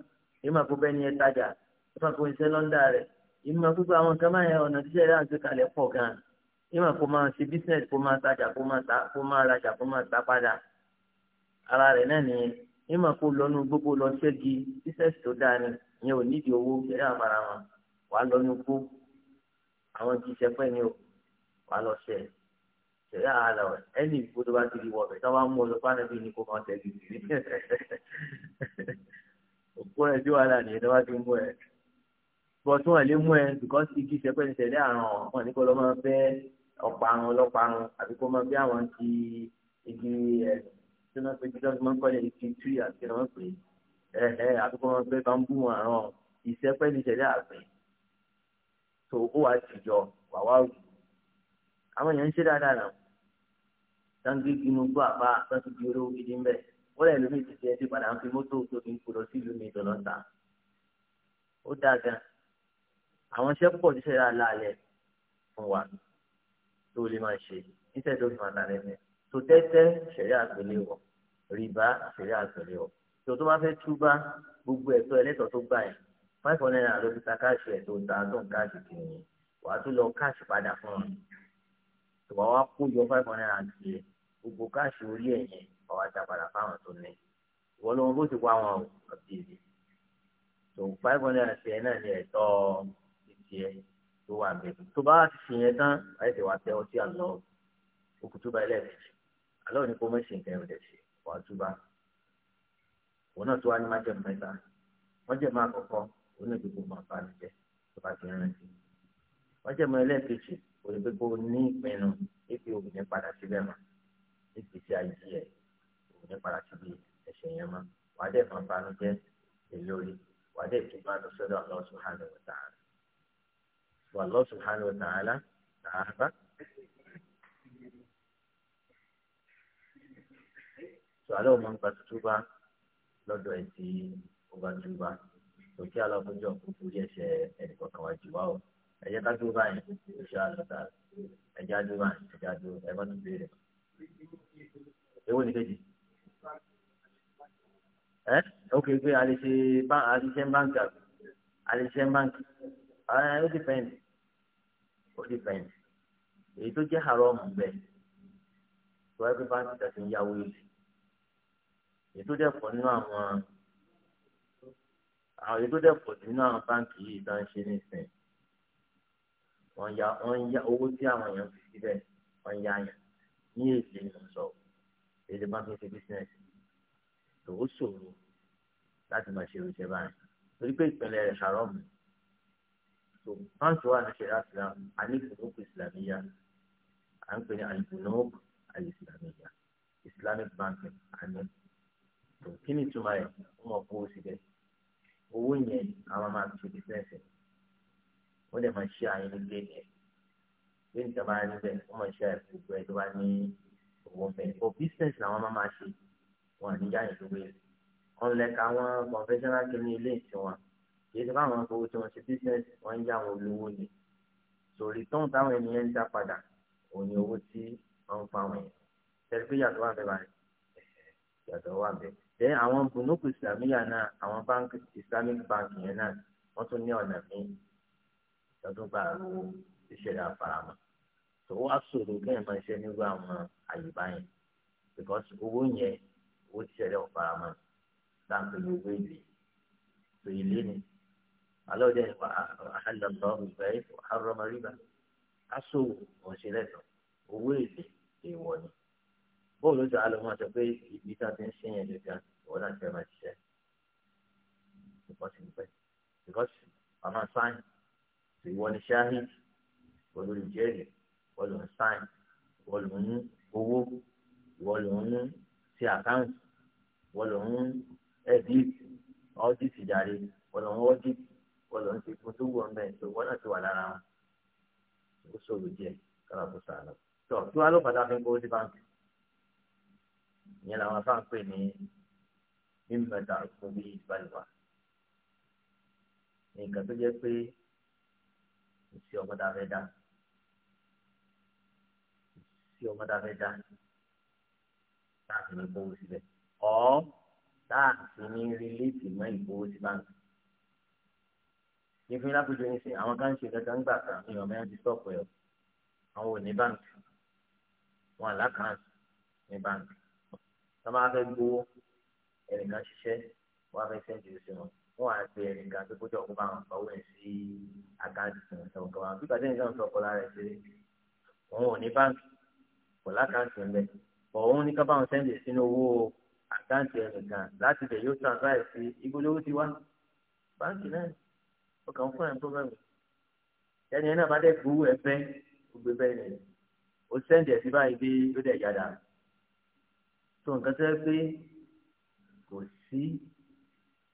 ìmọ̀ kó bẹ́ẹ̀ ni ẹ tajà ìmọ̀ kó iṣẹ́ lọ́ndà rẹ̀ ìmọ̀ kó gba àwọn nǹkan máa yẹ ọ̀nà tíṣẹ́ àgbékalẹ̀ pọ̀ gan ìmọ̀ kó máa ṣe business kó máa tajà kó máa rajà kó máa ta padà ara rẹ̀ náà nìyẹn ní m'a kó lọ́nu gbogbo lọ ṣẹ́gi ṣíṣẹ́sì tó dáa ni ìyẹn ò nídìí owó ṣẹlẹ̀ àbára wọn wàá lọ́nu kó àwọn ti ṣẹpẹ́ ni o wàá lọ ṣẹ ṣẹlẹ̀ àhàlà ọ̀ ẹni ìfowó tó bá ti di wọ̀bẹ̀ tó bá mú ọ lọ fún àdàbí ni kò máa tẹ̀lé ìdílé òkú ẹ̀ tí wàhálà nìyẹn tó bá ti mú ẹ bọ́ tí wọ́n lè mú ẹ because igi ṣẹpẹ́ ni ṣẹlẹ̀ àrùn wọn ní kó lọ́ máa fẹ́ ọ̀parun tí wọ́n pe jesus máa ń kọ́ yẹn ti tú àti wọ́n pe ẹ ẹ àtúkọ́ wọn pé bambú wọn àrùn ìṣẹ́pẹ́ ní ìṣẹ̀lẹ̀ àgbẹ̀ tó ó wàá tìjọ wà wá rù àwọn èèyàn ń ṣe dáadáa náà sangi inú gbọ́ àbá santi di olówó gidi ń bẹ̀ wọ́n lẹ́nu mi ti di ẹtí padà ń fi mọ́tò tó fi ń kó sí ìlú mi ìdọ̀nà ta ó dáa gan àwọn iṣẹ́ pọ̀ ti ṣẹlẹ̀ alẹ́ fún wa tó lè máa ṣe níṣẹ́ tó tẹ́tẹ́ ṣẹ̀ríà àpèlé wọ̀ rìbá ṣẹ̀ríà àpèlé wọ̀ tó tó bá fẹ́ túbá gbogbo ẹ̀tọ́ ẹlẹ́tọ̀ tó gbà ẹ̀ five hundred naira ló fi ta káàṣì ẹ̀ tó ta tó ń káàṣì kì í wà á tún lọ káàṣì padà fún un tó wá wá kó yọ five hundred naira ti ẹ̀ gbogbo káàṣì orí ẹ̀ yẹn wà á ta padà fáwọn tó ní ìwọ lóhun bó ti wá wọn ọ̀bí ìdí tó five hundred naira ti ẹ̀ náà ní ẹ̀tọ́ ti ẹ̀ tó wà bẹ́ẹ̀ tó bá ti fi yẹn tán àyẹ̀tẹ̀ wà tẹ ọtí àlọ́ òkùtù bá ẹlẹ́ẹ̀kejì aláwọ̀ ní kó mọ̀ ṣe nǹkan ẹ̀rọ dẹ̀ ṣe wàá túbà òun náà tó wá ní má jẹun mẹ́ta wọ́n jẹ̀ máa kọ̀kọ́ òun náà gbogbo máa bá mi jẹ tó bá ti rántí wọ́n jẹ̀ mọ́ ẹlẹ́ẹ̀kejì òun gbogbo ní ìpinnu ibi òun ní padà síbẹ̀ mọ́ ìgbésí ayé ẹ̀ òun ní padà síbi ẹ̀ṣẹ̀ yẹn mọ́ wàá dẹ̀ máa bá mi jẹ èlórí wàá dẹ̀ tó bá lọ sọ́dọ̀ Allah subhanahu wa ta'ala Allah subhanahu wa ta'ala tààbà sọ alẹ́ ọmọ nípa tuntun bá lọ́dọ̀ ẹ̀ tí ó bá tún bá kò kí alákòjọ kúkú yẹ ṣe ẹnìkọ̀kan wá jù wá o ẹ jẹ́ ká dúró báyìí ó ṣe àlọ́tà ẹ já dúró báyìí ẹ já dúró ẹ má tún béèrè. èwo ni kejì ẹ ok pé a lè ṣe a lè ṣe báńkì àbí a lè báńkì ẹ ó dìpẹ́ǹdì ó dìpẹ́ǹdì èyí tó jẹ́ àrọ́ ọ̀mù bẹ́ẹ̀ tó ẹ pé báńkì tẹ̀sí ń yìí ètò dẹ̀pọ̀ nínú àwọn àwọn ètò dẹ̀pọ̀ nínú àwọn báǹkì yìí tó ń ṣe nísìn wọ́n ya wọ́n ya owó tí àwọn èèyàn fi síbẹ̀ wọ́n ya yàn ní èdè ìrìnsọ èdè bá ṣe bísíǹsì lòó ṣòro láti máa ṣe oríṣẹ́ báyìí torí pé ìpínlẹ̀ rẹ̀ ṣàrọ̀mù tó báńkì wà ní ṣẹlá ìsìlám alìkùnúkù ìsìlámíyà à ń pè ní alìkùnúkù alìsìlámíyà islamic banking àmì kí ni ìtumọ̀ rẹ̀ wọ́n mọ̀ kó o sì bẹ̀ owó yẹn àwọn máa fi bísẹ̀nsì wọ́n dẹ̀ máa ṣe àyìn nílé yẹn bí nǹkan bá rí bẹ́ẹ̀ wọ́n máa ṣe àyìn gbogbo ẹ̀ tó bá ní owó bẹ́ẹ̀ bọ́ business làwọn máa máa ṣe wọn à ní yá yẹn lówó yẹn wọn lẹ ka wọn professional kìíní ilé ìsìn kì í ṣe báwọn owó tí wọ́n ṣe bísẹ̀nsì wọ́n ń yá wọn olówó ni sòrí tán táwọn ènìyàn ń dá padà òun ni owó tí wọ́n ń fáwọn yẹn tẹ̀lé pé wà bẹ́ẹ̀ báyìí yàtọ̀ wà bẹ́ẹ̀ ṣé àwọn bùnúkù ìsàmìyà náà àwọn báńkì islamic bank yẹn náà wọ́n tún ní ọ̀nà míì lọ́dún gbà lówó ìṣẹ̀lẹ̀ àfaramọ́ tó wá ṣòro kéèyàn máa ṣe nírú àwọn àyíbá yẹn because owó yẹn owó ti ṣẹlẹ̀ ọ̀faramọ́ láǹpẹ̀ ní owó ìlé tó ìlé ni alọ́ jẹ́ ìwà àhàlọ́lọ́ ìgbà yìí àrọ́mọ rírà aṣòwò ọ̀ṣẹ́lẹ̀ náà owó ìlé èèwọ̀ ni bóòlù ti àlọ́mọ sọ pé ibi tá a ti ń ṣe yẹn lè ga ìwọ láti fẹ́ máa ṣiṣẹ́ because ìpẹ́ because màmá sáìn tó ìwọ ni ṣáhìn ìwọ ló lè jẹ́rìí ìwọ ló ń sáìn ìwọ ló ń owó ìwọ ló ń ṣe àkáǹtì ìwọ ló ń ẹ̀dí ọ́dìtì jàre ìwọ ń ọ́dìtì ìwọ ń ṣe fún tó wù ọ́ mẹ́rin tó ìwọ náà wà lára wọn ó ṣòro díẹ̀ kára kó sàánù tó tí wàá fi ń kó sí báńkì ìyẹn làwọn afáà ń pè ní mímọta òkúbi ìbálùwà nǹkan tó jẹ́ pé ìsì ọmọdé afẹ́ dá ìsì ọmọdé afẹ́ dá táàtì ní kówó síbẹ̀ ọ́ táàtì ní rìlíìtì mọ́ ìkówó sí báńkì ìfún lápẹjọ yín sí àwọn kan ń ṣe kankan gbà kan èèyàn mẹ́rin ti sọ̀pọ̀ ẹ̀ àwọn ò ní báńkì wọn àlákàntì ní báńkì tó máa gbowó ẹnìkan ṣiṣẹ́ wọ́n á fẹ́ sẹ́ǹdì sí wọn wọ́n á ẹnìkan tó kó kó bá wọn sanwó ẹ̀ sí àkáǹtì tí wọ́n sanwó kọ́wá bí pàtẹ́yìn sọ̀rọ̀ sọ̀kọ́ lára ẹ̀ ṣeré òun ò ní báńkì kò lákàǹtì ẹ̀ mẹ́ bọ̀ òun ní ká wọn sẹ́ǹdì sínú owó àkáǹtì ẹnìkan láti bẹ̀ yóò transfer sí igbólówó ti wá báńkì náà ó kàn fún ẹ̀ pọ́fẹ́mù ẹni ẹ̀ náà bá dẹ́ gbowó ẹ̀ fẹ́ gbogbo bẹ́ẹ̀ ni ó sẹ́ǹdì ó dẹ̀ tó nǹkan tẹ́ pé kò sí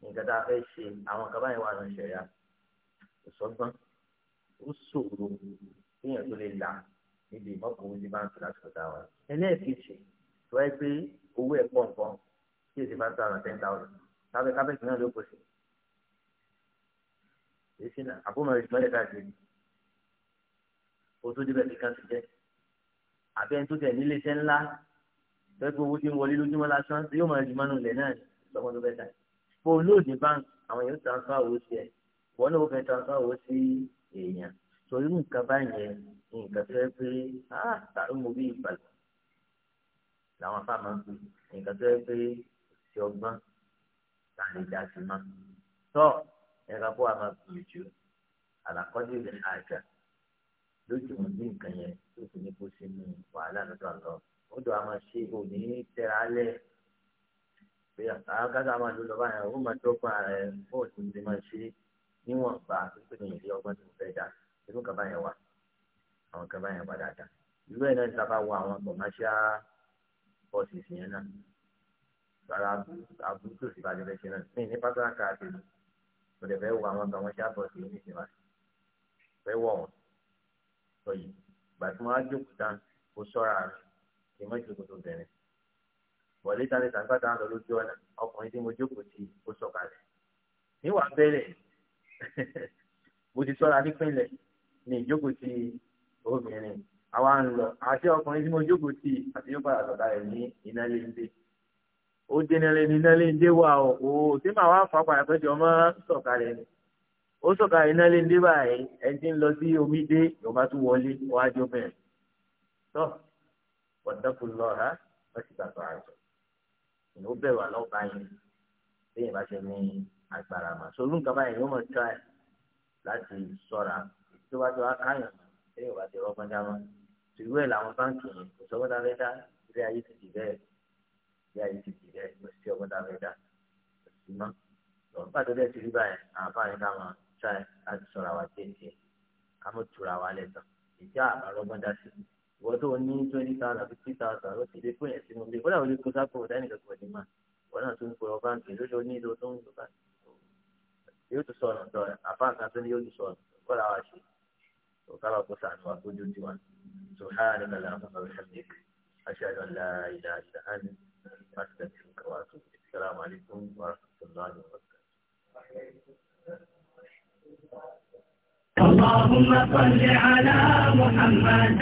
nǹkan tá a fẹ́ ṣe àwọn nǹkan báyìí wà lọ ṣẹ̀yà ìsọgbọ́n ó ṣòro kéèyàn tó lè là níbi ìmọ̀kòwé tí báńkì lásìkò tá a wà. ẹlẹ́ẹ̀kejì tó wáyé pé owó ẹ̀ pọ̀ nǹkan tí èsì bá ń tà ten thousand kábẹ́ kábẹ́kì náà ló kò sí. èsì náà àbúmọ̀ ìsúnmọ́lẹ̀ káàkiri o tó débẹ̀ kíkan ti jẹ́ àbẹ́ntó tẹ̀ nílé iṣẹ́ ńlá lẹ́gbẹ̀ẹ́ owó tí ń wọlé lójúmọ́ lásán yóò máa jù mọ́nú ilẹ̀ náà lọ́wọ́ ló bẹ́ẹ̀ tà fún olóòdì bank àwọn yóò transfer owó sí ẹ̀ wọ́n náà ó fẹ́ transfer owó sí èèyàn sọ irú nǹkan báyẹn nǹkan tó yẹ pé ah tàbí mo bí ìbàlẹ̀ làwọn afá máa ń pè nǹkan tó yẹ pé ti ọgbọ́n ta lè dá sí ma tọ́ ẹ̀ka kó a máa bìrì jù àlàkọ́jú ilẹ̀ àjà lójú òun ní nǹkan yẹn tó fi ní kó sínú wàhálà lọ́dọ̀ àlọ́ ó dọ̀ àmọ́ ṣe òní tẹ̀ra lẹ̀ pé àkàkà máa lò lọ́wọ́ àyàn ó máa dọ́gba ẹ̀ fún òtún ti máa ṣe níwọ̀n bá pípé ní ìdí ọgbọ́n tó fẹ́ dà irú kaba yẹn wà àwọn kaba yẹn wà dáadáa irú ẹ̀ náà ní sábà wọ àwọn commercial bosses yẹn náà rárá abúlé òsì bá jẹrẹ ṣe náà mí ní pásítọ̀ àkàtì mo lè fẹ́ wọ àwọn commercial bosses yẹn wa fẹ́ wọ̀ wọ́n sọ yìí ìgbà á jókòó tán kó sọ́ra rẹ̀ kì í mọ ìṣòkòtò obìnrin bọ̀dé tani tàǹgbàtà ń lọ lójú ọ̀nà ọkùnrin tí mo jókòó tí ó sọ̀kalẹ̀ níwà bẹ́lẹ̀ mo ti sọ́ra nípínlẹ̀ ní ìjókòó tí obìnrin àwa ń lọ àti ọkùnrin tí mo jókòó tí àti yóò padà sọ̀kalẹ̀ ní iná léńdé ó dénilẹ̀ ní iná léńdé wà ó o tí màá wá fà padà pé jọmọ́ sọ̀kalẹ̀ ni ó sọ̀kalẹ̀ iná léńdé báyìí ẹni tí ń lọ sí omi dé ìjọba tún wọlé wájú bẹ̀rẹ̀ wọ́dọ́kù lọ ha wọ́n sì gbàgbọ́ àjọ ìlú bẹ̀rù àlọ́ba yẹn bẹ́ẹ̀ bá ṣe ní agbára mà so lóun kaba yẹn yóò mọ̀ tíráì láti sọ̀ra tí wọ́n bá ti wá káyàn bẹ́ẹ̀ bá ti rọ́gbọ́n dáná tìlú ẹ̀ làwọn báńkì yẹn kò sọ́gbọ́n dáná dá ilé ayé ti dì bẹ́ẹ̀ ilé ayé ti dì bẹ́ẹ̀ kò sí ọgbọ́n dáná dá kò sí mọ́ lọ́wọ́ pàtó dẹ́ ti rí báyìí àǹfààní káwọn ìwọ tó ní twenty thousand fifty thousand ó ti lè fún yẹn sínú ilé kódà ó lè kó sápò dání lọ́sọ̀ ní ma wọn náà tún ń pọ̀rọ̀ báńkì lórí onílò tó ń lò báńkì yóò tún sọ̀rọ̀ sọ̀rọ̀ àfáàkà tó ní yóò tún sọ̀rọ̀ kọ́lá wa ṣe وقال أبو سعد وأقول ديوان سبحانك اللهم وبحمدك أشهد أن لا إله إلا أنت أستغفرك وأتوب إليك السلام عليكم ورحمة الله وبركاته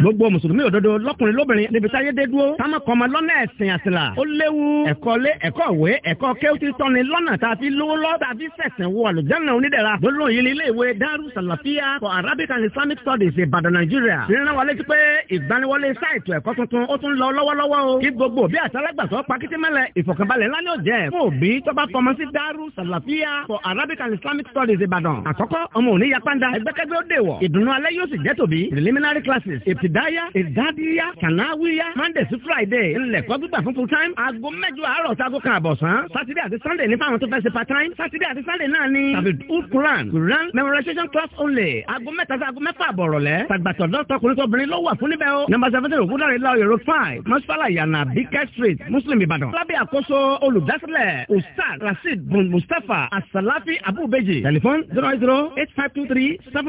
gbogbo mùsùlùmí òdodo lọkùnrin lóbìnrin níbi táyé dé dúró táwọn kan máa lọ́nà ẹ̀sìn àsìlà ó léwu ẹ̀kọ́ lé ẹ̀kọ́ ìwé ẹ̀kọ́ kéwùtì tọ́ni lọ́nà tàbí lówó lọ́ tàbí sẹ̀sìn wọ àlùjáná onídẹ̀ra gbólóhùn yìí ní ilé ìwé Daru Salafia for Arabic and Islamic Studies Ìbàdàn Nàìjíríà ìrìnà wa létí pé ìgbaniwọlé sáìtù ẹ̀kọ́ tuntun ó tún lọ lọ́wọ́lọ́wọ́ o kí gbogbo bí àtàlágbàsọ pakitimẹ́lẹ̀ ìfọ̀kànbalẹ̀ ńlá ni ó jẹ́ fún òbí tó bá fọmọ sí Daru Salafia for Arabic and Islamic Studies Ìbàdàn àkọ́kọ́ ọmọ òní yapanda ẹgbẹ́ kẹgbẹ́ ó dè wọ̀. ìdùnnú alẹ́ yóò sì jẹ́ tòbí. preliminary classes ìtìdáyà ìdádíyà kànáwíyà monday sí friday ńlẹ̀kọ́ gbígbà fún full time. aago mẹ́jọ àárọ̀ sago kan àbọ̀sán. saturday àti sunday ní fáwọn tó fẹ́ ṣe part time. saturday àti sunday náà ni tafidul quran quran memorization class only. aago mẹ́ta sí aago mẹ́fà àbọ̀rọ̀ lẹ̀. tàgbàtọ̀ dọ́tọ̀ kùnrin tó obìnrin ló wà fún níbẹ̀ o. number seventeen ògúndàrí láòyè road five mọ́sálà yànnà bíkẹ́ street muslim ìbàdàn. lábẹ́ àkóso olùdásílẹ̀ ustaz rasheed bun mustapha asalafi zero zero eight five two three seven